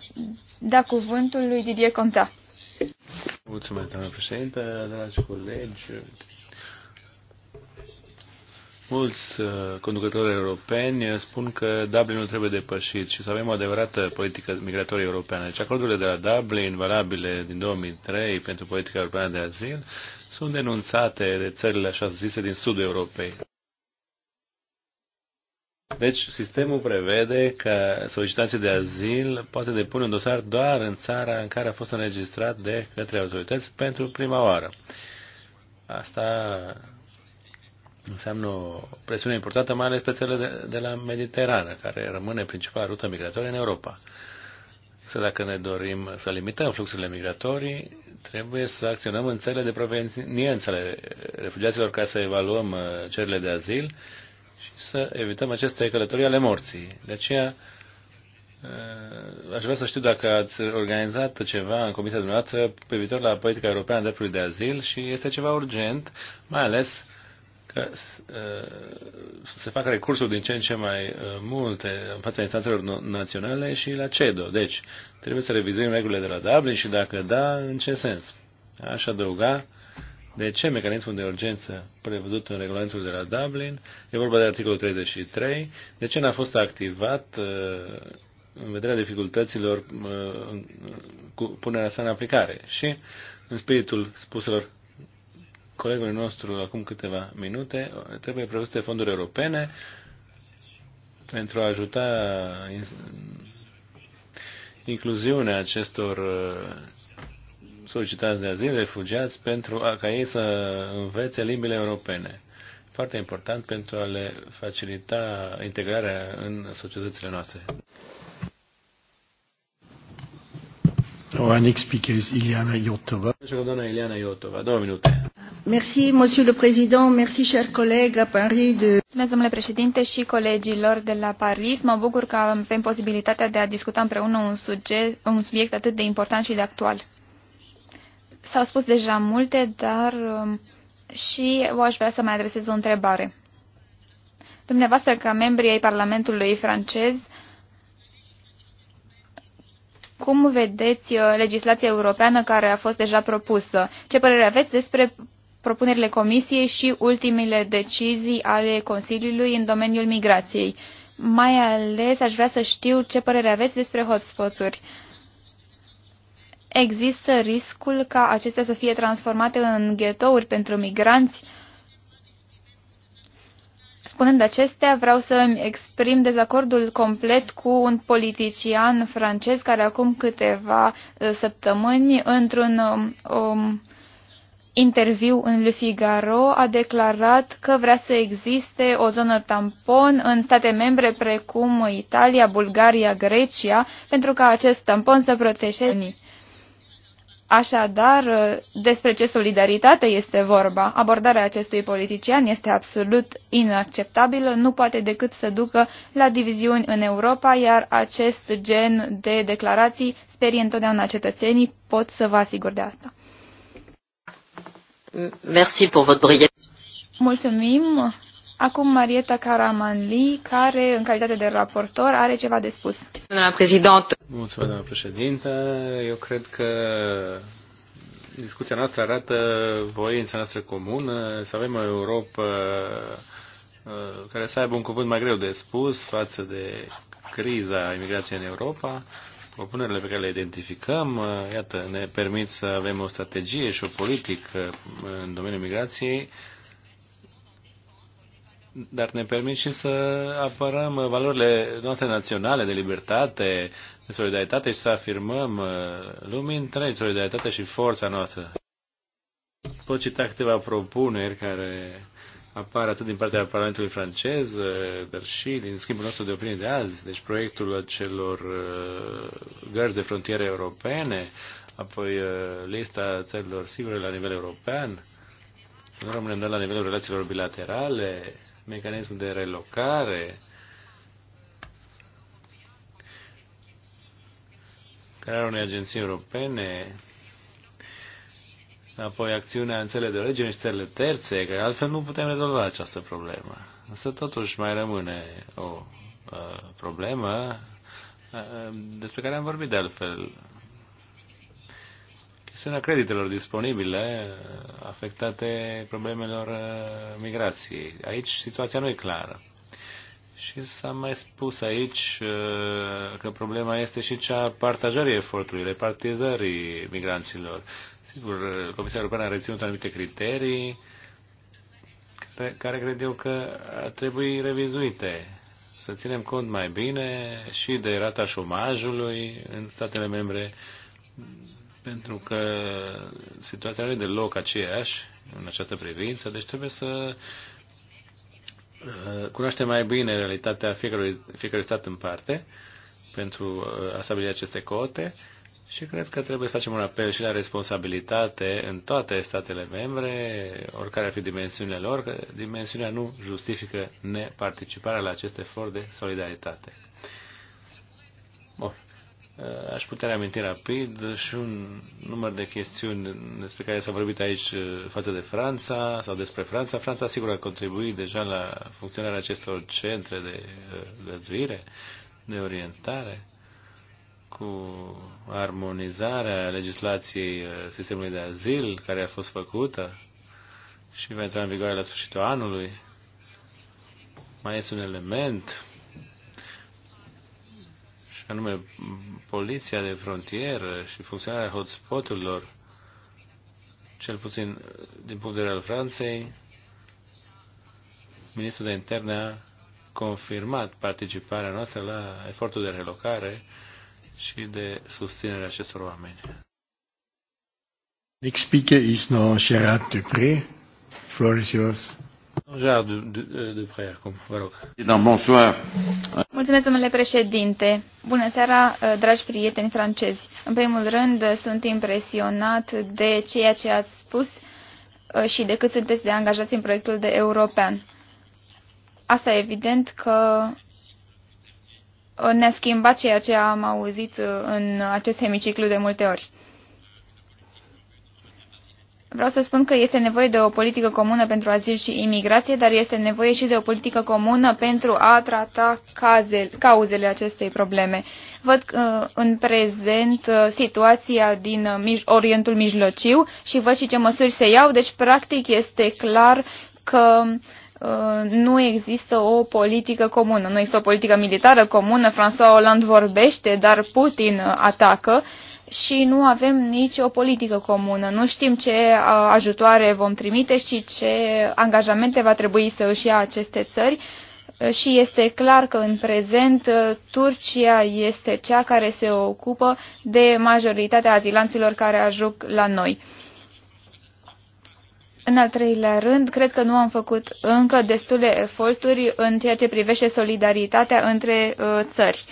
da cuvântul lui Didier Conta. Mulțumesc, doamnă președinte, dragi colegi. Mulți uh, conducători europeni spun că Dublinul trebuie depășit și să avem o adevărată politică migratorie europeană. Deci acordurile de la Dublin, valabile din 2003 pentru politica europeană de azil, sunt denunțate de țările așa zise din sudul Europei. Deci, sistemul prevede că solicitații de azil poate depune un dosar doar în țara în care a fost înregistrat de către autorități pentru prima oară. Asta înseamnă o presiune importantă, mai ales pe țările de, de la Mediterană, care rămâne principala rută migratorie în Europa. Să dacă ne dorim să limităm fluxurile migratorii, trebuie să acționăm în țările de proveniență ale refugiaților ca să evaluăm uh, cererile de azil și să evităm aceste călătorii ale morții. De aceea, uh, aș vrea să știu dacă ați organizat ceva în comisia dumneavoastră viitor la politica europeană a dreptului de azil și este ceva urgent, mai ales că uh, se fac recursuri din ce în ce mai uh, multe în fața instanțelor naționale și la CEDO. Deci, trebuie să revizuim regulile de la Dublin și dacă da, în ce sens? Aș adăuga de ce mecanismul de urgență prevăzut în regulamentul de la Dublin, e vorba de articolul 33, de ce n-a fost activat uh, în vederea dificultăților cu punerea sa în aplicare și în spiritul spuselor colegului nostru acum câteva minute, trebuie prevăzute fonduri europene pentru a ajuta incluziunea acestor uh, solicitați de azil, refugiați, pentru a, ca ei să învețe limbile europene. Foarte important pentru a le facilita integrarea în societățile noastre. Oh, next Iliana Iotova. Deci, doamna Iliana Iotova, două minute. Paris Mulțumesc, domnule președinte și colegilor de la Paris. Mă bucur că avem posibilitatea de a discuta împreună un, un subiect atât de important și de actual. S-au spus deja multe, dar um, și eu aș vrea să mai adresez o întrebare. Dumneavoastră, ca membri ai Parlamentului francez, cum vedeți uh, legislația europeană care a fost deja propusă? Ce părere aveți despre propunerile Comisiei și ultimele decizii ale Consiliului în domeniul migrației. Mai ales aș vrea să știu ce părere aveți despre hotspot-uri. Există riscul ca acestea să fie transformate în ghetouri pentru migranți? Spunând acestea, vreau să îmi exprim dezacordul complet cu un politician francez care acum câteva uh, săptămâni, într-un um, interviu în Le Figaro, a declarat că vrea să existe o zonă tampon în state membre precum Italia, Bulgaria, Grecia, pentru ca acest tampon să protejeze Așadar, despre ce solidaritate este vorba? Abordarea acestui politician este absolut inacceptabilă, nu poate decât să ducă la diviziuni în Europa, iar acest gen de declarații sperie întotdeauna cetățenii, pot să vă asigur de asta. Merci pour votre brillant. Mulțumim. Acum Marieta Caramanli, care, în calitate de raportor, are ceva de spus. Doamna președintă. Mulțumesc, doamna președintă. Eu cred că discuția noastră arată voința noastră comună, să avem o Europa uh, care să aibă un cuvânt mai greu de spus față de criza imigrației în Europa Propunerile pe care le identificăm, uh, iată, ne permit să avem o strategie și o politică uh, în domeniul migrației, dar ne permit și să apărăm valorile noastre naționale de libertate, de solidaritate și să afirmăm uh, lumii întregi solidaritatea și forța noastră. Pot cita câteva propuneri care apar atât din partea Parlamentului francez, eh, dar și din schimbul nostru de opinie de azi, deci proiectul celor eh, gărzi de frontiere europene, apoi eh, lista țărilor sigure la nivel european, să nu rămânem doar la nivelul relațiilor bilaterale, mecanismul de relocare, crearea unei agenții europene, apoi acțiunea în țările de origine și țările terțe, că altfel nu putem rezolva această problemă. Însă totuși mai rămâne o uh, problemă uh, despre care am vorbit de altfel. Chestiunea creditelor disponibile uh, afectate problemelor uh, migrației. Aici situația nu e clară. Și s-a mai spus aici uh, că problema este și cea a partajării efortului, repartizării migranților. Sigur, Comisia Europeană a reținut anumite criterii care, care cred eu că ar trebui revizuite. Să ținem cont mai bine și de rata șomajului în statele membre, pentru că situația nu e deloc aceeași în această privință, deci trebuie să uh, cunoaște mai bine realitatea fiecărui, fiecărui stat în parte pentru uh, a stabili aceste cote și cred că trebuie să facem un apel și la responsabilitate în toate statele membre, oricare ar fi dimensiunile lor, că dimensiunea nu justifică neparticiparea la acest efort de solidaritate. Bun. Aș putea reaminti rapid și un număr de chestiuni despre care s-a vorbit aici față de Franța sau despre Franța. Franța sigur a contribuit deja la funcționarea acestor centre de găzduire, de orientare cu armonizarea legislației uh, sistemului de azil care a fost făcută și va intra în vigoare la sfârșitul anului. Mai este un element și anume poliția de frontieră și funcționarea hotspoturilor, cel puțin din punct de vedere al Franței, ministrul de interne a confirmat participarea noastră la efortul de relocare și de susținerea acestor oameni. Next speaker is now Gerard Dupré. Floor is yours. Gerard Dupré, acum, vă rog. Bonsoir. Mulțumesc, domnule președinte. Bună seara, uh, dragi prieteni francezi. În primul rând, uh, sunt impresionat de ceea ce ați spus uh, și de cât sunteți de angajați în proiectul de european. Asta e evident că ne-a schimbat ceea ce am auzit uh, în acest hemiciclu de multe ori. Vreau să spun că este nevoie de o politică comună pentru azil și imigrație, dar este nevoie și de o politică comună pentru a trata caze, cauzele acestei probleme. Văd uh, în prezent uh, situația din uh, Orientul Mijlociu și văd și ce măsuri se iau, deci practic este clar că uh, Uh, nu există o politică comună, nu există o politică militară comună, François Hollande vorbește, dar Putin atacă și nu avem nici o politică comună. Nu știm ce uh, ajutoare vom trimite și ce angajamente va trebui să își ia aceste țări uh, și este clar că în prezent Turcia este cea care se ocupă de majoritatea azilanților care ajung la noi. În al treilea rând, cred că nu am făcut încă destule eforturi în ceea ce privește solidaritatea între uh, țări.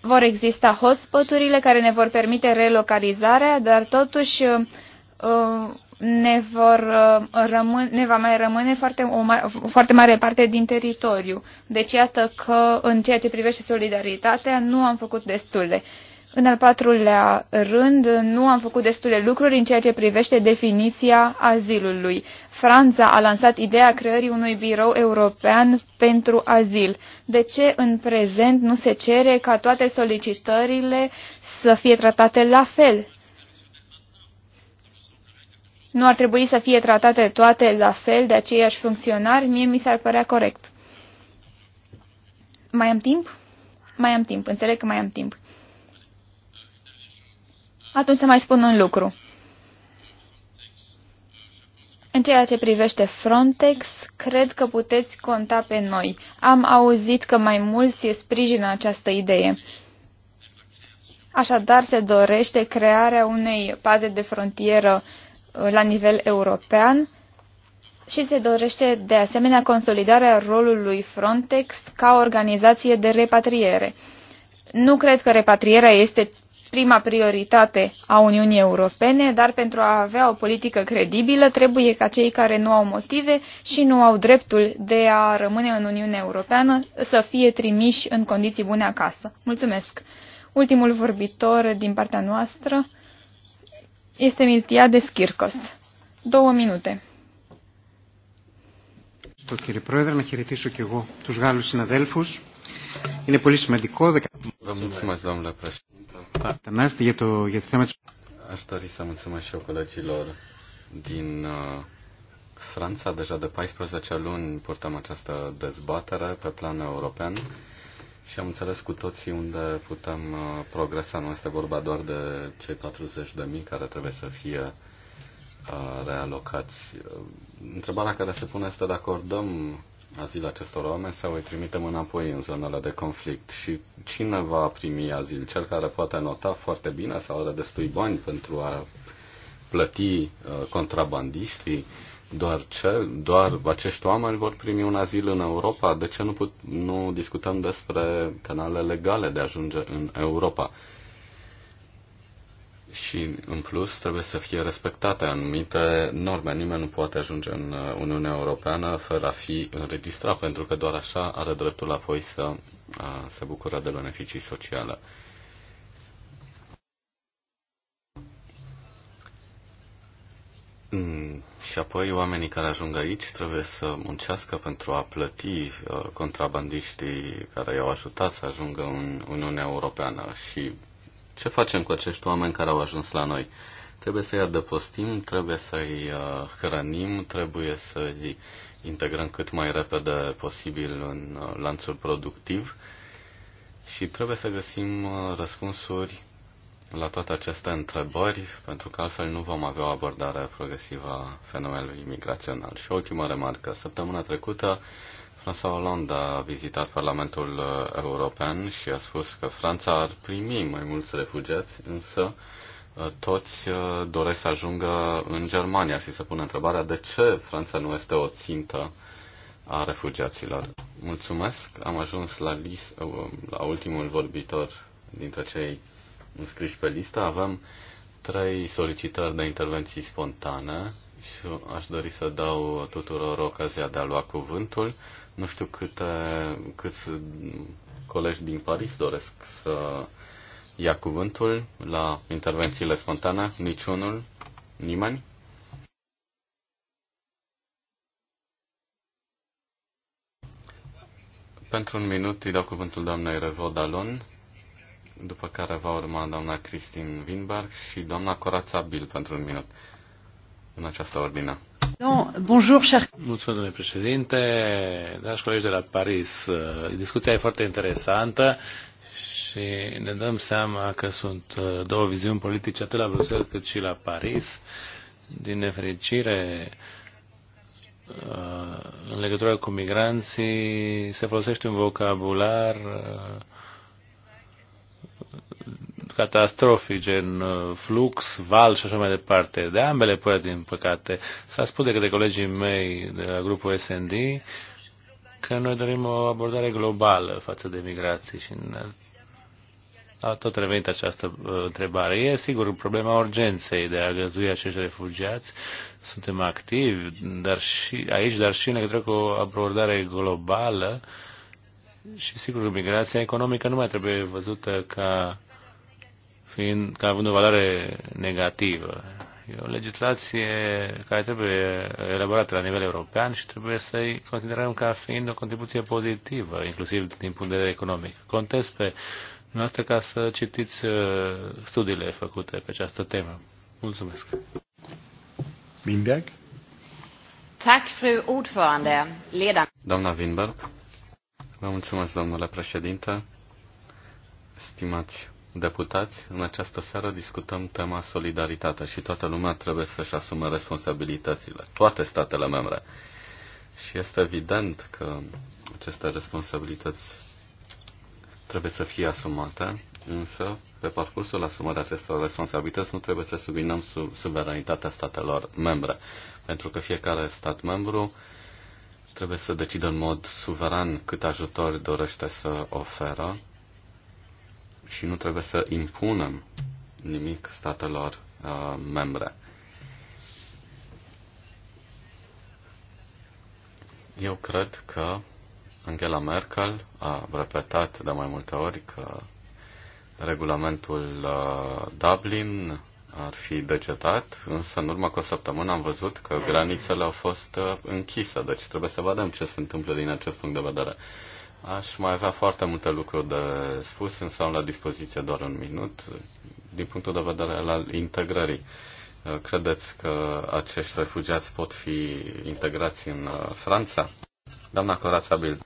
Vor exista hotspoturile care ne vor permite relocalizarea, dar totuși uh, ne, vor, uh, rămân, ne va mai rămâne foarte, o mai, foarte mare parte din teritoriu. Deci iată că în ceea ce privește solidaritatea nu am făcut destule. În al patrulea rând, nu am făcut destule lucruri în ceea ce privește definiția azilului. Franța a lansat ideea creării unui birou european pentru azil. De ce în prezent nu se cere ca toate solicitările să fie tratate la fel? Nu ar trebui să fie tratate toate la fel de aceiași funcționari? Mie mi s-ar părea corect. Mai am timp? Mai am timp. Înțeleg că mai am timp. Atunci să mai spun un lucru. În ceea ce privește Frontex, cred că puteți conta pe noi. Am auzit că mai mulți sprijină această idee. Așadar, se dorește crearea unei paze de frontieră uh, la nivel european și se dorește de asemenea consolidarea rolului Frontex ca organizație de repatriere. Nu cred că repatrierea este prima prioritate a Uniunii Europene, dar pentru a avea o politică credibilă trebuie ca cei care nu au motive și nu au dreptul de a rămâne în Uniunea Europeană să fie trimiși în condiții bune acasă. Mulțumesc! Ultimul vorbitor din partea noastră este Miltia de Schircos. Două minute. Κύριε Πρόεδρε, να χαιρετήσω και εγώ τους Γάλλους συναδέλφους. Είναι πολύ σημαντικό. Vă mulțumesc, domnule președinte. Aș dori să mulțumesc și eu colegilor din uh, Franța. Deja de 14 luni purtăm această dezbatere pe plan european și am înțeles cu toții unde putem uh, progresa. Nu este vorba doar de cei 40 de mii care trebuie să fie uh, realocați. Întrebarea care se pune este dacă acordăm azil acestor oameni sau îi trimitem înapoi în zonele de conflict. Și cine va primi azil? Cel care poate nota foarte bine sau are destui bani pentru a plăti uh, contrabandiștii? Doar, cel, doar acești oameni vor primi un azil în Europa? De ce nu, put, nu discutăm despre canale legale de a ajunge în Europa? și, în plus, trebuie să fie respectate anumite norme. Nimeni nu poate ajunge în Uniunea Europeană fără a fi înregistrat, pentru că doar așa are dreptul apoi să se bucure de beneficii sociale. Mm, și apoi oamenii care ajung aici trebuie să muncească pentru a plăti uh, contrabandiștii care i-au ajutat să ajungă în Uniunea Europeană și ce facem cu acești oameni care au ajuns la noi? Trebuie să-i adăpostim, trebuie să-i uh, hrănim, trebuie să-i integrăm cât mai repede posibil în uh, lanțul productiv și trebuie să găsim uh, răspunsuri la toate aceste întrebări, pentru că altfel nu vom avea o abordare progresivă a fenomenului migrațional. Și o ultimă remarcă. Săptămâna trecută François Hollande a vizitat Parlamentul uh, European și a spus că Franța ar primi mai mulți refugiați, însă uh, toți uh, doresc să ajungă în Germania și să pună întrebarea de ce Franța nu este o țintă a refugiaților. Mulțumesc, am ajuns la, lis- la ultimul vorbitor dintre cei înscriși pe listă. Avem trei solicitări de intervenții spontane și aș dori să dau tuturor ocazia de a lua cuvântul. Nu știu câte, câți colegi din Paris doresc să ia cuvântul la intervențiile spontane. Niciunul? Nimeni? Pentru un minut îi dau cuvântul doamnei Revodalon, după care va urma doamna Christine Winberg și doamna Corața Bill pentru un minut, în această ordine. Mulțumesc, președinte, dragi colegi de la Paris. Uh, discuția e foarte interesantă și ne dăm seama că sunt uh, două viziuni politice atât la Bruxelles cât și la Paris. Din nefericire, uh, în legătură cu migranții se folosește un vocabular catastrofic, gen uh, flux, val și așa mai departe. De ambele părți, din păcate, s-a spus de către colegii mei de la grupul SND că noi dorim o abordare globală față de migrații și a tot revenit această uh, întrebare. E sigur problema urgenței de a găzdui acești refugiați. Suntem activi dar și aici, dar și în legătură cu o abordare globală. Și sigur, migrația economică nu mai trebuie văzută ca fiind, ca având o valoare negativă. E o legislație care trebuie elaborată la nivel european și trebuie să-i considerăm ca fiind o contribuție pozitivă, inclusiv din punct de vedere economic. Contez pe noastră ca să citiți uh, studiile făcute pe această temă. Mulțumesc. Winberg? Tack, fru ordförande. Ledan. Doamna Winberg. Vă mulțumesc, domnule președinte. Stimați deputați, în această seară discutăm tema solidaritate și toată lumea trebuie să-și asume responsabilitățile, toate statele membre. Și este evident că aceste responsabilități trebuie să fie asumate, însă pe parcursul asumării acestor responsabilități nu trebuie să subminăm su- suveranitatea statelor membre, pentru că fiecare stat membru trebuie să decidă în mod suveran cât ajutor dorește să oferă și nu trebuie să impunem nimic statelor uh, membre. Eu cred că Angela Merkel a repetat de mai multe ori că regulamentul uh, Dublin ar fi decetat, însă în urmă cu o săptămână am văzut că granițele au fost uh, închise, deci trebuie să vedem ce se întâmplă din acest punct de vedere. Aș mai avea foarte multe lucruri de spus, însă am la dispoziție doar un minut. Din punctul de vedere al integrării, credeți că acești refugiați pot fi integrați în uh, Franța? Doamna Corața Bild.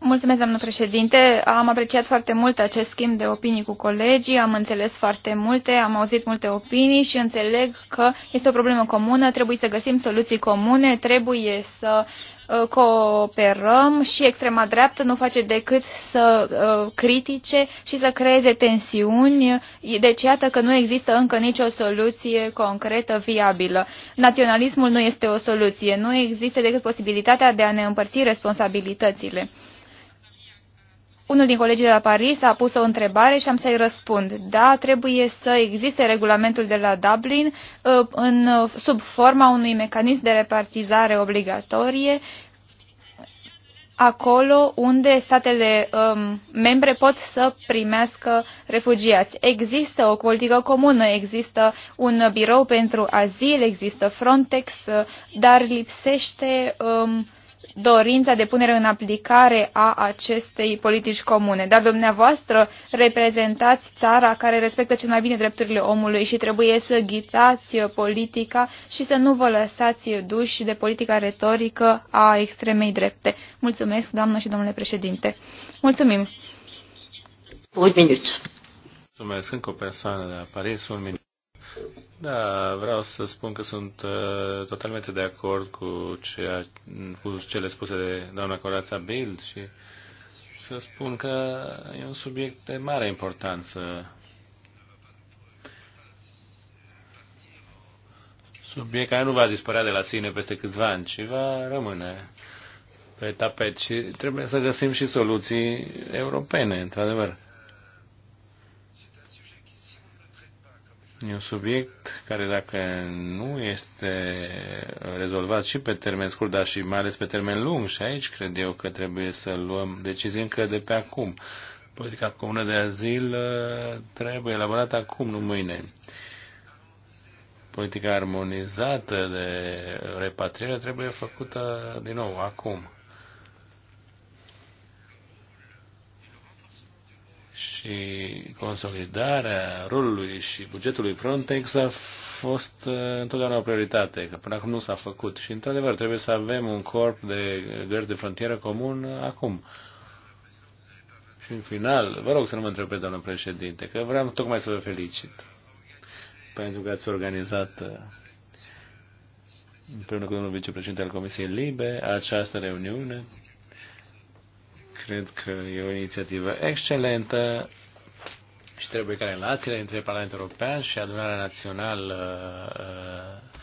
Mulțumesc, doamnă președinte. Am apreciat foarte mult acest schimb de opinii cu colegii, am înțeles foarte multe, am auzit multe opinii și înțeleg că este o problemă comună, trebuie să găsim soluții comune, trebuie să uh, cooperăm și extrema dreaptă nu face decât să uh, critique și să creeze tensiuni. Deci iată că nu există încă nicio soluție concretă, viabilă. Naționalismul nu este o soluție, nu există decât posibilitatea de a ne împărți responsabilitățile. Unul din colegii de la Paris a pus o întrebare și am să-i răspund. Da, trebuie să existe regulamentul de la Dublin uh, în, uh, sub forma unui mecanism de repartizare obligatorie acolo unde statele um, membre pot să primească refugiați. Există o politică comună, există un birou pentru azil, există Frontex, uh, dar lipsește um, dorința de punere în aplicare a acestei politici comune. Dar dumneavoastră reprezentați țara care respectă cel mai bine drepturile omului și trebuie să ghitați politica și să nu vă lăsați duși de politica retorică a extremei drepte. Mulțumesc, doamnă și domnule președinte. Mulțumim. Un minut. Mulțumesc. Încă o persoană de la Paris, un minut. Da, vreau să spun că sunt uh, totalmente de acord cu, ceea, cu cele spuse de doamna Corața Bild și să spun că e un subiect de mare importanță. Subiect care nu va dispărea de la sine peste câțiva ani, ci va rămâne pe tapet și trebuie să găsim și soluții europene, într-adevăr. E un subiect care dacă nu este rezolvat și pe termen scurt, dar și mai ales pe termen lung, și aici cred eu că trebuie să luăm decizii încă de pe acum. Politica comună de azil uh, trebuie elaborată acum, nu mâine. Politica armonizată de repatriere trebuie făcută din nou, acum. și consolidarea rolului și bugetului Frontex a fost uh, întotdeauna o prioritate, că până acum nu s-a făcut. Și, într-adevăr, trebuie să avem un corp de gărzi de frontieră comun acum. Și, în final, vă rog să nu mă întrebeți, doamnă președinte, că vreau tocmai să vă felicit pentru că ați organizat uh, împreună cu domnul vicepreședinte al Comisiei Libe această reuniune Cred că e o inițiativă excelentă și trebuie ca relațiile între Parlamentul European și Adunarea Națională uh,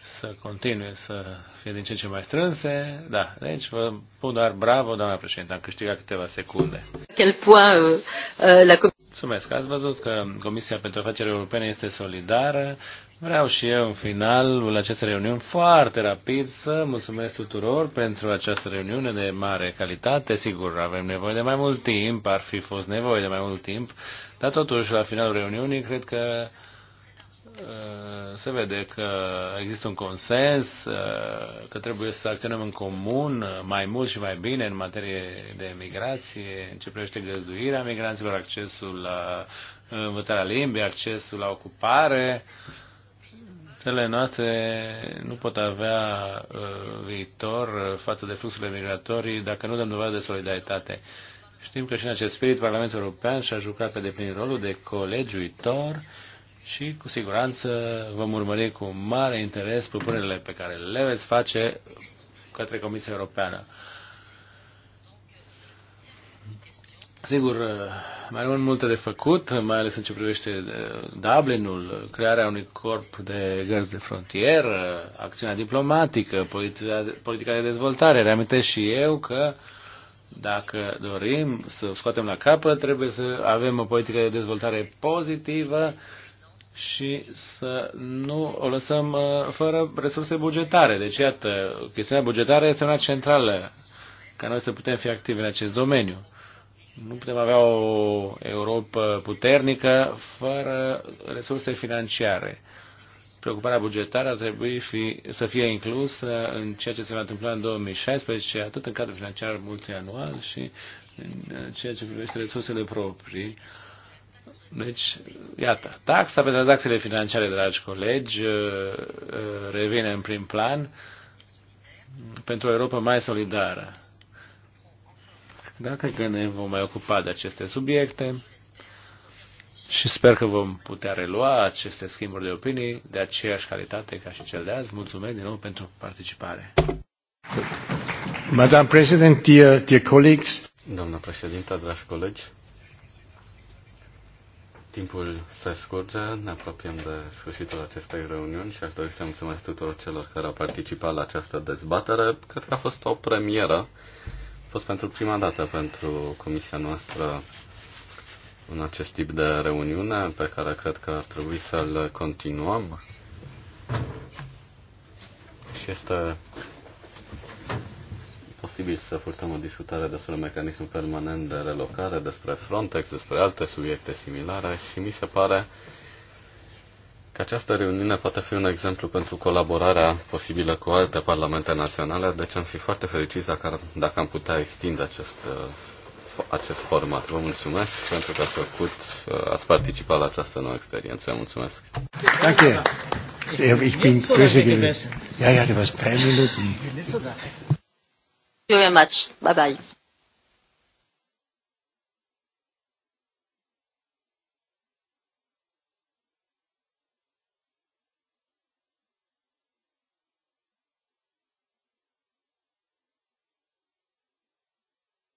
să continue să fie din ce ce mai strânse. Da, deci vă pun doar bravo, doamna președinte, am câștigat câteva secunde. Euh, euh, Mulțumesc. Ați văzut că Comisia pentru Afaceri Europene este solidară Vreau și eu, în finalul acestei reuniuni, foarte rapid, să mulțumesc tuturor pentru această reuniune de mare calitate. Sigur, avem nevoie de mai mult timp, ar fi fost nevoie de mai mult timp, dar totuși, la finalul reuniunii, cred că uh, se vede că există un consens, uh, că trebuie să acționăm în comun uh, mai mult și mai bine în materie de migrație, în ce privește găzduirea migranților, accesul la învățarea limbii, accesul la ocupare, Țările noastre nu pot avea uh, viitor uh, față de fluxurile migratorii dacă nu dăm dovadă de solidaritate. Știm că și în acest spirit Parlamentul European și-a jucat pe deplin rolul de colegiuitor și cu siguranță vom urmări cu mare interes propunerile pe care le veți face către Comisia Europeană. Sigur, uh, mai rămân multe de făcut, mai ales în ce privește uh, Dublinul, crearea unui corp de gărzi de frontieră, acțiunea diplomatică, politica de dezvoltare. Reamintesc și eu că dacă dorim să scoatem la capăt, trebuie să avem o politică de dezvoltare pozitivă și să nu o lăsăm uh, fără resurse bugetare. Deci, iată, chestiunea bugetară este una centrală ca noi să putem fi activi în acest domeniu. Nu putem avea o Europa puternică fără resurse financiare. Preocuparea bugetară ar trebui fi, să fie inclusă în ceea ce se va întâmpla în 2016, atât în cadrul financiar multianual și în ceea ce privește resursele proprii. Deci, iată, taxa pe tranzacțiile financiare, dragi colegi, uh, uh, revine în prim plan pentru o Europa mai solidară. Da, cred că ne vom mai ocupa de aceste subiecte și sper că vom putea relua aceste schimburi de opinii de aceeași calitate ca și cel de azi. Mulțumesc din nou pentru participare. Madam President, dear, dear colleagues. Doamna președintă, dragi colegi, timpul se scurge, ne apropiem de sfârșitul acestei reuniuni și aș dori să mulțumesc tuturor celor care au participat la această dezbatere. Cred că a fost o premieră fost pentru prima dată pentru comisia noastră în acest tip de reuniune pe care cred că ar trebui să-l continuăm. Și este posibil să purtăm o discutare despre mecanismul permanent de relocare, despre Frontex, despre alte subiecte similare și mi se pare uh, că această reuniune poate fi un exemplu pentru colaborarea posibilă cu alte parlamente naționale, deci am fi foarte fericiți dacă, dacă am putea extinde acest, uh, acest format. Vă mulțumesc pentru că ați făcut, uh, ați participat la această nouă experiență. Mulțumesc! Danke. Ich bin böse gewesen. Ja, ja, du warst drei Minuten. Thank you very much. Bye bye.